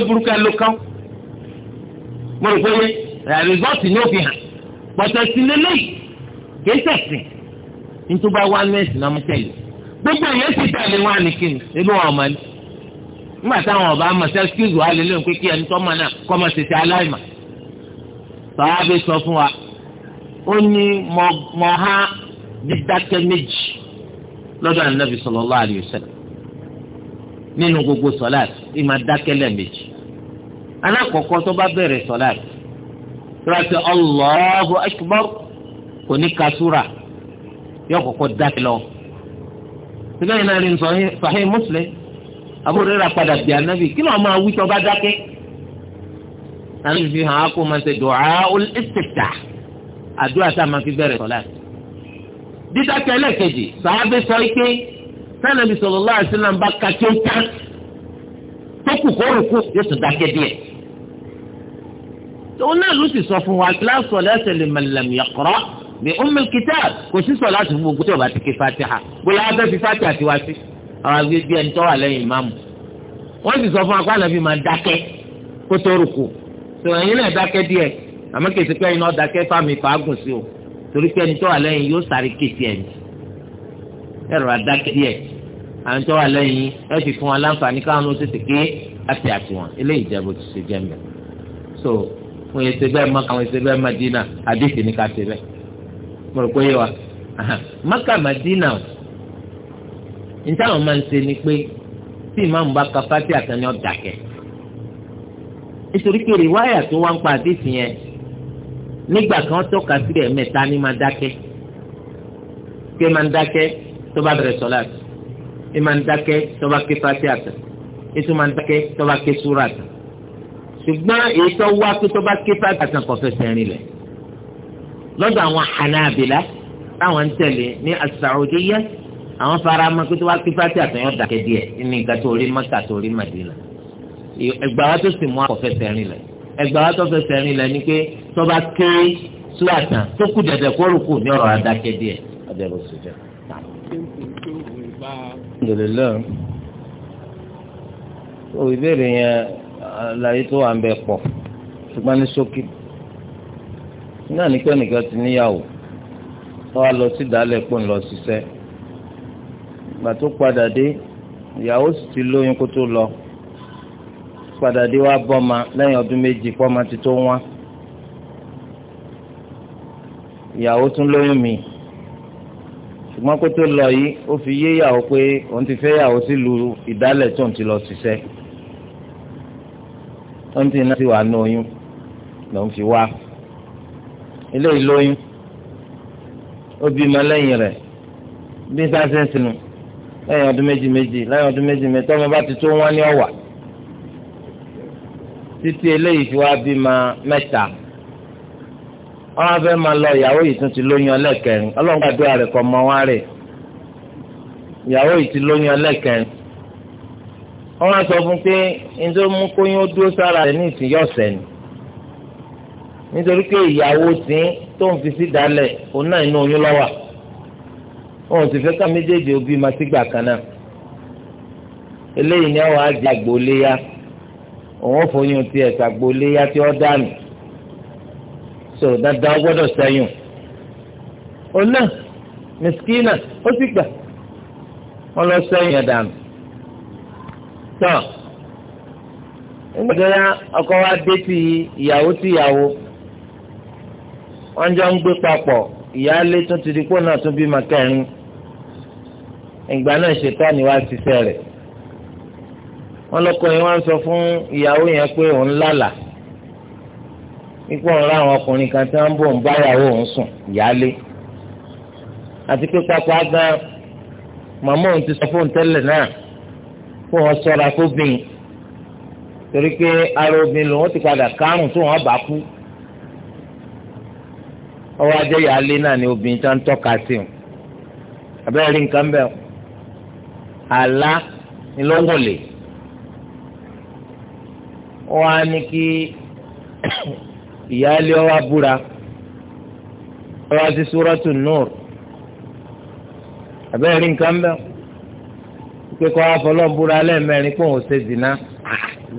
mo rò pé eh, rìsọ́ọ̀tì ni ó fi hàn pọ̀tẹ́sì lélẹ́yìí kìí sẹ̀sìn nítorí wá nẹ́ẹ̀sì náà mo tẹ̀lé gbogbo èyí ti tẹ̀lé wọn ni kí ni inú wọn mọ ni nígbà táwọn ọba ama ṣe excuse wa lélẹ̀ ń pé kí ẹni tó mọ náà kọ́ mọ tètè aláìmọ̀ bàbá bẹ sọ fún wa ó ní mọ ha dídákẹ́ méjì lọ́dọ̀ ànábì sallallahu alaihi wasallam nínú gbogbo sọ̀láàtì ìmọ̀ dákẹ́ lẹ́ẹ̀mejì alákọ̀ọ́kọ́ tó bá bẹ̀rẹ̀ sọ̀láàt tó bá ti Allahu akbar kò ní kasúra yọ kọ̀kọ́ dákẹ́ lọ. síbẹ̀ yìí náà ní Sahih Muslim àbúrò rà padà bí anábì kí ló máa wí tó bá dákẹ́. àmì fi hàn á kó máa ṣe du'aul istiftah àdúrà tá a máa fi bẹ̀rẹ̀ sọ̀láàt. dídákẹ́ ẹlẹ́kẹ̀jì sàábẹ́ sọ ike sànàbì sallallahu alaihi wasallam bá tó kù kó rò yóò tún dákẹ́ díẹ̀ òun náà ló sì sọ fún wa la salata liman lam yaqra bi ummil kitab kò sí sọ láti fún gbogbo tí o bá ti ké fatiha gbọ́dọ̀ wá fẹ́ fi fatiha ti wá sí àwọn agbègbè ẹni tó wà lẹ́yìn ìmáàmù wọ́n sì sọ fún wa kó àlàfi máa dákẹ́ kó tó rúkú tó ẹ̀yin náà dákẹ́ díẹ̀ àmọ́ kèsì pé ẹ̀yin náà dákẹ́ fáàmì fàágùn sí o torí pé ẹni tó lẹ́yìn yóò sáré kéde ẹ̀yìn ẹ̀rọ adákẹ́ díẹ̀ àwọn tó lẹ́yìn ẹ̀ fi fún wa láǹfààní káwọn ó tètè ké àti àtiwọn eléyìí jẹ́ bó ti ṣe jẹ́ mẹ́ so wọn èsè bẹ́ẹ̀ maka wọn èsè bẹ́ẹ̀ madina àdìsí ni ká ṣe bẹ́ẹ̀ pé yé wa maka madina níta máa ń ṣe ni pé tí ìmáàmù bá ka fati àtàní ọ̀dà kẹ nítorí pé rìwáyà tó wá ń pa àdìsí yẹn nígbà kan tọ́ka sí ẹ̀mẹ́ta ní máa dákẹ́ ké máa ń dákẹ́ tó bá bẹ̀rẹ̀ sọ́láàtì ké máa ń dákẹ́ tó bá ké fati àtà ètò máa ń dákẹ́ tó bá ké súrà àtà ṣùgbọ́n èyí tó wá pé tó bá ké five percent kò fẹsẹ̀ rìn lẹ̀ lọ́dọ̀ àwọn Hanabila táwọn ń tẹ̀lé ní As-Saudiyya àwọn fara mọ́ pé tó bá ké five percent yóò dàkẹ́ díẹ̀ ní ìgbà tó rí Mẹ́kà tó rí Madina ẹgbàá wa tó sì mú kò fẹsẹ̀ lẹ̀ ẹgbàá wa tó fẹsẹ̀ rìn lẹ̀ ni pé tó bá ké síwájú tó kù dẹ̀dẹ̀ kórùkù ní ọ̀rọ̀ adákẹ́ díẹ̀ ọ̀dẹ̀rọ̀ àlàyé tó wà ń bẹ pọ̀ ṣùgbọ́n ní ṣókí náà ní pé nìkan ti níyàwó wọ́n á lọ sí ìdálẹ̀ pò ń lọ ṣiṣẹ́ ìgbà tó padà dé ìyàwó sì ti lóyún kó tó lọ padà dé wá bọ́ma lẹ́yìn ọdún méjì pọ́ma ti tó wọ́n ìyàwó tún lóyún mi ṣùgbọ́n kó tó lọ yìí ó fi yé ìyàwó pé òun ti fẹ́ ìyàwó sílùú ìdálẹ̀ tó ń ti lọ ṣiṣẹ́ wọ́n ti náà ti wà ní oyún lòún fi wá ilé ìlóyún ó bímọ lẹ́yìn rẹ̀ bí sáṣẹ́ sinú lẹ́yìn ọdún méjì méjì lẹ́yìn ọdún méjì méjì tọ́mọ bá ti tó wọ́n ní ọ̀wà títí eléyìí fi wá bímọ mẹ́ta wọ́n á fẹ́ máa lọ ìyàwó yìí tún ti lóyún ọlẹ́kẹrin ọlọ́run gbàdúrà rẹ̀ kọ́ mọ́ wá rẹ̀ ìyàwó yìí ti lóyún ọlẹ́kẹrin wọ́n máa sọ fún pé nítorí mú kóyún ó dúró sára rẹ̀ ní ìsìn yọ̀ọ̀sẹ̀ ni nítorí pé ìyàwó tí tó ń fi sí dálẹ̀ òun náà inú oyún lọ́wà òun sì fẹ́ ká méjèèjì òbí máa sígbà kan náà eléyìí ni àwọn àjẹ àgbòléyà òun ò fọyín tiẹ̀ sàgbòléyà tí ó dànù so dandan gbọ́dọ̀ sẹ́yìn òun náà mẹsìkínà ó sì gbà wọ́n lọ sẹ́yìn ẹ̀ dànù tán nígbàdúrà ọkọ wa dé ti ìyàwó ti ìyàwó wọ́n jọ ń gbé papọ̀ ìyáálé tún ti di kó náà tún bímọ kẹrin ìgbà náà ṣètò àníwá sọ fún ìyàwó yẹn pé òun lálà ipò kan tí ń bò ń òun sùn àti pé papọ̀ ti sọ fóun tẹ́lẹ̀ náà kó wọn ṣọ́ra kó bìn torí pé ara obìnrin lòun ti padà kárùn tó wọn bá kú ọwọ́ ajé ìyáálé náà ni obìnrin tó ń tọ́ka sí o abẹ́rẹ́ rí nǹkan bẹ́ẹ̀ o àlá ńlọ́wọ́lẹ̀ wọ́n á ní kí ìyáálé ọwọ́ abúra ọwọ́ àti Suratul Nur abẹ́rẹ́ rí nǹkan bẹ́ẹ̀ pé kọ́ afọlọ́mbúra lẹ́ẹ̀mẹ́rin pé òun ṣe zina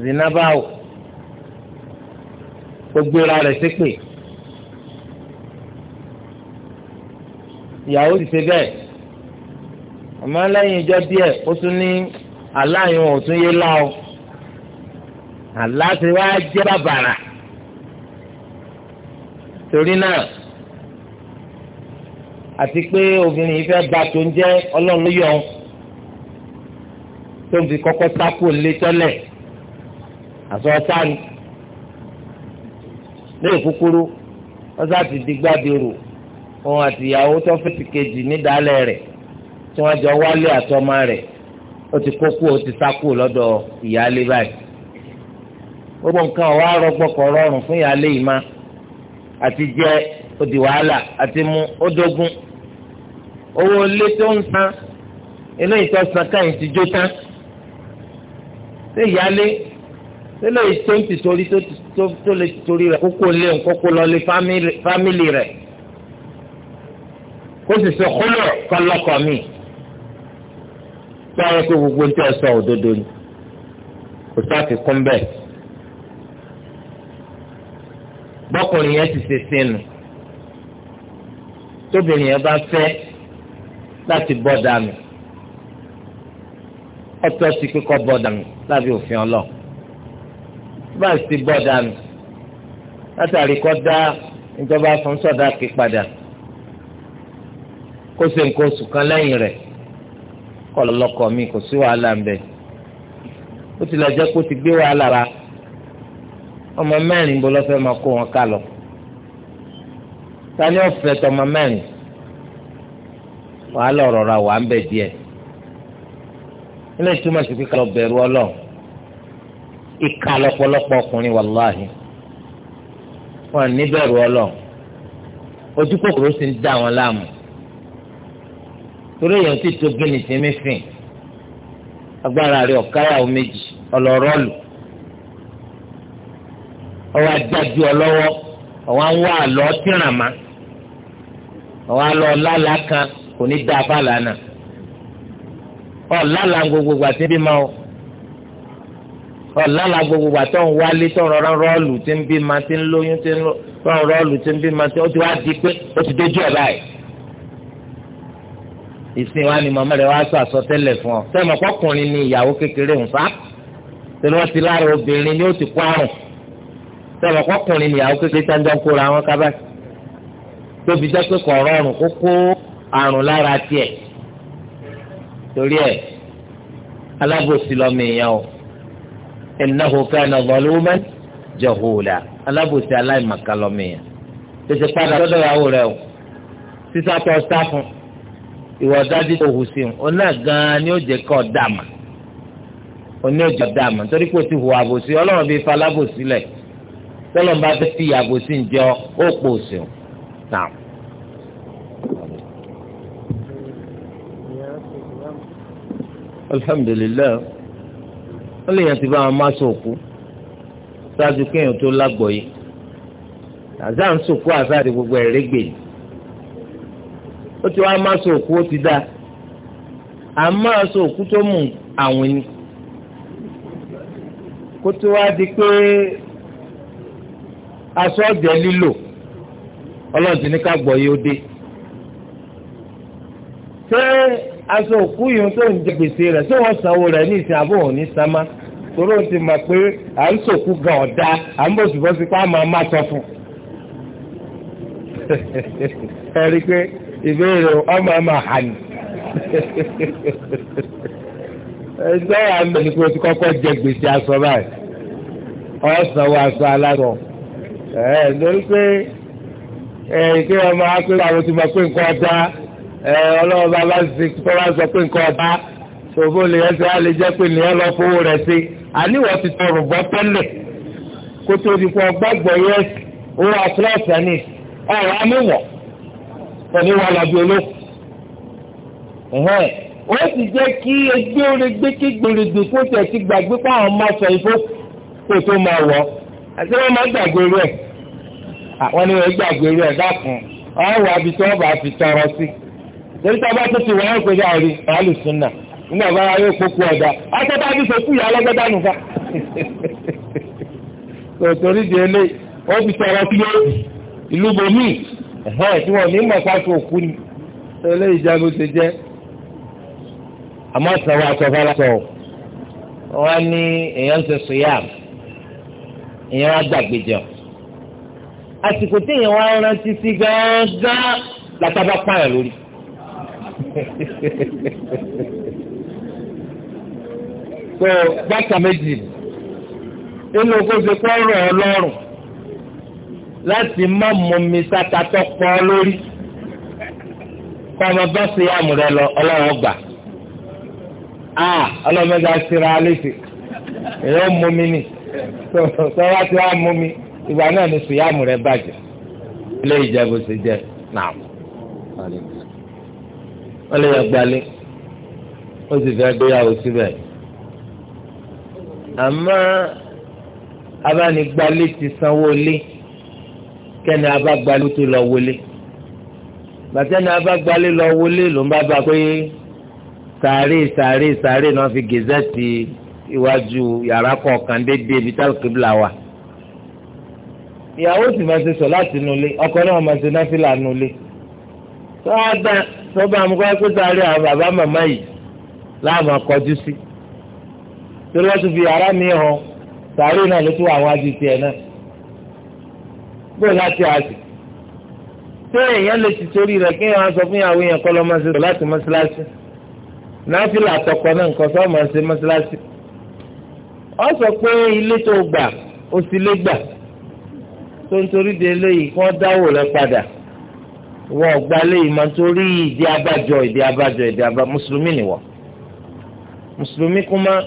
zina báwo ó gbéra rẹ̀ ṣépè ìyàwó ti ṣe bẹ́ẹ̀ àmọ́ lẹ́yìn ìjọ díẹ̀ ó tún ní aláyùn ò tún yé lá o àlá ti wá jẹ́ bàbàrà torí náà àti pé obìnrin yìí fẹ́ ba tó ń jẹ́ ọlọ́run yọ̀ ọ́n tó ń fi kọ́kọ́ sáko lé tọ́lẹ̀ àti ọ̀tá ni lóye kúkúrú ọ̀sá ti di gbàdúrò òun àti ìyàwó tó fi ti kejì nídàálẹ̀ rẹ̀ tí wọ́n jọ wálé àtọmọ rẹ̀ ó ti kókó ó ti sáko lọ́dọ̀ ìyáálé báyìí gbogbo nǹkan ọ̀wá rọgbọkọ̀ rọrùn fún ìyáálé yìí má àti jẹ ó wàhálà àti mú ó dógún owó ilé tó ń san inú ìtọ́sán káyìn ti jó tán ṣé ìyálé ṣé lè tó ti torí tó lè torí rẹ̀ kókó lé kókó lọlé fámìlì rẹ̀ kó sì ṣe kúlọ̀ kọlọ́kọ̀ mi báwo kó gbogbo ní ọ̀sán òdodo ni kò sáàtì kún bẹ́ẹ̀ bọ́kùnrin yẹn ti ṣe sínú tóbìnrin yẹn bá fẹ́ láti bọ́ dànù ọtọ́ sí kíkọ́ bọ́ dànù lábẹ́ òfin ọlọ́ọ̀ bá a ti bọ́ dànù látàrí kọ́ dá ìjọba fún sọ̀dá kí padà kó ṣe nǹkan oṣù kan lẹ́yìn rẹ̀ kọ́ lọ́kọ̀ mi kò sí wàhálà ń bẹ̀ ó tilẹ̀ jẹ́ kó ti gbé wàhálà ra ọmọ mẹ́rin bó lọ́fẹ́ máa kó wọn ká lọ ta ni ọ̀fẹ́ tọmọ mẹ́rin wàhálà ọ̀rọ̀ ra wà ń bẹ̀ díẹ̀ ilé ìtumọ̀ sí kíkà lọ bẹ̀rù ọlọ́run ìka lọ́pọ̀lọpọ̀ ọkùnrin wàláhì wọn ní bẹ̀rù ọlọ́run ojú kòkòrò sì ń dá wọn láàmú torí èèyàn ti tó gíní tí mi fìn agbára rẹ̀ ọ̀káyàwó méjì ọlọ́rọ́ọ̀lù ọwọ́ adájú ọlọ́wọ́ ọwọ́ ń àlọ́ tìrànmá ọwọ́ àlọ́ ọ̀làlá kan kò ní dáa fáàlà náà ọ̀làlà gbogbo gbà tí ń bímọ o ọ̀làlà gbogbo gbà tó ń wálé tó ń rọra rọ́ọ̀lù tí ń bímọ tí ń lóyún tí ń rọ́ọ̀lù tí ń bímọ tí ó ti wá di pé ó ti dójú ẹ̀ báyìí ìsìn wa ni màmá rẹ wá sọ àsọtẹ́lẹ̀ fún ọ sẹmọ kọkùnrin ni ìyàwó kékeré ń fa tẹlẹ wọn ti lára obìnrin ni ó ti kó àrùn sẹmọ kọkùnrin ni ìyàwó kékeré tá ń jọ ń kóra wọn kábà tóbi kó torí ẹ̀ alábòsí lọ́mọ èèyàn o innahu kana zaluman jahula alábòsí aláìmọ̀ká lọ́mọ èèyàn tètè padà lọ́dọ̀ ìyàwó rẹ o sísá tó sá fún ìwọ dájú tó hù sí un òun náà gan-an ni ó jẹ́ kọ́ dàmà òun ni ó dàmà torí pé o ti hù àbòsí ọlọ́run bíi falábòsí lẹ̀ tọ́lọ́mùbá fẹ́ fi àbòsí ń jẹ́ ó pò sí un alhamdulilayi wọ́n lè yàn ti bá wọn má sòkú ṣáàjú kéèyàn tó lágbọ̀ yìí àzá ń sòkú àzáàdì gbogbo ẹ̀rẹ́gbè yìí ó ti wá má sòkú ó ti dá àmọ́ sòkú tó mú àwọn ni kó tó wá di pé aṣọ lílò ọlọ́run ní ká gbọ̀ yìí ó dé. aṣọ òkú yìí tó ń gbèsè rẹ̀ tí wọ́n sanwó rẹ̀ ní ìsìn àbò òní sánmá torí ti mọ̀ pé à ń sòkú gan ọ̀dá à ń bọ̀sibọ́sí pa máa má sọ fún. ẹ rí i pé ìbéèrè ọmọ ọmọ hàní. ẹgbẹ́ àmì ti kọ́kọ́ jẹ gbèsè aṣọ báyìí ọ̀sánwó aṣọ aláṣọ. ẹ lórí pé ẹ ẹ ọlọ́wọ́ bá bá ti tó bá sọ pé nǹkan ọba ṣòfò lè ẹsẹ̀ á lè jẹ́ pé nìyẹn lọ fowó rẹ̀ sí àníwọ̀ ti tọrọ bọ́ tẹ́lẹ̀ kó tó di fún ọgbàgbọ́ yẹ owó àtúrọ̀sẹ̀ ni ọ̀rọ̀ amíwọ̀ pẹ̀lú wa làbí olókùn. ó sì jẹ́ kí ẹgbẹ́ orin gbé kí gbèrègbè kó tẹ̀ ti gbàgbé fáwọn ọmọ sọ ìfó kó tó máa wọ̀ àti wọ́n máa gbàgbé rẹ̀ àwọn ni wọ́n gbàgbé rẹ̀ dákun ọ̀rọ̀ àbí tí wọ́n bá fi tọrọ sí torí tí a bá tó ti wọ́n ẹ̀kọ́ yà rí màálù súnà nígbà bá wà yóò kókó ọ̀dà akẹ́kọ̀ọ́ àti sẹ́kù yà alágbádá nù fa. tòtòrí di ẹlẹ́ ó fi sọ̀rọ̀ sí ìlú bomi tí wọ́n ní mọ̀ sáfù òkú ni tẹ́lẹ̀ ìjánu ti jẹ́ àmọ́ sọ̀rọ̀ àtọ̀fọ́lásọ̀ wọ́n ní èèyàn ṣe sùyàm èèyàn á gbàgbé jẹun àsìkò tí èèyàn wá rántí sí gángan látàbá pààyàn lórí. so bákan méjì nínú kó ṣe kó rọ̀ láti má mú mi sátatọ́ pọ́ lórí kọ́ ọmọ bá ṣe àmúrẹ́ lọ ọlọ́run gbà á ọlọ́mọdé aṣèrè àlejò so mú mi nì tó wá ti wá mú mi ìgbà náà ni wọ́n lè yàn gbalé ó sì fẹ́ gbéyàwó síbẹ̀ àmọ́ abánigbalé ti sanwó lé kẹ́ni abágbalé tó lọ wọlé gbàtẹ́ni abágbalé lọ wọlé ló ń bá bá pé sàárè sàárè sàárè náà fi gẹ̀zẹ́tì iwájú yàrá kọ̀ọ̀kan déédéé ibi táwọn kébìlà wà ìyàwó sì máa ṣe sọ láti nulẹ̀ ọkọ náà máa ṣe náfìlà nulẹ̀ tó a sọba àmukọ́ ẹ pé sáré àwọn bàbá màmá yìí láàmú akọjú sí torí wọ́n ọ fi yàrá mi hàn sáré náà ló tún àwọn adi tiẹ̀ náà láti ti torí rẹ̀ kí wọ́n sọ fún ìyàwó yẹn kọ́ lọ́ máa ṣe láti mọ́ṣáláṣí náà fi náà nǹkan máa ṣe mọ́ṣáláṣí ọ sọ pé ilé tó gbà ó sì lé gbà tó ń torí de eléyìí kí wọ́n wọ́n gba léyìn máa torí ìdí abájọ ìdí abájọ ìdí abá mùsùlùmí nìwọ mùsùlùmí kún mọ́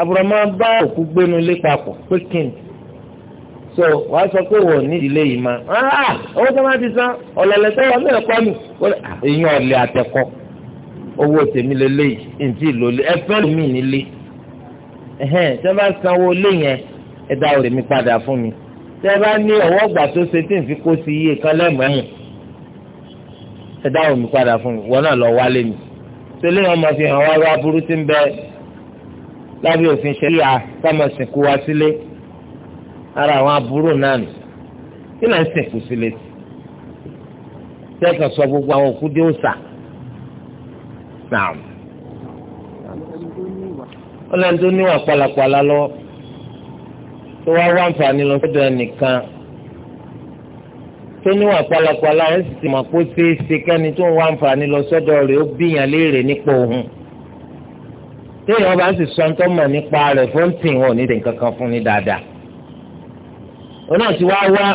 àbúrò bá òkú gbénu lé papọ̀ pé so wà á sọ pé wò ní ìdílé yìí máa ah owó tó máa ti san ọ̀lẹ̀lẹ̀ tó wà náà kọ́ ni èyí ah, ọ̀lẹ̀ àtẹ̀kọ́ owó tèmi lè lé yìí ntí ìlò lé ẹfẹ́ mi nílé ẹ̀hẹ́n tẹ́ bá sanwó lé yẹn ẹ̀dá òrèmí padà fún mi tẹ́ bá ní ọwọ́ gbà tó ṣe tí n fi kó sí iye kan lẹ́mọ̀ẹ́yìn ẹ dáhùn mi padà fún mi wọn náà lọ wálé mi tẹ́lẹ̀ wọn máa fi hàn wá wá burú tí ń bẹ lábẹ́ òfin ṣẹlẹ̀ à sáma sìnkú wá sílé ara àwọn aburú náà nì kí náà ń sìnkú sílé tẹ́kàn sọ gbogbo àwọn òkú dé òòsà náà ọlọ́run tó níwà pálapàla lọ tó wá wá àǹfààní lọ sọ́dọ̀ ẹnìkan tó níwà pálapàla ẹ̀ sì mọ̀ kó ṣeé ṣe kẹ́ni tó ń wá àǹfààní lọ sọ́dọ̀ rẹ̀ ó bíyàn léèrè nípa òun téèyàn bá sì sọ tó mọ̀ nípa rẹ̀ fún tìǹ wọn ò ní tẹ̀ kankan fún ní dáadáa òun náà ti wá wá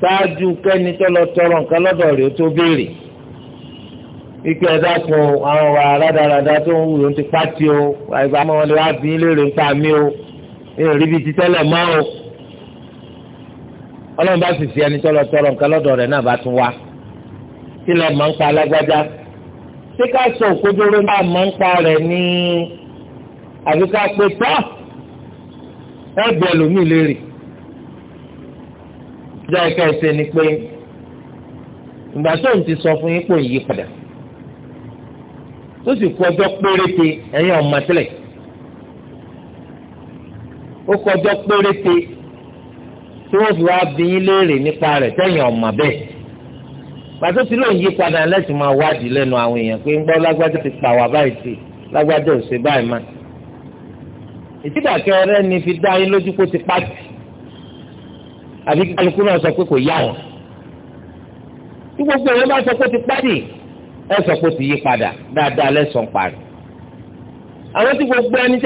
ṣáájú kẹ́ni tó lọ tọrọ nǹkan lọ́dọ̀ rẹ̀ ó tó béèrè ike ẹ̀dá kun àwọn wa rádaràda tó ń wúlò ń ti pátí o àìbámu wọn lè wá bí léèrè ń pa o èrè bíi ti tẹ́lẹ̀ máa o ọlọ́run bá sì fi ẹni tọrọ tọrọ nǹkan lọ́dọ̀ rẹ̀ náà bá tún wá sílẹ̀ máa ń pa alágbájá ṣé ká sọ òkodoro bá máa ń pa rẹ̀ ní àbí ká pé tọ́ ẹ bẹ̀ lérè jẹ́ ẹ̀ka ẹ̀sẹ̀ ni pé ìgbà tó ń ti sọ fún yín pò yí padà tó sì kú ọjọ́ péréte ẹ̀yin ọ̀ma tẹ́lẹ̀ ó kọjọ́ péréte tí wọ́n fi wá bí yín léèrè nípa rẹ̀ tẹ̀yìn ọ̀mà bẹ́ẹ̀ pàtó tí lóun yí padà lẹ́sìn máa wádìí lẹ́nu àwọn èèyàn pé ń gbọ́ lágbájá ti pa wà báyìí sí lágbájá ò ṣe báyìí má ìtìdàkẹ́ ọ̀rẹ́ ni fi dá yín lójú kó ti pàtì àbí kálukú náà sọ pé kò yá wọn tí gbogbo èèyàn bá sọ pé ti pàtì ẹ sọ pé ti yí padà dáadáa lẹ́sàn parí àwọn tí gbogbo ẹni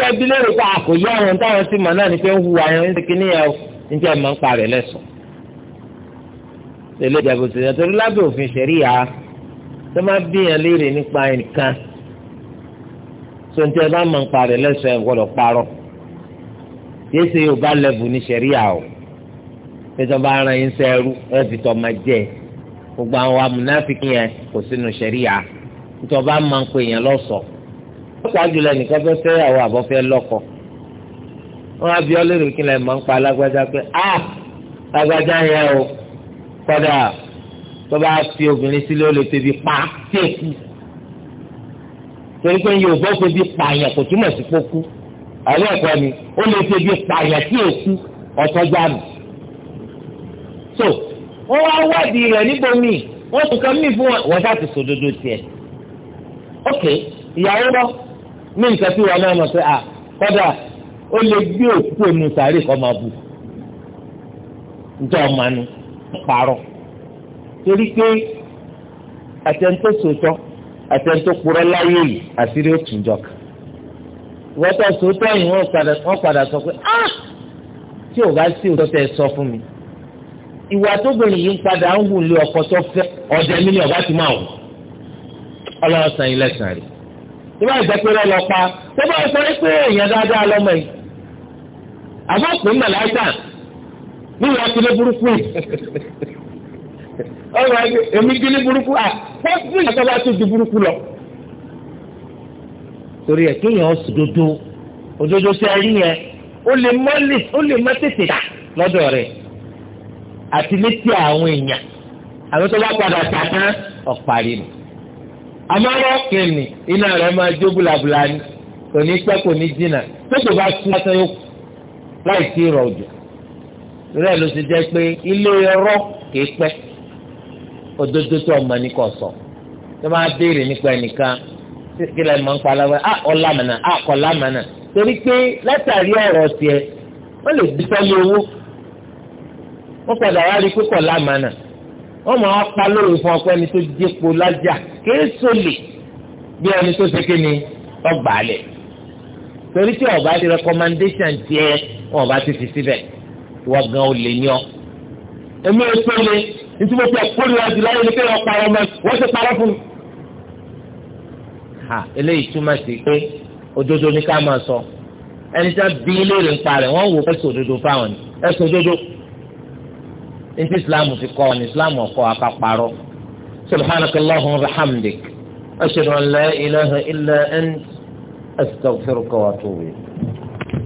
tẹ́ níjẹ́ ẹ̀ máa ń parẹ́ lẹ́sùn tẹ̀lé ìjàgbó tẹ̀lé torí lábẹ́ òfin ṣẹ̀ríyà tó máa bíyàn léèrè nípa ẹnìkan tó ń tẹ́ ẹ bá máa ń parẹ́ lẹ́sùn ẹ̀ gbọ́dọ̀ parọ́ yéé ṣe yóò bá lẹ́bù ní ṣẹ̀ríyà o tẹ̀sán bá ara yín sẹ́rú ẹ̀ fi máa jẹ́ gbogbo àwọn amúnáfíkì yẹn kò sínú ṣẹ̀ríyà nítorí ọba máa ń pè yẹn lọ́sọ̀ọ́ lọ́pàá jùlọ nìkan fẹ́ fẹ́ àwọn àbọ̀fẹ́ lọ́kọ̀ọ́ wọn á bí ọ lérò kí n lè mọ̀ ń pa alágbájá pé a alágbájá yẹn o kọ́dà tó bá fi obìnrin sílé ó lè tẹ̀bi pa tẹ̀kù torí pé Yorùbá ó tẹ̀bi pààyàn kò túmọ̀ sí pọ́kú àwọn ẹ̀kọ́ ni ó lè tẹ̀bi pààyàn tí èkú ọ̀tọ́jà nù. so wọ́n wá wádìí rẹ̀ mi, wọ́n tún kàn mí fún wọn ṣáà ti sòdodo tiẹ̀. ok ìyàwó lọ ní nǹkan tí wọn náà mọ̀ sí à kọ́dà ó lè gbé òkú ẹnu sàárè kọ́ máa bù nítorí ọmọ àánú parọ́ torí pé àtẹ̀ntó sòtọ́ àtẹ̀ntó purọ́ láyé yìí àṣírí ó tún jọka wọ́tọ̀ sòtọ́ yìí wọ́n padà sọ pé ah tí o bá sí òótọ́ tẹ sọ fún mi ìwà tóbìnrin yìí ń padà ń wù lé ọkọ tó fẹ́ ọ̀dẹ̀ mi ni ọba ti máa wù ọlọ́run sàn yín lẹ́sàn-án rẹ̀ tí wọ́n jẹ́ pé lọ́ọ́ lọ pa tó bá sọ pé èèyàn dáadáa lọ́mọ yìí àbọ̀pọ̀ mọ̀láìkà ní ìwà kílé burúkú yìí ọ̀rọ̀ èmi kílé burúkú à fọ́ọ̀tì ìjọba tó di burúkú lọ. torí ẹ kéèyàn òdodo òdodo sí ẹrí yẹn ó lè mọ ó lè mọ tètè tà lọ́dọ̀ rẹ̀ àti létí àwọn èèyàn àwọn tó bá padà tà tán ọ̀parí ni amárọ̀ kìnnì iná rẹ̀ máa jó búlabúla ni kò ní pẹ́ kò ní jìnnà tó kò bá tún lọ́sẹ̀ yóò kú láì sí ìrọ̀ òjò rẹ̀ ló ti jẹ́ pé ilé ọrọ̀ kìí pẹ́ òdodo tó ọmọ ní kò sọ tó máa béèrè nípa ẹnìkan kí lẹ́yìn máa ń pa aláwẹ̀ á ah, ọ̀làmànà á ah, kọ̀làmànà torí pé látàrí ọ̀rọ̀ tiẹ̀ wọ́n lè dúpẹ́ lé owó wọ́n padà wá rí pípọ̀ lámànà wọ́n máa pa lórí fún ọpẹ́ ẹni tó jẹ́po lájà kìí sólè bí ẹni tó ṣe kí ni ọgbà lẹ̀ torí tí ọba ti recommendation tiẹ̀ wọn bá ti fi síbẹ̀ ìwọ gan o lè ní ọ. èmi ò tó le nítorí mo ti ẹ̀kọ́ ìlú ọdún láyé ni pé wọ́n parọ́ mọ́ wọ́n ti parọ́ fún mi. ha eléyìí túmọ̀ sí pé òdodo ni ká máa sọ ẹni tí wọ́n bí léèrè ń parẹ́ wọ́n wò ẹ̀sùn òdodo fáwọn ni ẹ̀sùn òdodo ní islam fi kọ́ ọ islam ọkọ̀ akáparọ́ subhanakallahumma wa bihamdik ashhadu an la ilaha illa ant astaghfiruka wa atubu ilayk.